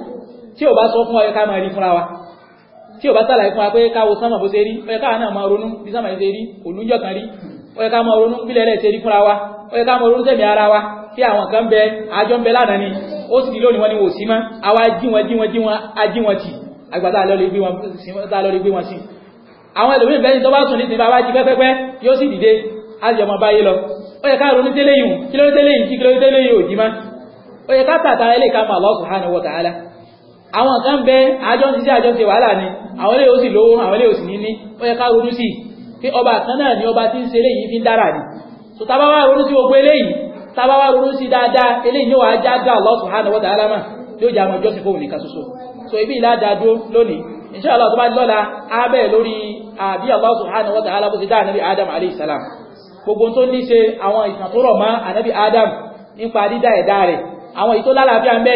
tí ò bá sọ fún ọyẹ ká máa rí fúnra wa tí ò bá sàlàyé fún wa pé káwo sánmà bó ṣe rí ọyẹ káwa náà máa ronú bí sánmà ṣe rí òlújọ kan rí ọyẹ ká máa ronú bí lẹ́lẹ̀ ṣe rí fúnra wa ọyẹ ká máa ronú sẹ́mi ara wa pé àwọn kan bẹ àjọ ń bẹ lánàá ni ó sì lónìí wọn ni wò sí mọ́ àwa jí wọn jí wọn jí wọn ají wọn tì àgbà tá a lọ lè gbé wọn sí àwọn ẹlòmíì bẹ́ẹ̀ ni tó bá sùn ó yẹ ká tàtàrà ilé ìkápá Allah subhanahu wa ta'ala àwọn kan bẹ àjọ ti sí àjọ ti wàhálà ni àwọn ilé òsì lówó àwọn ilé òsì níní ó yẹ ká ronú sí pé ọba kan náà ni ọba tí ń ṣe eléyìí fi ń dára ni so tá bá wá ronú sí gbogbo eléyìí tá bá wá ronú sí dáadáa eléyìí ni wàá já gbà Allah subhanahu wa ta'ala mà yóò jẹ àwọn ìjọsìn fóun nìkan ṣoṣo àwọn èyí tó lálàáfíà ń bẹ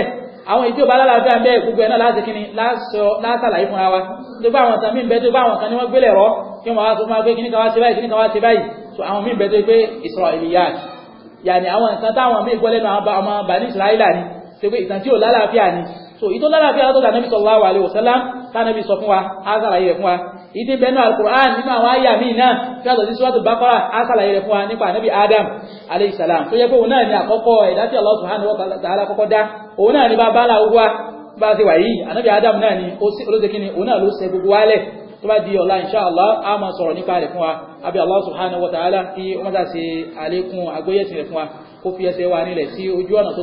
àwọn èyí tí ò bá lálàáfíà ń bẹ gbogbo ẹ̀ náà láti kíni lásàlàyé fúnra wa tó bá àwọn kan mí bẹ tó bá àwọn kan ni wọ́n gbélẹ̀ rọ kí wọ́n wá sọ fún wa pé kíní kan wá ṣe báyìí kíní kan wá ṣe báyìí so àwọn mí bẹ tó pé Israiliyat yàní àwọn nǹkan táwọn mí gbọ́ lẹ́nu àwọn ọmọ bani Israẹla ni tó pé ìtàn tí ò lálàáfíà ni so ìtò lálàáfíà látọ̀dà nàbì sallallahu alaihi wasallam tánàbì ìdí bẹ́ẹ̀ náà alukur'an nínú àwọn àyà míì náà tí a lọ sí sọ́tù bákọ́rà á sàlàyé rẹ̀ fún wa nípa ànábì adam aleyhisalaam tó yẹ pé òun náà ni àkọ́kọ́ ẹ̀dá tí Allah subhanahu wa ta'ala kọ́kọ́ dá òun náà ni bàbá aláwọ̀ wa bá a ti wà yìí ànábì adam náà ni ó sì olóṣèkínni òun náà ló ṣe gbogbo wálẹ̀ tó bá di ọ̀la insha Allah á máa sọ̀rọ̀ nípa rẹ̀ fún wa Allah subhanahu wa ta'ala kí wọ́n dà sí àlékún agbóyẹ̀sìn rẹ̀ fún wa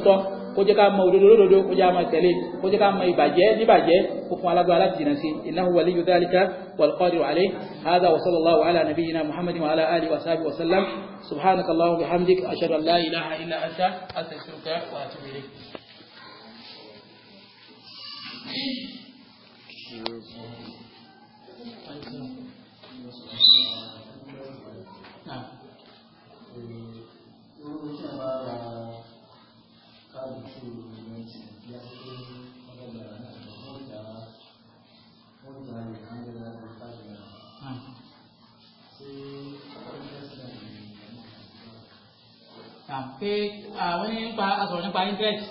kó kó jẹ́ ká mọ òdodo lódodo kó jẹ́ ká mọ tẹ̀lé kó jẹ́ ká mọ ìbàjẹ́ níbàjẹ́ kó fún alágbára láti jìnnà sí innahu waliyyu dhalika wal qadiru alayhi hadha wa sallallahu ala nabiyyina muhammadin wa ala alihi wa sahbihi wa sallam subhanakallahu wa bihamdik ashhadu ilaha illa anta astaghfiruka wa atubu Thank you. pé àwọn nípa asọ̀rọ̀ nípa interest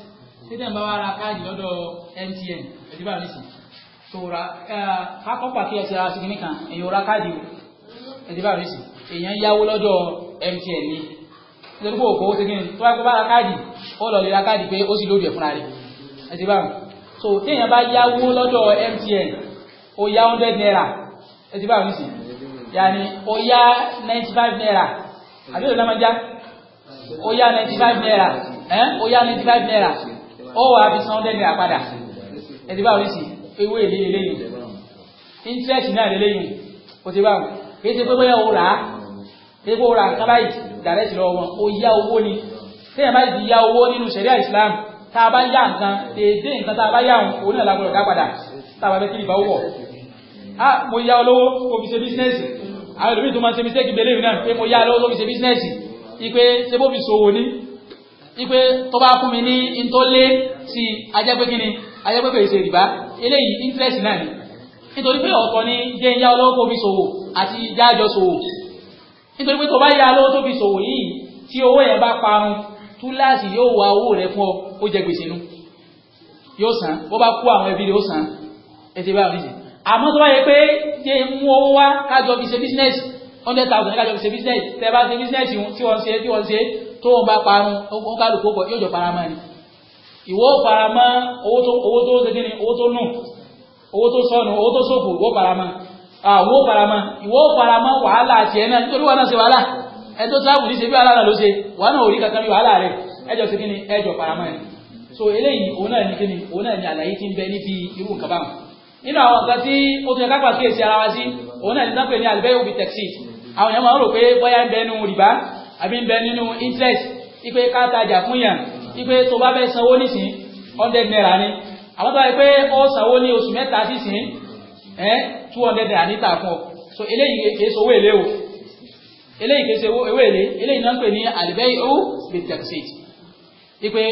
títẹ̀ ń bá wa ra káàdì lọ́dọ̀ MTN ìdíbà nísìn tó ra kákọ́ pàkíyèsí ara sí kìnnìkan èyí ò ra káàdì ìdíbà nísìn èèyàn yáwó lọ́dọ̀ MTN ni nítorí pé òkòwò ti gbìn tó wá pé bá ra káàdì ó lọ lè ra káàdì pé ó sì lóde ẹ̀ fúnra rẹ̀ ìdíbà so téèyàn bá yáwó lọ́dọ̀ MTN ó yá hundred naira ìdíbà nísìn yàní ó yá ninety five naira àbí ìlú lámájá Oya yá ninety five naira ẹ́ ó yá ninety five naira ó wàá fi san hundred naira padà ẹ̀dí báwo sì ewé èlé eléyìí interest náà eléyìí ó ti báwo kì í ṣe pé bóyá o rà á kì í pé rà nǹkan báyìí direct lọ wọn ó owó ni téèyàn bá ti yá owó nínú sẹ̀ríà Islam tá a bá yá nǹkan déédéé nǹkan tá a bá yá òun òun náà lágbọ́dọ̀ dá padà tá a bá fẹ́ kí ìbá wọ̀ á mo yá olówó kò fi ṣe bísínẹ́sì àwọn ìlú mi tó máa ṣe mistake bẹ̀rẹ̀ mi náà pé mo yá olówó kò fi ṣe bísínẹ́sì ipe ṣebó fi ṣòwò ní ipe tó bá fún mi ní ntọ́lé sí ajẹ́pẹ́ kí ni ajẹ́pẹ́ kò ṣe rìbá eléyìí interest náà ni nítorí pé ọ̀tọ̀ ni jẹ́ ìyá olówó kó fi ṣòwò àti ìyá àjọ ṣòwò nítorí pé tó bá yá olówó tó fi ṣòwò yìí tí owó yẹn bá parun túláàsì yóò wá owó rẹ fún ọ ó jẹ gbèsè nù yóò san bó bá kú àwọn ẹbí rẹ ó san ẹ ti bá wọn nísìnyí àmọ́ tó bá yẹ pé ṣe mú owó wá kájọ fi ṣe bísínẹ́sì hundred thousand kájọ fi ṣe business tẹ bá ṣe business yìí tí wọ́n ṣe tí wọ́n ṣe tó wọn bá parun ó kálukú pọ̀ yóò jọ faramọ́ ni ìwọ faramọ́ owó tó owó tó ṣe kíni owó tó nù owó tó sọnù owó tó ṣòfò ìwọ faramọ́ àwọn ó faramọ́ ìwọ faramọ́ wàhálà àti ẹ̀ náà nítorí wọn náà ṣe wàhálà ẹ tó sáàbù ní ṣe bí wàhálà náà ló ṣe wàhálà òrí kankan bí wàhálà rẹ ẹjọ ṣe kíni ẹjọ faramọ́ ẹ so eléyìí òun náà ní kíni òun náà ní àlàyé tí ń bẹ níbi irú nǹkan báwọn nínú àwọn nǹkan tí ó tún yẹ ká pàkíyèsí ara wa sí òun náà ní sápẹ ní àlùbẹ́yò bíi tẹ̀síìtì àwọn èèyàn máa rò pé bóyá ń bẹ nínú rìbá àbí ń bẹ nínú interest ipe ká tajà fún yàn ipe tó bá fẹ́ sanwó nísìn hundred naira ni àwọn tó bá yẹ pé ó sanwó ní oṣù mẹ́ta sísìn ẹ two hundred naira níta fún ọ so eléyìí kì í sowó èlé o eléyìí kì í sowó èlé eléyìí náà ń pè ní àlùbẹ́yìí ó lè tẹ̀sí ipe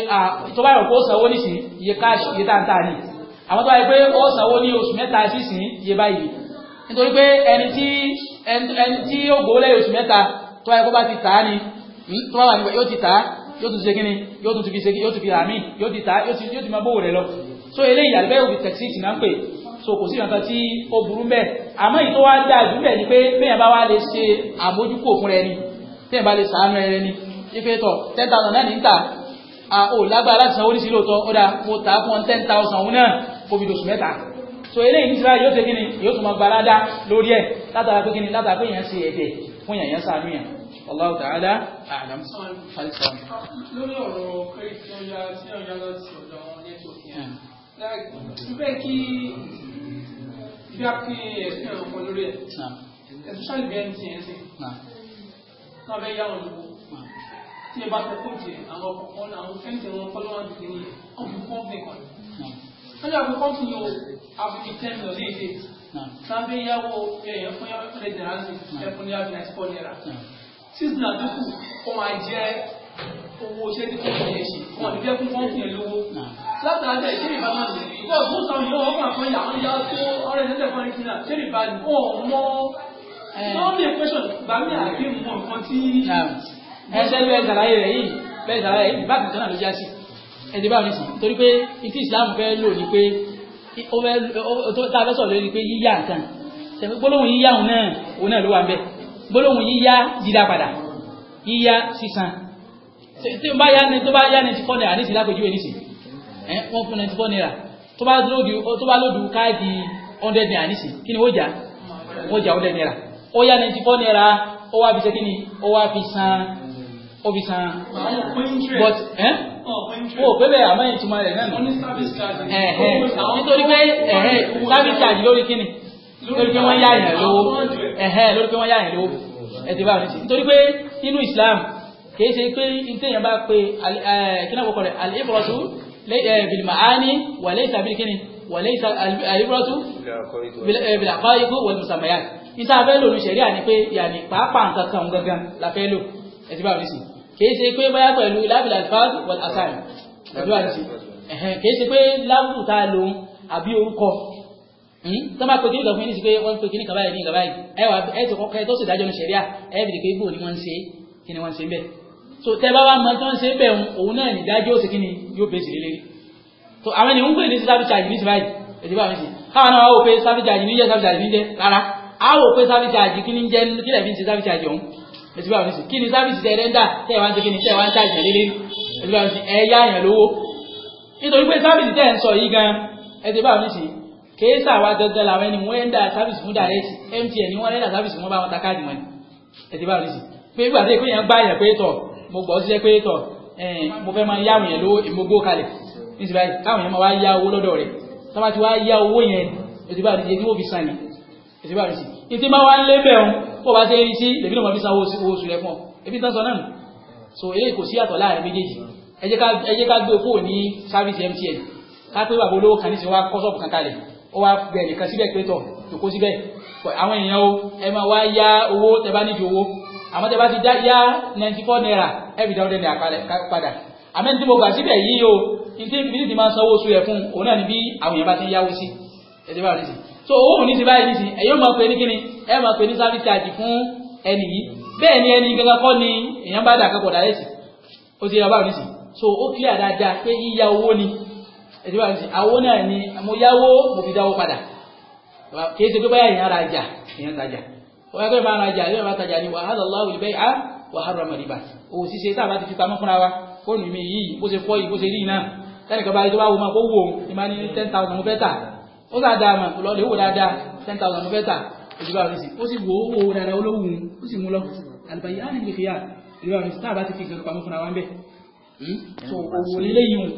tó bá yẹ kó sanwó nísìn iye cash iye táǹtà ni àwọn tó bá yẹ pé ó sanwó ní oṣù mẹ́ta sísìn iye báyìí nítorí pé ẹni tí ẹni tí ó gbowó lẹ́yìn oṣù mẹ́ta tó wáyé bá ti tà á ni hmm, tó wà nígbà yóò ti tà á yóò tún ṣe kí ni yóò tún fi ṣe kí yóò tún fi hàmí yóò ti tà á yóò ti máa bówó rẹ lọ so eléyìí àlùbẹ́ òbí tẹ̀sí ti máa ń pè so kò sí ìrántá tí ó burú mbẹ́ àmọ́ ìtọ́ wa dáa jù bẹ́ẹ̀ ni pé bẹ́ẹ̀ bá wa lè ṣe àmójúkò fún rẹ ni bẹ́ẹ̀ bá lè sàánú rẹ ni ife tọ̀ ten thousand náà ní ń tà á ò lágbára láti sanwó ní sí lóòótọ́ ó dáa mo tà á fún ten thousand òun náà kó fi dòṣù mẹ́ta so eléyìí nísìlá yóò ṣe kíni yóò tún máa gbalada lórí ẹ̀ látara pé kíni látara pé èèyàn ṣe ẹ̀dẹ̀ fún èèyàn yẹn sàánú yẹn Allahu ta'ala a'lam. lórí ọ̀rọ̀ kẹ́rì tí ó yá tí ó yá lọ sí ọ̀dọ̀ àwọn nẹ́tíwọ̀kì yẹn láì kí bí a kí ẹ̀sìn ọ̀pọ̀ lórí ẹ̀ especially bí ẹni tí ẹ̀ ń sìn náà bẹ́ yá wọn lówó tí ẹ bá fẹ́ kóòtù àwọn ọ̀pọ̀ àwọn fẹ́ǹtì wọn fọ́lọ́wọ́n ti ní ọ̀pọ̀ sọ́jà pé kọ́ọ̀tù yóò àfikún ten million ní èdè sábẹ́ ìyàwó ẹ̀yẹ fún yàwó ẹ̀fẹ́ lẹ́dẹ̀ẹ́ láti ẹ̀fún ní àbí ninety four naira six naira tó kù ó máa jẹ́ owó iṣẹ́ tí kò yẹ ṣe fún ọ̀dí jẹ́ fún kọ́ọ̀tù yẹn lówó látàdé ṣé ìbá máa lè rí bọ́ọ̀ tó sàmì yóò wọ́pọ̀ àpọ̀ ìyàwó ìyá tó ọ̀rẹ́ ẹ̀sẹ̀ fún ẹ̀kí náà ṣé ìbá ní ó mọ́ wọ́n lè pẹ́ṣọ̀ gbàmí àgbé mọ́ nǹkan tí. ẹ ṣe bẹ́ẹ̀ ṣàlàyé rẹ̀ yìí bẹ́ẹ̀ ṣàlàyé yìí bá kìkan náà ló já sí ẹ̀dí bá mi sì torí pé ìtí ìsìláàmù fẹ́ lò ní pé tá a fẹ́ sọ̀rọ̀ lórí pé yíyá nǹkan gbólóhùn yíyá òun náà òun náà ló wà ń bẹ̀ gbólóhùn yíyá dídá padà yíyá sísan tó bá yá ni tó bá yá ni ti fọ́ naira ní ìsìláàmù ojú ẹni sì wọ́n fún ninety four naira tó bá lòdù káàdì hundred naira nísì kí ni ó jà ó jà hundred naira ó yá ninety four naira ó wá fi ṣe kí ni ó wá fi san ó fi san but ẹ́ o pé bẹ́ẹ̀ àmọ́ ìtumọ̀ rẹ̀ náà nù. nítorí pé eh, eh, service charge lórí kíni lórí pé wọ́n yá àyàn lówó eh, lórí pé wọ́n yá àyàn lówó ẹ ti bá wọn sí nítorí pé nínú Islam kìí ṣe pé ìtẹ̀yìn bá pe kíná kọ̀kọ̀ rẹ̀ àlébọ̀tú bìlìmàání wàlẹ́ ìtàbí kíni wàlẹ́ àlébọ̀tú bìlàkọ́ ikú wọ̀lú sàmàyà. ìta fẹ́ lò ní ṣẹ̀ríà ni pé yàní pàápàá nǹkan kan gangan la fẹ́ lò ẹ ti bá wọn sí kìí ṣe pé báyá pẹ̀lú lábìlà alfáàz wọ́n àtàrí pẹ̀lú àti kìí ṣe pé lábùtù tá a lò ń àbí orúkọ tó máa pèkìní kan fún yín sí pé wọ́n pèkìní kan báyìí ní ìgbà báyìí ẹ wà tó sì dájọ́ ní sẹ̀ríà ẹ pé bò ni wọ́n ń ṣe kí ni wọ́n ń ṣe bẹ́ẹ̀ so tẹ bá wà mọ tó ń ṣe bẹ́ẹ̀ òun náà ní dájọ́ ó kí ni yóò bẹ́ẹ̀ sì lélẹ́rí so àwọn ènìyàn ń pè ní sábìtì àjìní sí báyìí èdè bá mi sì káwọn náà wá wò pé sábìtì àjìní jẹ́ sábìtì àjìní jẹ́ rárá á wò pé sábìtì àjì kí ni jẹ́ kílẹ̀ fi ń ṣe sábìtì àjì ẹtí báwọn nísì kí ni sábìsì tẹ rẹ́ńdà tẹ wá ń tẹ kí ni tẹ wá ń tà ìṣẹ̀lẹ̀ lé ẹtí báwọn nísì ẹ yá àyàn lówó nítorí pé sábìsì tẹ ń sọ yìí gan ẹtí báwọn nísì kéésà wa dandan làwọn ẹni wọ́n ń dà sábìsì fún direct MTN ni wọ́n ń dà sábìsì fún báwọn ta káàdì mọ́ni ẹtí báwọn nísì pé nígbà tí èèyàn gbá àyàn pé tọ̀ mo gbọ́ sí pé tọ̀ mo fẹ́ máa yáwọn yẹn lówó èmi gbó kalẹ̀ nísì báyìí káwọn yẹn máa wá yá owó lọ́dọ̀ rẹ̀ tó bá ti wá yá owó yẹn ètí báwọn nísì ètí wọ́n fi sàn ní ètí báwọn nísì ètí máa wá ń lé bẹ́ẹ̀ bó bá ṣe rí sí lèmi náà máa fi sanwó oṣù rẹ fún ọ ebi tán sọ náà nù so eléyìí kò sí àtọ̀ láàrin méjèèjì ẹ jẹ́ ká gbé e kúrò ní sáfíìsì MTN ká pé bàbá olówó kan ní sinwó kọ́sọ̀bù kankan lẹ̀ ó wá bẹ̀ nìkan síbẹ̀ pé tọ̀ tòkó síbẹ̀ o ẹ máa wá yá owó tẹ bá nídìí owó àmọ́ tẹ bá ti yá ninety four naira ẹ fi dáwọ́ dẹ́nìyà padà àmọ́ ní tí mo gbà síbẹ̀ yìí o ní tí mi ti máa sanwó oṣù rẹ̀ fún òun náà ni bí àwọn èèyàn bá ti ń yáwó sí ẹ so owó òní ti báyìí nìsín ẹ̀yọ́ máa pè ní kíni ẹ máa pè ní service charge fún ẹni yìí bẹ́ẹ̀ ni ẹni gẹ́gẹ́ kọ́ ni èèyàn bá dà kápọ̀ dà lẹ́sìn ó ti yọ báyìí nìsín so ó clear dáadáa pé yíya owó ni ẹ̀dí báyìí nìsín àwo náà ni mo yáwó mo fi dáwó padà kì í ṣe pé báyà èèyàn ra ọjà èèyàn tajà wọ́n yẹ kó ìbára ọjà ìbára ìbára tajà ni wàhálà Allahu al-bay'a wa harrama a bá ti fi pamọ́ fúnra wa fóònù mi yìí bó ṣe fọ́ yìí bó ṣe rí iná tẹ́nìkan bá rí tó bá wo máa kó wò ó ó sá dáa mà kò lọ lè wò dáadáa ten thousand ló fẹ́ tà òjì bá rẹ̀ sí ó sì wò ó wò dáadáa olówó òun ó sì mú lọ àlùbáyé á ah, nílé kìyà ìlú àwọn ìsìn táàbà ti fi nǹkan pamọ́ fúnra wa ń bẹ̀ hmm? so òwò lélẹ́ yìí hùn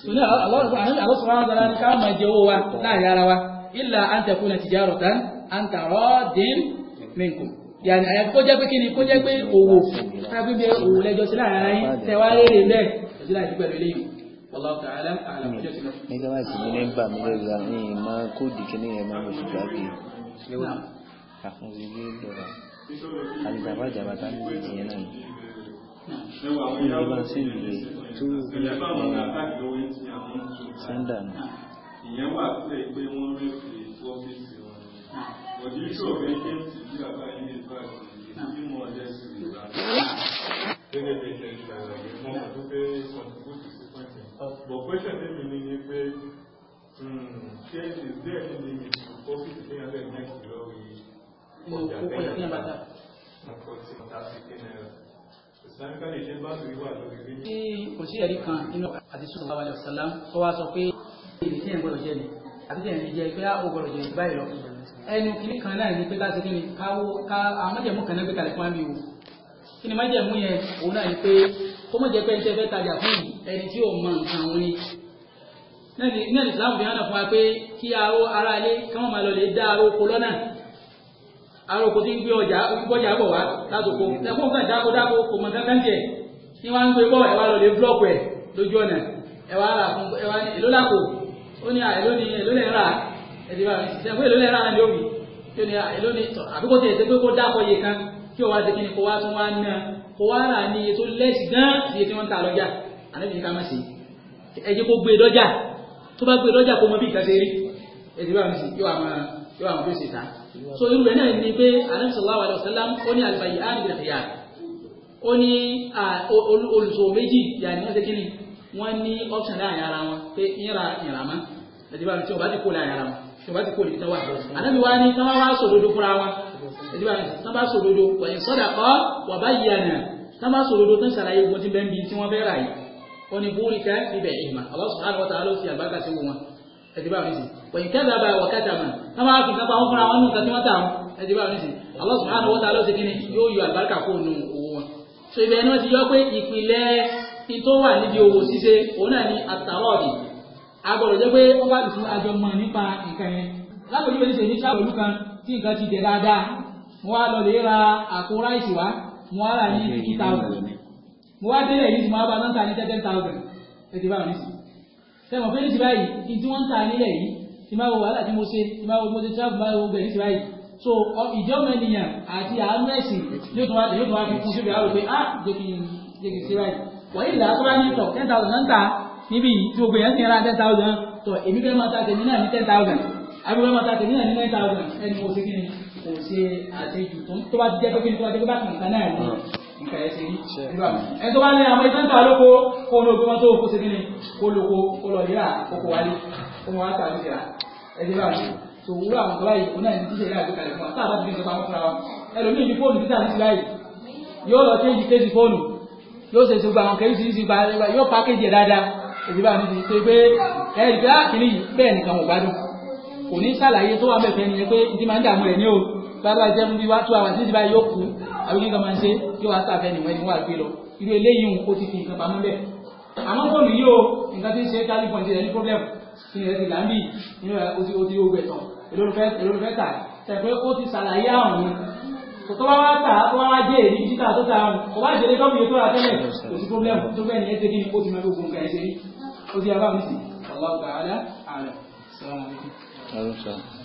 so ní àlọ́sùn wa dára ní ká máa jẹ owó wa láàrin ara wa illa an takuna tijaratan an taradin minkum yàrá ẹ̀ kó jẹ́ pé kí ni kó jẹ́ pé òwò tábí bẹ òwò lẹ́jọ́ sí láàrin ara yín wallahu ta'ala a'lam. nígbà máa sì ní bà mí lórí ra ní ìmọ̀ kóòdù kí ní ẹ̀ máa mọ̀ sí gbàgbé. àfúnṣe ilé lọ́ra àlìjàbá jàbá But question then we need to pay, ṣé is there any limit to profit three hundred and ninety lórí ọjà tẹ́lẹ̀ náà? Nǹkan tí mo ta sí kí ni Islamically ṣé bá rí wà lórí rí? Ṣé kò sí ẹ̀rí kan nínú àti sùn bàbá àlẹ́ ọ̀sálá tó wá sọ pé èyí tí ẹ̀ gbọ́dọ̀ jẹ́ ni àbí tẹ̀yìn jẹ́ pé ah, ó gbọ́dọ̀ jẹ́ báyìí lọ. Ẹnu kìíní kan náà ni pé ká kí ni ká àwọn mọ̀jẹ̀mú kan náà gbé kalẹ̀ fún àmì ìwò kí ni májẹ̀mú yẹn òun náà ni pé kó mọ̀ jẹ́ pé ẹni tẹ́ fẹ́ tajà fún ẹni tí ò mọ nǹkan òun ni ní ẹni islam fi hàn fún wa pé kí aró ara ilé kí wọ́n máa lọ lè dá aró oko lọ́nà aró oko tí ń gbé ọjà gbọ́jà bọ̀ wá látòkò ẹ̀kọ́ nǹkan dáko dáko kò mọ̀ kankan jẹ̀ ní wọ́n á ń gbé bọ́ ẹ̀ wá lọ lè búlọ̀kù ẹ̀ lójú ọ̀nà ẹ̀ wá rà fún ẹ̀ wá ní èló làkò ó ní èló ni èló lẹ́ ẹ̀ kí o wá ṣe kí ni kó wá tún wá ná kó wá rà ní iye tó lẹ́sì gán iye tí wọ́n ń ta lọ́jà ànábì ká má ṣe ẹ kó gbé e lọ́jà tó bá gbé e lọ́jà kó mọ bí nǹkan rí èdè bá mi sì yóò àwọn yóò àwọn tó ṣe ta so irú rẹ̀ náà ni pé ànábì sallallahu alaihi wasallam ó ní àlùfàyè á níbi ìrìyà ó ní olùsòwò méjì yàrá ní wọ́n ṣe kí ni wọ́n ní option láàrin ara wọn pé ìyára ìyàrá mọ́ èdè bá mi tí wọ́n ẹ̀dígbà tán bá sòdodo wọ̀nyí sọ́dà kọ́ wà bá yí àná tán bá sòdodo tán ṣàlàyé ogun tí bẹ́ẹ̀ ń bi tí wọ́n fẹ́ rà yìí wọ́n ní búrí ká ibẹ̀ ìmà Allah subhanahu wa ta'ala ló fi àgbàkà sí wọn ẹ̀dígbà oníṣì wọ̀nyí kẹ́ta bá wà kẹ́ta mà tán bá fi kápá wọn fúnra wọn nùkan tí wọ́n tà ẹ̀dígbà oníṣì Allah subhanahu wa ta'ala ló ti kíni yóò yọ àgbàkà kó nu owó wọn. so ibẹ̀ ni wọ́n ti yọ pé ìpìlẹ̀ ìtó wà níbi owó ṣíṣe òun náà ni àtàrọ̀ọ̀dì agbọ̀dọ̀ jẹ́ pé wọ́n bá ti fún àjọmọ̀ nípa nǹkan yẹn lápòjú tí nǹkan ti dẹ̀ dáadáa mo wá lọ lè ra àpò ráìsì wá mo wá rà ní fifty thousand mo wá délẹ̀ yìí mo wá bá náà ta ní ten thousand ẹ ti bá wọn nísìnyí sẹ́wọ̀n pé nísìnyí báyìí ní tí wọ́n ń ta nílẹ̀ yìí ti máa wo wàhálà tí mo ṣe ti máa wo mo ṣe travel máa wo bẹ̀rẹ̀ nísìnyí báyìí so ìjọba ènìyàn àti àánú ẹ̀sìn yóò tún wá yóò tún wá fi kún síbi àwọn òpin ah jẹ́ kí n jẹ́ kí n ṣe báyìí wàyí ìlà tó bá ní tọ̀ ten thousand náà ń ta níbi tí gbogbo èèyàn ti ra ten thousand tọ̀ èmi fẹ́ máa ta tèmi náà ní ten thousand abẹ́wò ẹ̀ máa ta tèmi náà ní nine thousand ẹni kò sí kí ni kò ṣe àṣejù tó tó bá jẹ́ pé kí ni tó bá jẹ́ pé bá kàn kan náà ní nǹkan ẹ̀ ṣe rí ẹ̀ tó bá ní àwọn ìtàn ta lóko kó ní ogun mọ́tò kó ṣe kí ni kó lóko kó lọ yíra kókó wálé kó wọn wá ta lóko yà ẹ̀ dé tó wúrọ̀ àwọn tó báyìí òun náà ní tíṣe ìlànà ìgbàlẹ̀ fún wa tá a bá ti fi nǹkan pamọ́ fúnra wa ẹlòmíì ní fóònù títà níti báyìí yóò lọ kéjì kéjì fóònù yóò ṣe ṣùgbọ́n àwọn kéjì ṣìṣì yóò pa kéjì ẹ̀ dáadáa èdè báyìí ní ti ṣe pé ẹ̀ ìgbà kìíní bẹ́ẹ̀ nìkan ò gbádùn kò ní sàlàyé tó wà mẹ́fẹ́ nìyẹn pé ìdí máa ń dààmú rẹ̀ ní o bàbá jẹ́ mú bí wá tó àwọn àti ìdíbà yóò kú àwọn oníkan máa ń ṣe yóò wá sàfẹ́ nìwọ̀n ẹni wà gbé lọ irú eléyìí òun ó ti fi nǹkan pamọ́ bẹ́ẹ̀ àmọ́ fóònù yìí o nǹkan tí ń ṣe tálí pọ̀ǹtì rẹ̀ ní pọ́blẹ́mù kí ni rẹ̀ ti làǹbì nínú ẹ̀ ó ti ó gbẹ̀ tán èlólùfẹ́ tà tẹ̀ pé ó ti sàlàyé àrùn tó bá wá tà tó bá wá jẹ́ èyí títà tó ta àrùn kò bá jẹ́lé tọ́mù yóò tó ra tẹ́lẹ̀ kò sí pọ́blẹ́mù tó bẹ́ẹ̀ ni ẹ ti kí ni ó ti mọ gbogbo nǹkan ẹ ṣe rí ó ti yá bá mi sí ọlọ́gbà àdá 好的。